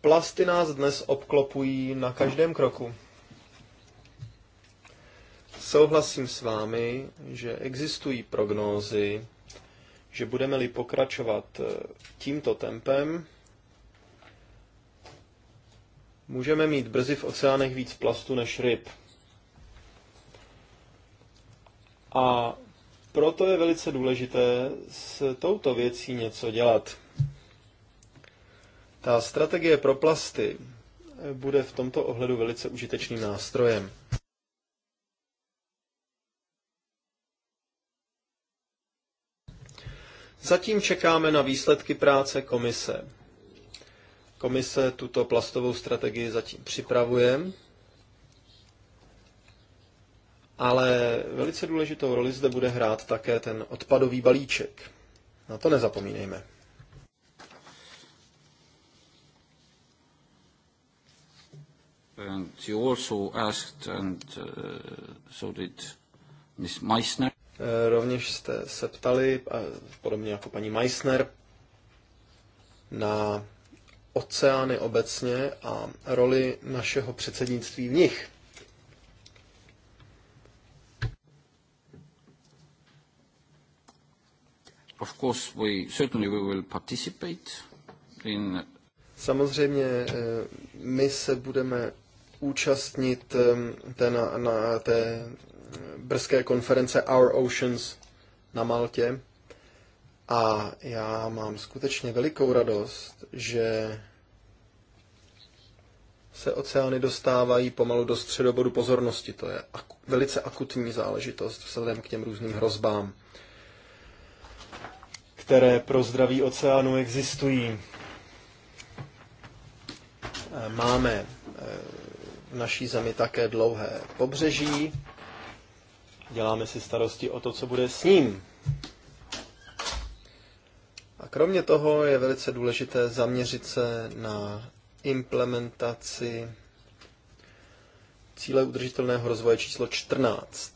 plasty nás dnes obklopují na každém kroku. Souhlasím s vámi, že existují prognózy, že budeme-li pokračovat eh, tímto tempem, můžeme mít brzy v oceánech víc plastu než ryb. A proto je velice důležité s touto věcí něco dělat. Ta strategie pro plasty bude v tomto ohledu velice užitečným nástrojem. Zatím čekáme na výsledky práce komise. Komise tuto plastovou strategii zatím připravuje, ale velice důležitou roli zde bude hrát také ten odpadový balíček. Na to nezapomínejme. And you also asked, and uh, so did Ms. Meissner. Eh, rovněž jste se ptali, podobně jako paní Meissner, na oceány obecně a roli našeho předsednictví v nich. Of course, we certainly we will participate in... Samozřejmě eh, my se budeme účastnit eh, té, na, na té brzké konference Our Oceans na Maltě. A já mám skutečně velikou radost, že se oceány dostávají pomalu do středobodu pozornosti. To je aku, velice akutní záležitost vzhledem k těm různým hrozbám, které pro zdraví oceánu existují. Máme eh, v naší zemi také dlouhé pobřeží, Děláme si starosti o to, co bude s ním. A kromě toho je velice důležité zaměřit se na implementaci cíle udržitelného rozvoje číslo 14.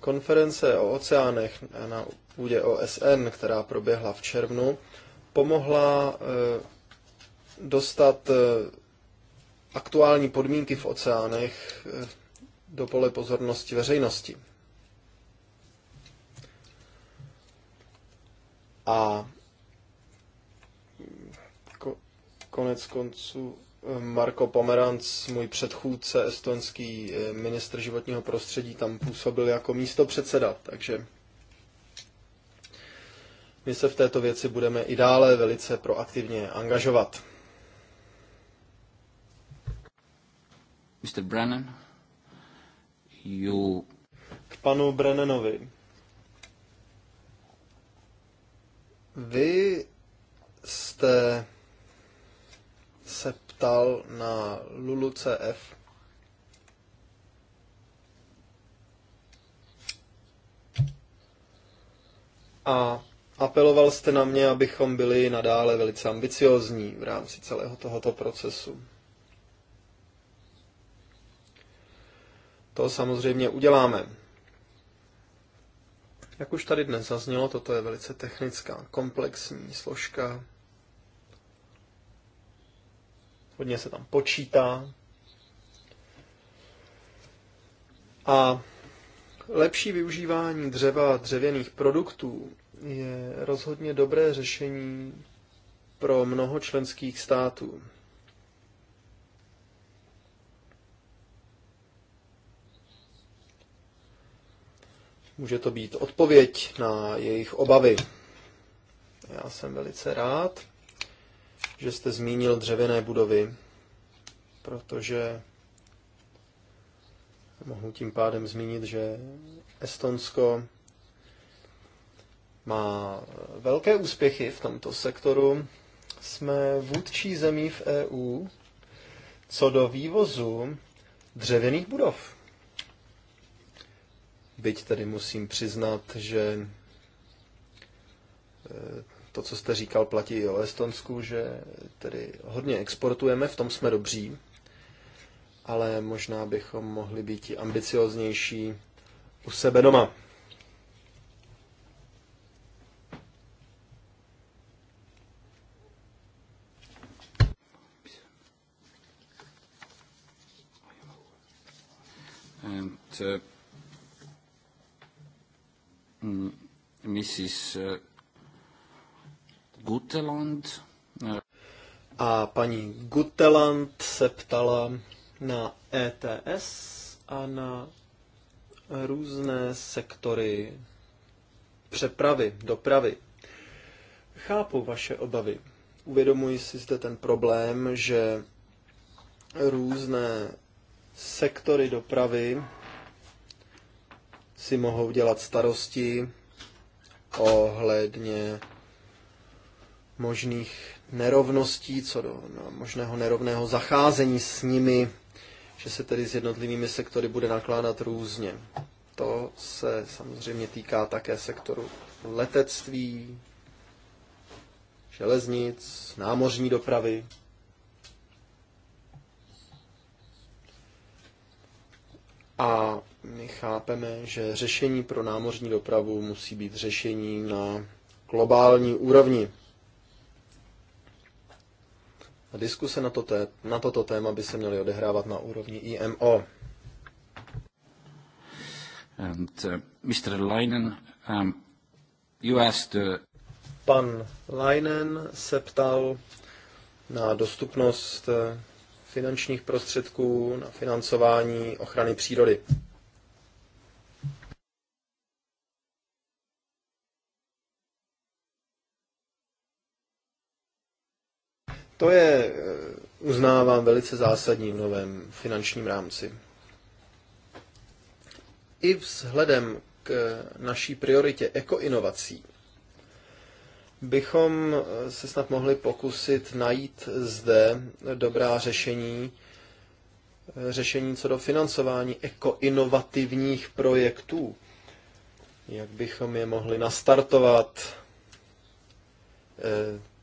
Konference o oceánech na půdě OSN, která proběhla v červnu, pomohla eh, dostat eh, aktuální podmínky v oceánech eh, do pole pozornosti veřejnosti. A konec konců eh, Marko Pomeranc, můj předchůdce, estonský eh, ministr životního prostředí, tam působil jako místo předseda, takže my se v této věci budeme i dále velice proaktivně angažovat. Mr. Brennan, you... K panu Brennanovi. Vy jste se ptal na Lulu CF. A apeloval jste na mě, abychom byli nadále velice ambiciozní v rámci celého tohoto procesu. To samozřejmě uděláme. Jak už tady dnes zaznělo, toto je velice technická, komplexní složka. Hodně se tam počítá. A lepší využívání dřeva a dřevěných produktů je rozhodně dobré řešení pro mnoho členských států. Může to být odpověď na jejich obavy. Já jsem velice rád, že jste zmínil dřevěné budovy, protože mohu tím pádem zmínit, že Estonsko má velké úspěchy v tomto sektoru. Jsme vůdčí zemí v EU co do vývozu dřevěných budov byť tedy musím přiznat, že e, to, co jste říkal, platí i o Estonsku, že tedy hodně exportujeme, v tom jsme dobří, ale možná bychom mohli být i ambicioznější u sebe doma. And, uh... Mrs. Eh, Guteland. Eh, a paní Guteland se ptala na ETS a na různé sektory přepravy, dopravy. Chápu vaše obavy. Uvědomuji si zde ten problém, že různé sektory dopravy si mohou dělat starosti ohledně možných nerovností, co do no, možného nerovného zacházení s nimi, že se tedy s jednotlivými sektory bude nakládat různě. To se samozřejmě týká také sektoru letectví, železnic, námořní dopravy. A my chápeme, že řešení pro námořní dopravu musí být řešení na globální úrovni. A diskuse na, to té, na toto téma by se měly odehrávat na úrovni IMO. And, uh, Mr. Leinen, um, you asked, uh... Pan Leinen se ptal na dostupnost uh, finančních prostředků na financování ochrany přírody. To je, eh, uznávám, velice zásadní v novém finančním rámci. I vzhledem k eh, naší prioritě ekoinovací bychom eh, se snad mohli pokusit najít zde dobrá řešení, řešení co do financování ekoinovativních projektů. Jak bychom je mohli nastartovat,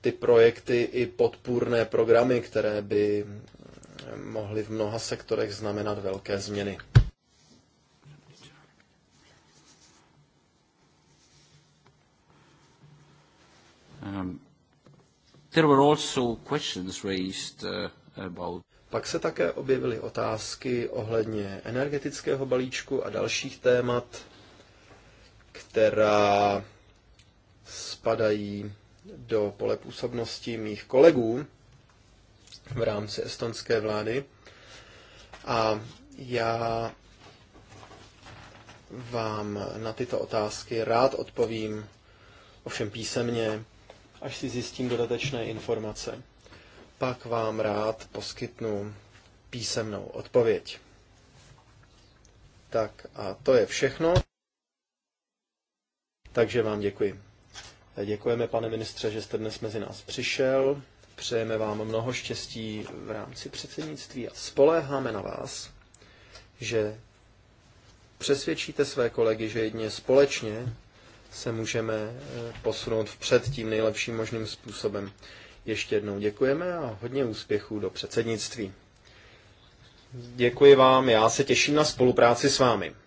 ty projekty i podpůrné programy, které by mohly v mnoha sektorech znamenat velké změny. Um, there were also questions raised uh, about pak se také objevily otázky ohledně energetického balíčku a dalších témat, která spadají do pole působnosti mých kolegů v rámci estonské vlády. A já vám na tyto otázky rád odpovím, ovšem písemně, až si zjistím dodatečné informace. Pak vám rád poskytnu písemnou odpověď. Tak a to je všechno. Takže vám děkuji. Děkujeme, pane ministře, že jste dnes mezi nás přišel. Přejeme vám mnoho štěstí v rámci předsednictví a spoléháme na vás, že přesvědčíte své kolegy, že jedně společně se můžeme eh, posunout vpřed tím nejlepším možným způsobem. Ještě jednou děkujeme a hodně úspěchů do předsednictví. Děkuji vám, já se těším na spolupráci s vámi.